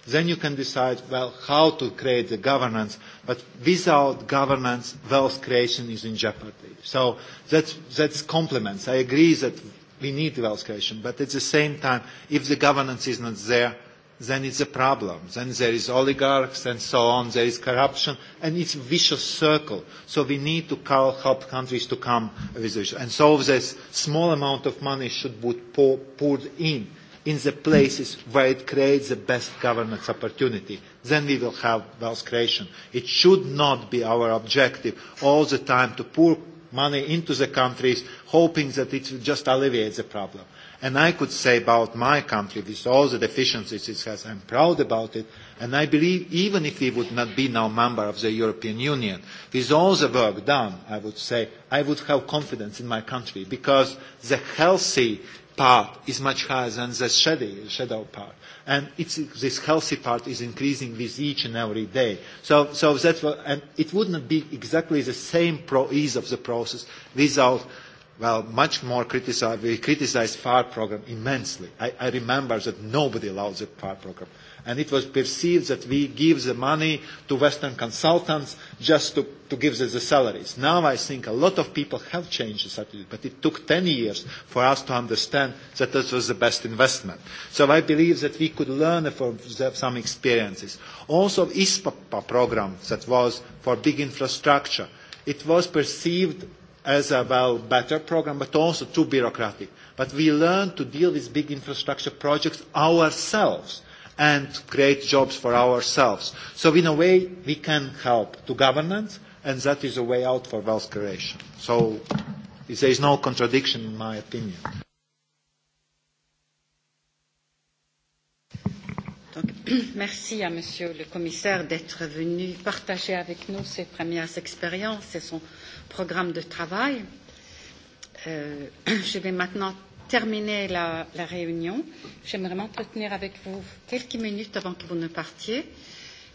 Then you can decide, well, how to create the governance, but without governance, wealth creation is in jeopardy. So that's, that's compliments. I agree that we need wealth creation, but at the same time, if the governance is not there, then it's a problem. Then there is oligarchs and so on, there is corruption, and it's a vicious circle. So we need to help countries to come with this. And so this small amount of money should be poured in, in the places where it creates the best governance opportunity. Then we will have wealth creation. It should not be our objective all the time to pour money into the countries, hoping that it will just alleviate the problem. And I could say about my country, with all the deficiencies it has, I'm proud about it. And I believe even if we would not be now member of the European Union, with all the work done, I would say, I would have confidence in my country because the healthy part is much higher than the shady, shadow part. And it's, this healthy part is increasing with each and every day. So, so that's what, and it would not be exactly the same pro ease of the process without well, much more criticized. We criticized FAR program immensely. I, I remember that nobody loved the FAR program. And it was perceived that we give the money to Western consultants just to, to give them the salaries. Now I think a lot of people have changed this attitude, but it took 10 years for us to understand that this was the best investment. So I believe that we could learn from some experiences. Also, ISPA program that was for big infrastructure, it was perceived as a well better program, but also too bureaucratic. But we learn to deal with big infrastructure projects ourselves and create jobs for ourselves. So in a way, we can help to governance, and that is a way out for wealth creation. So there is no contradiction in my opinion. Donc, merci à Monsieur le Commissaire d'être venu partager avec nous ses premières expériences et son programme de travail. Euh, je vais maintenant terminer la, la réunion. J'aimerais m'entretenir avec vous quelques minutes avant que vous ne partiez.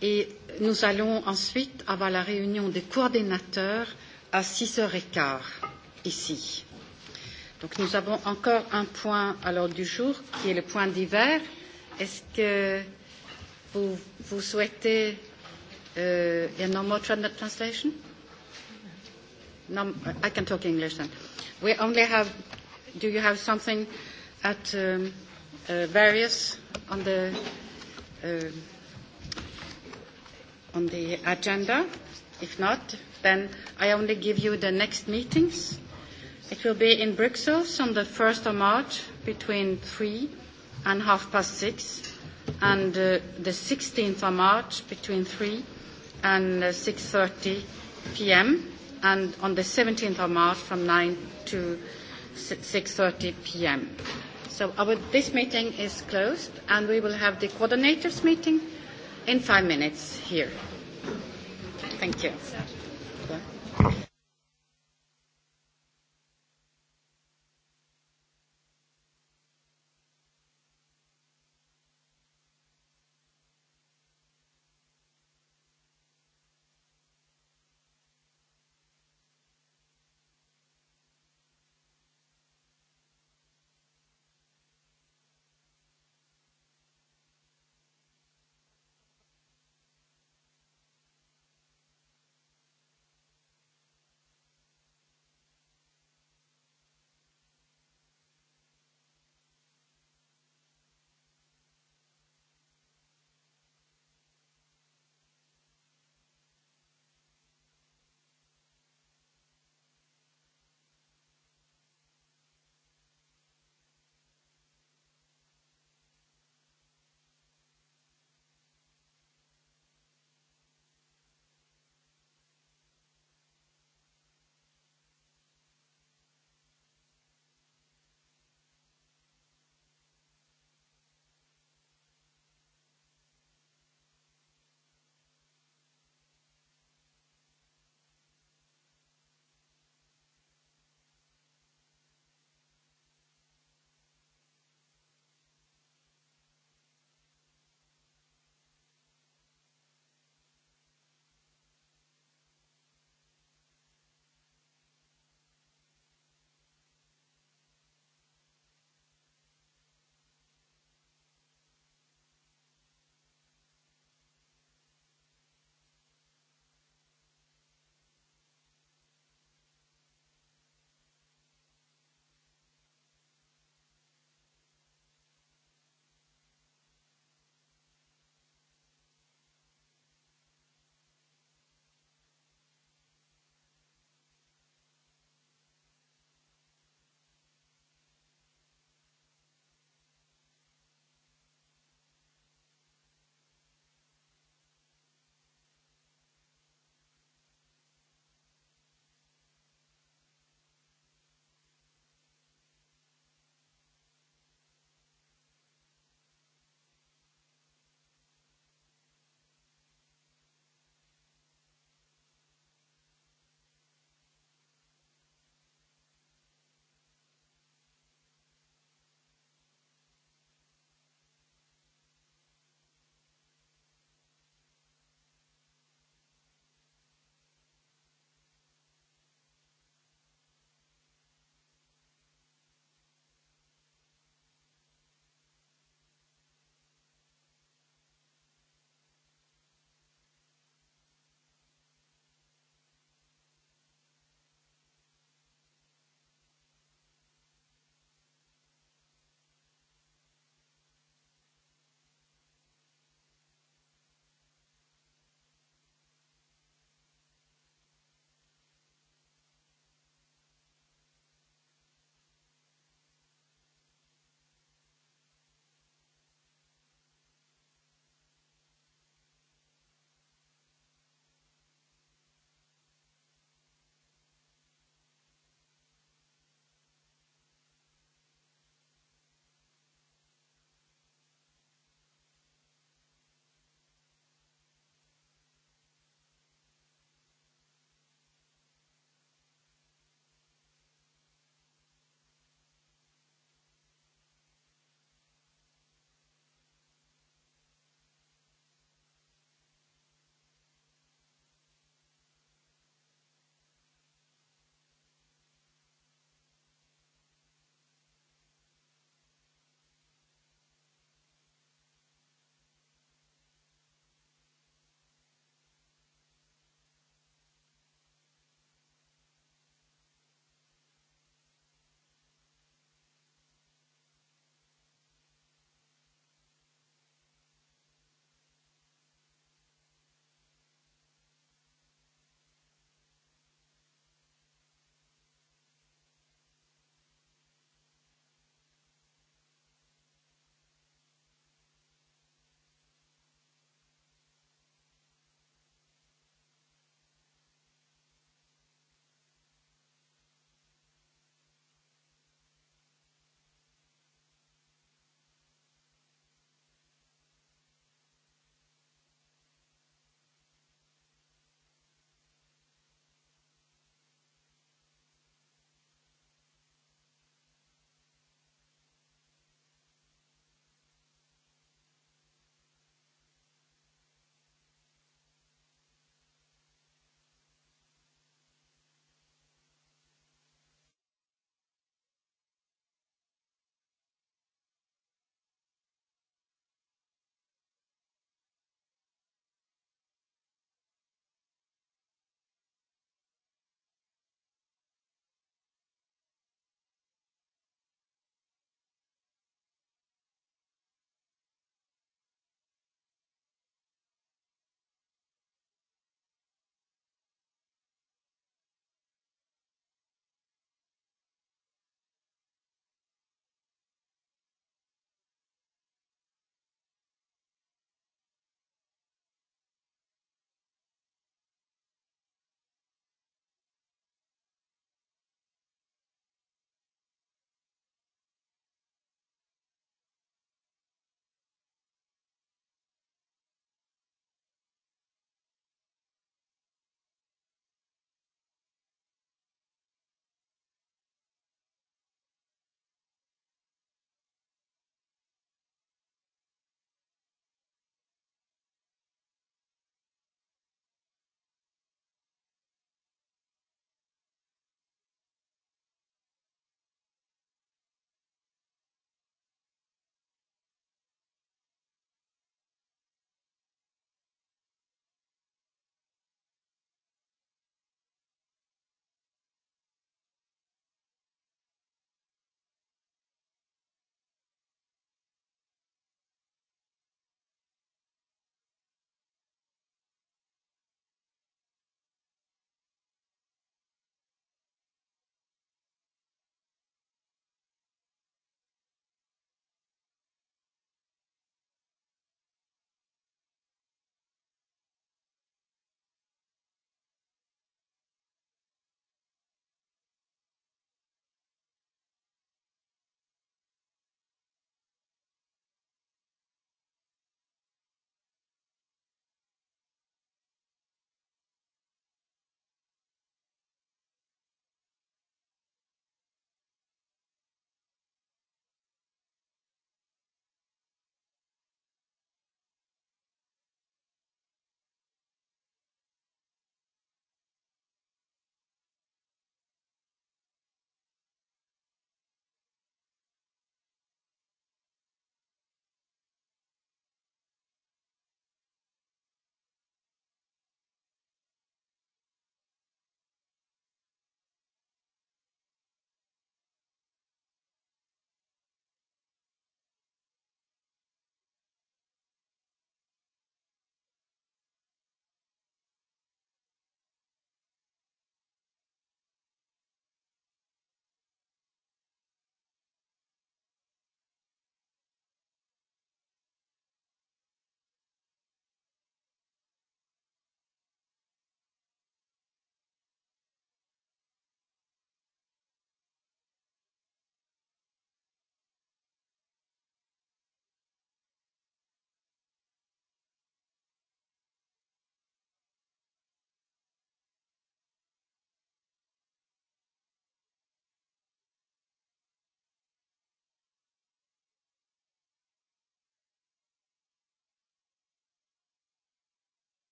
Et nous allons ensuite avoir la réunion des coordinateurs à 6h15 ici. Donc nous avons encore un point à l'ordre du jour qui est le point d'hiver Est-ce que vous, vous souhaitez uh, a normal translation? No, I can talk English then. We only have, do you have something at um, uh, various on the, uh, on the agenda? If not, then I only give you the next meetings. It will be in Brussels on the 1st of March between 3 and half past six, and uh, the 16th of March between 3 and 6.30 uh, p.m., and on the 17th of March from 9 to 6.30 p.m. So our, this meeting is closed, and we will have the coordinators meeting in five minutes here. Thank you. Yeah.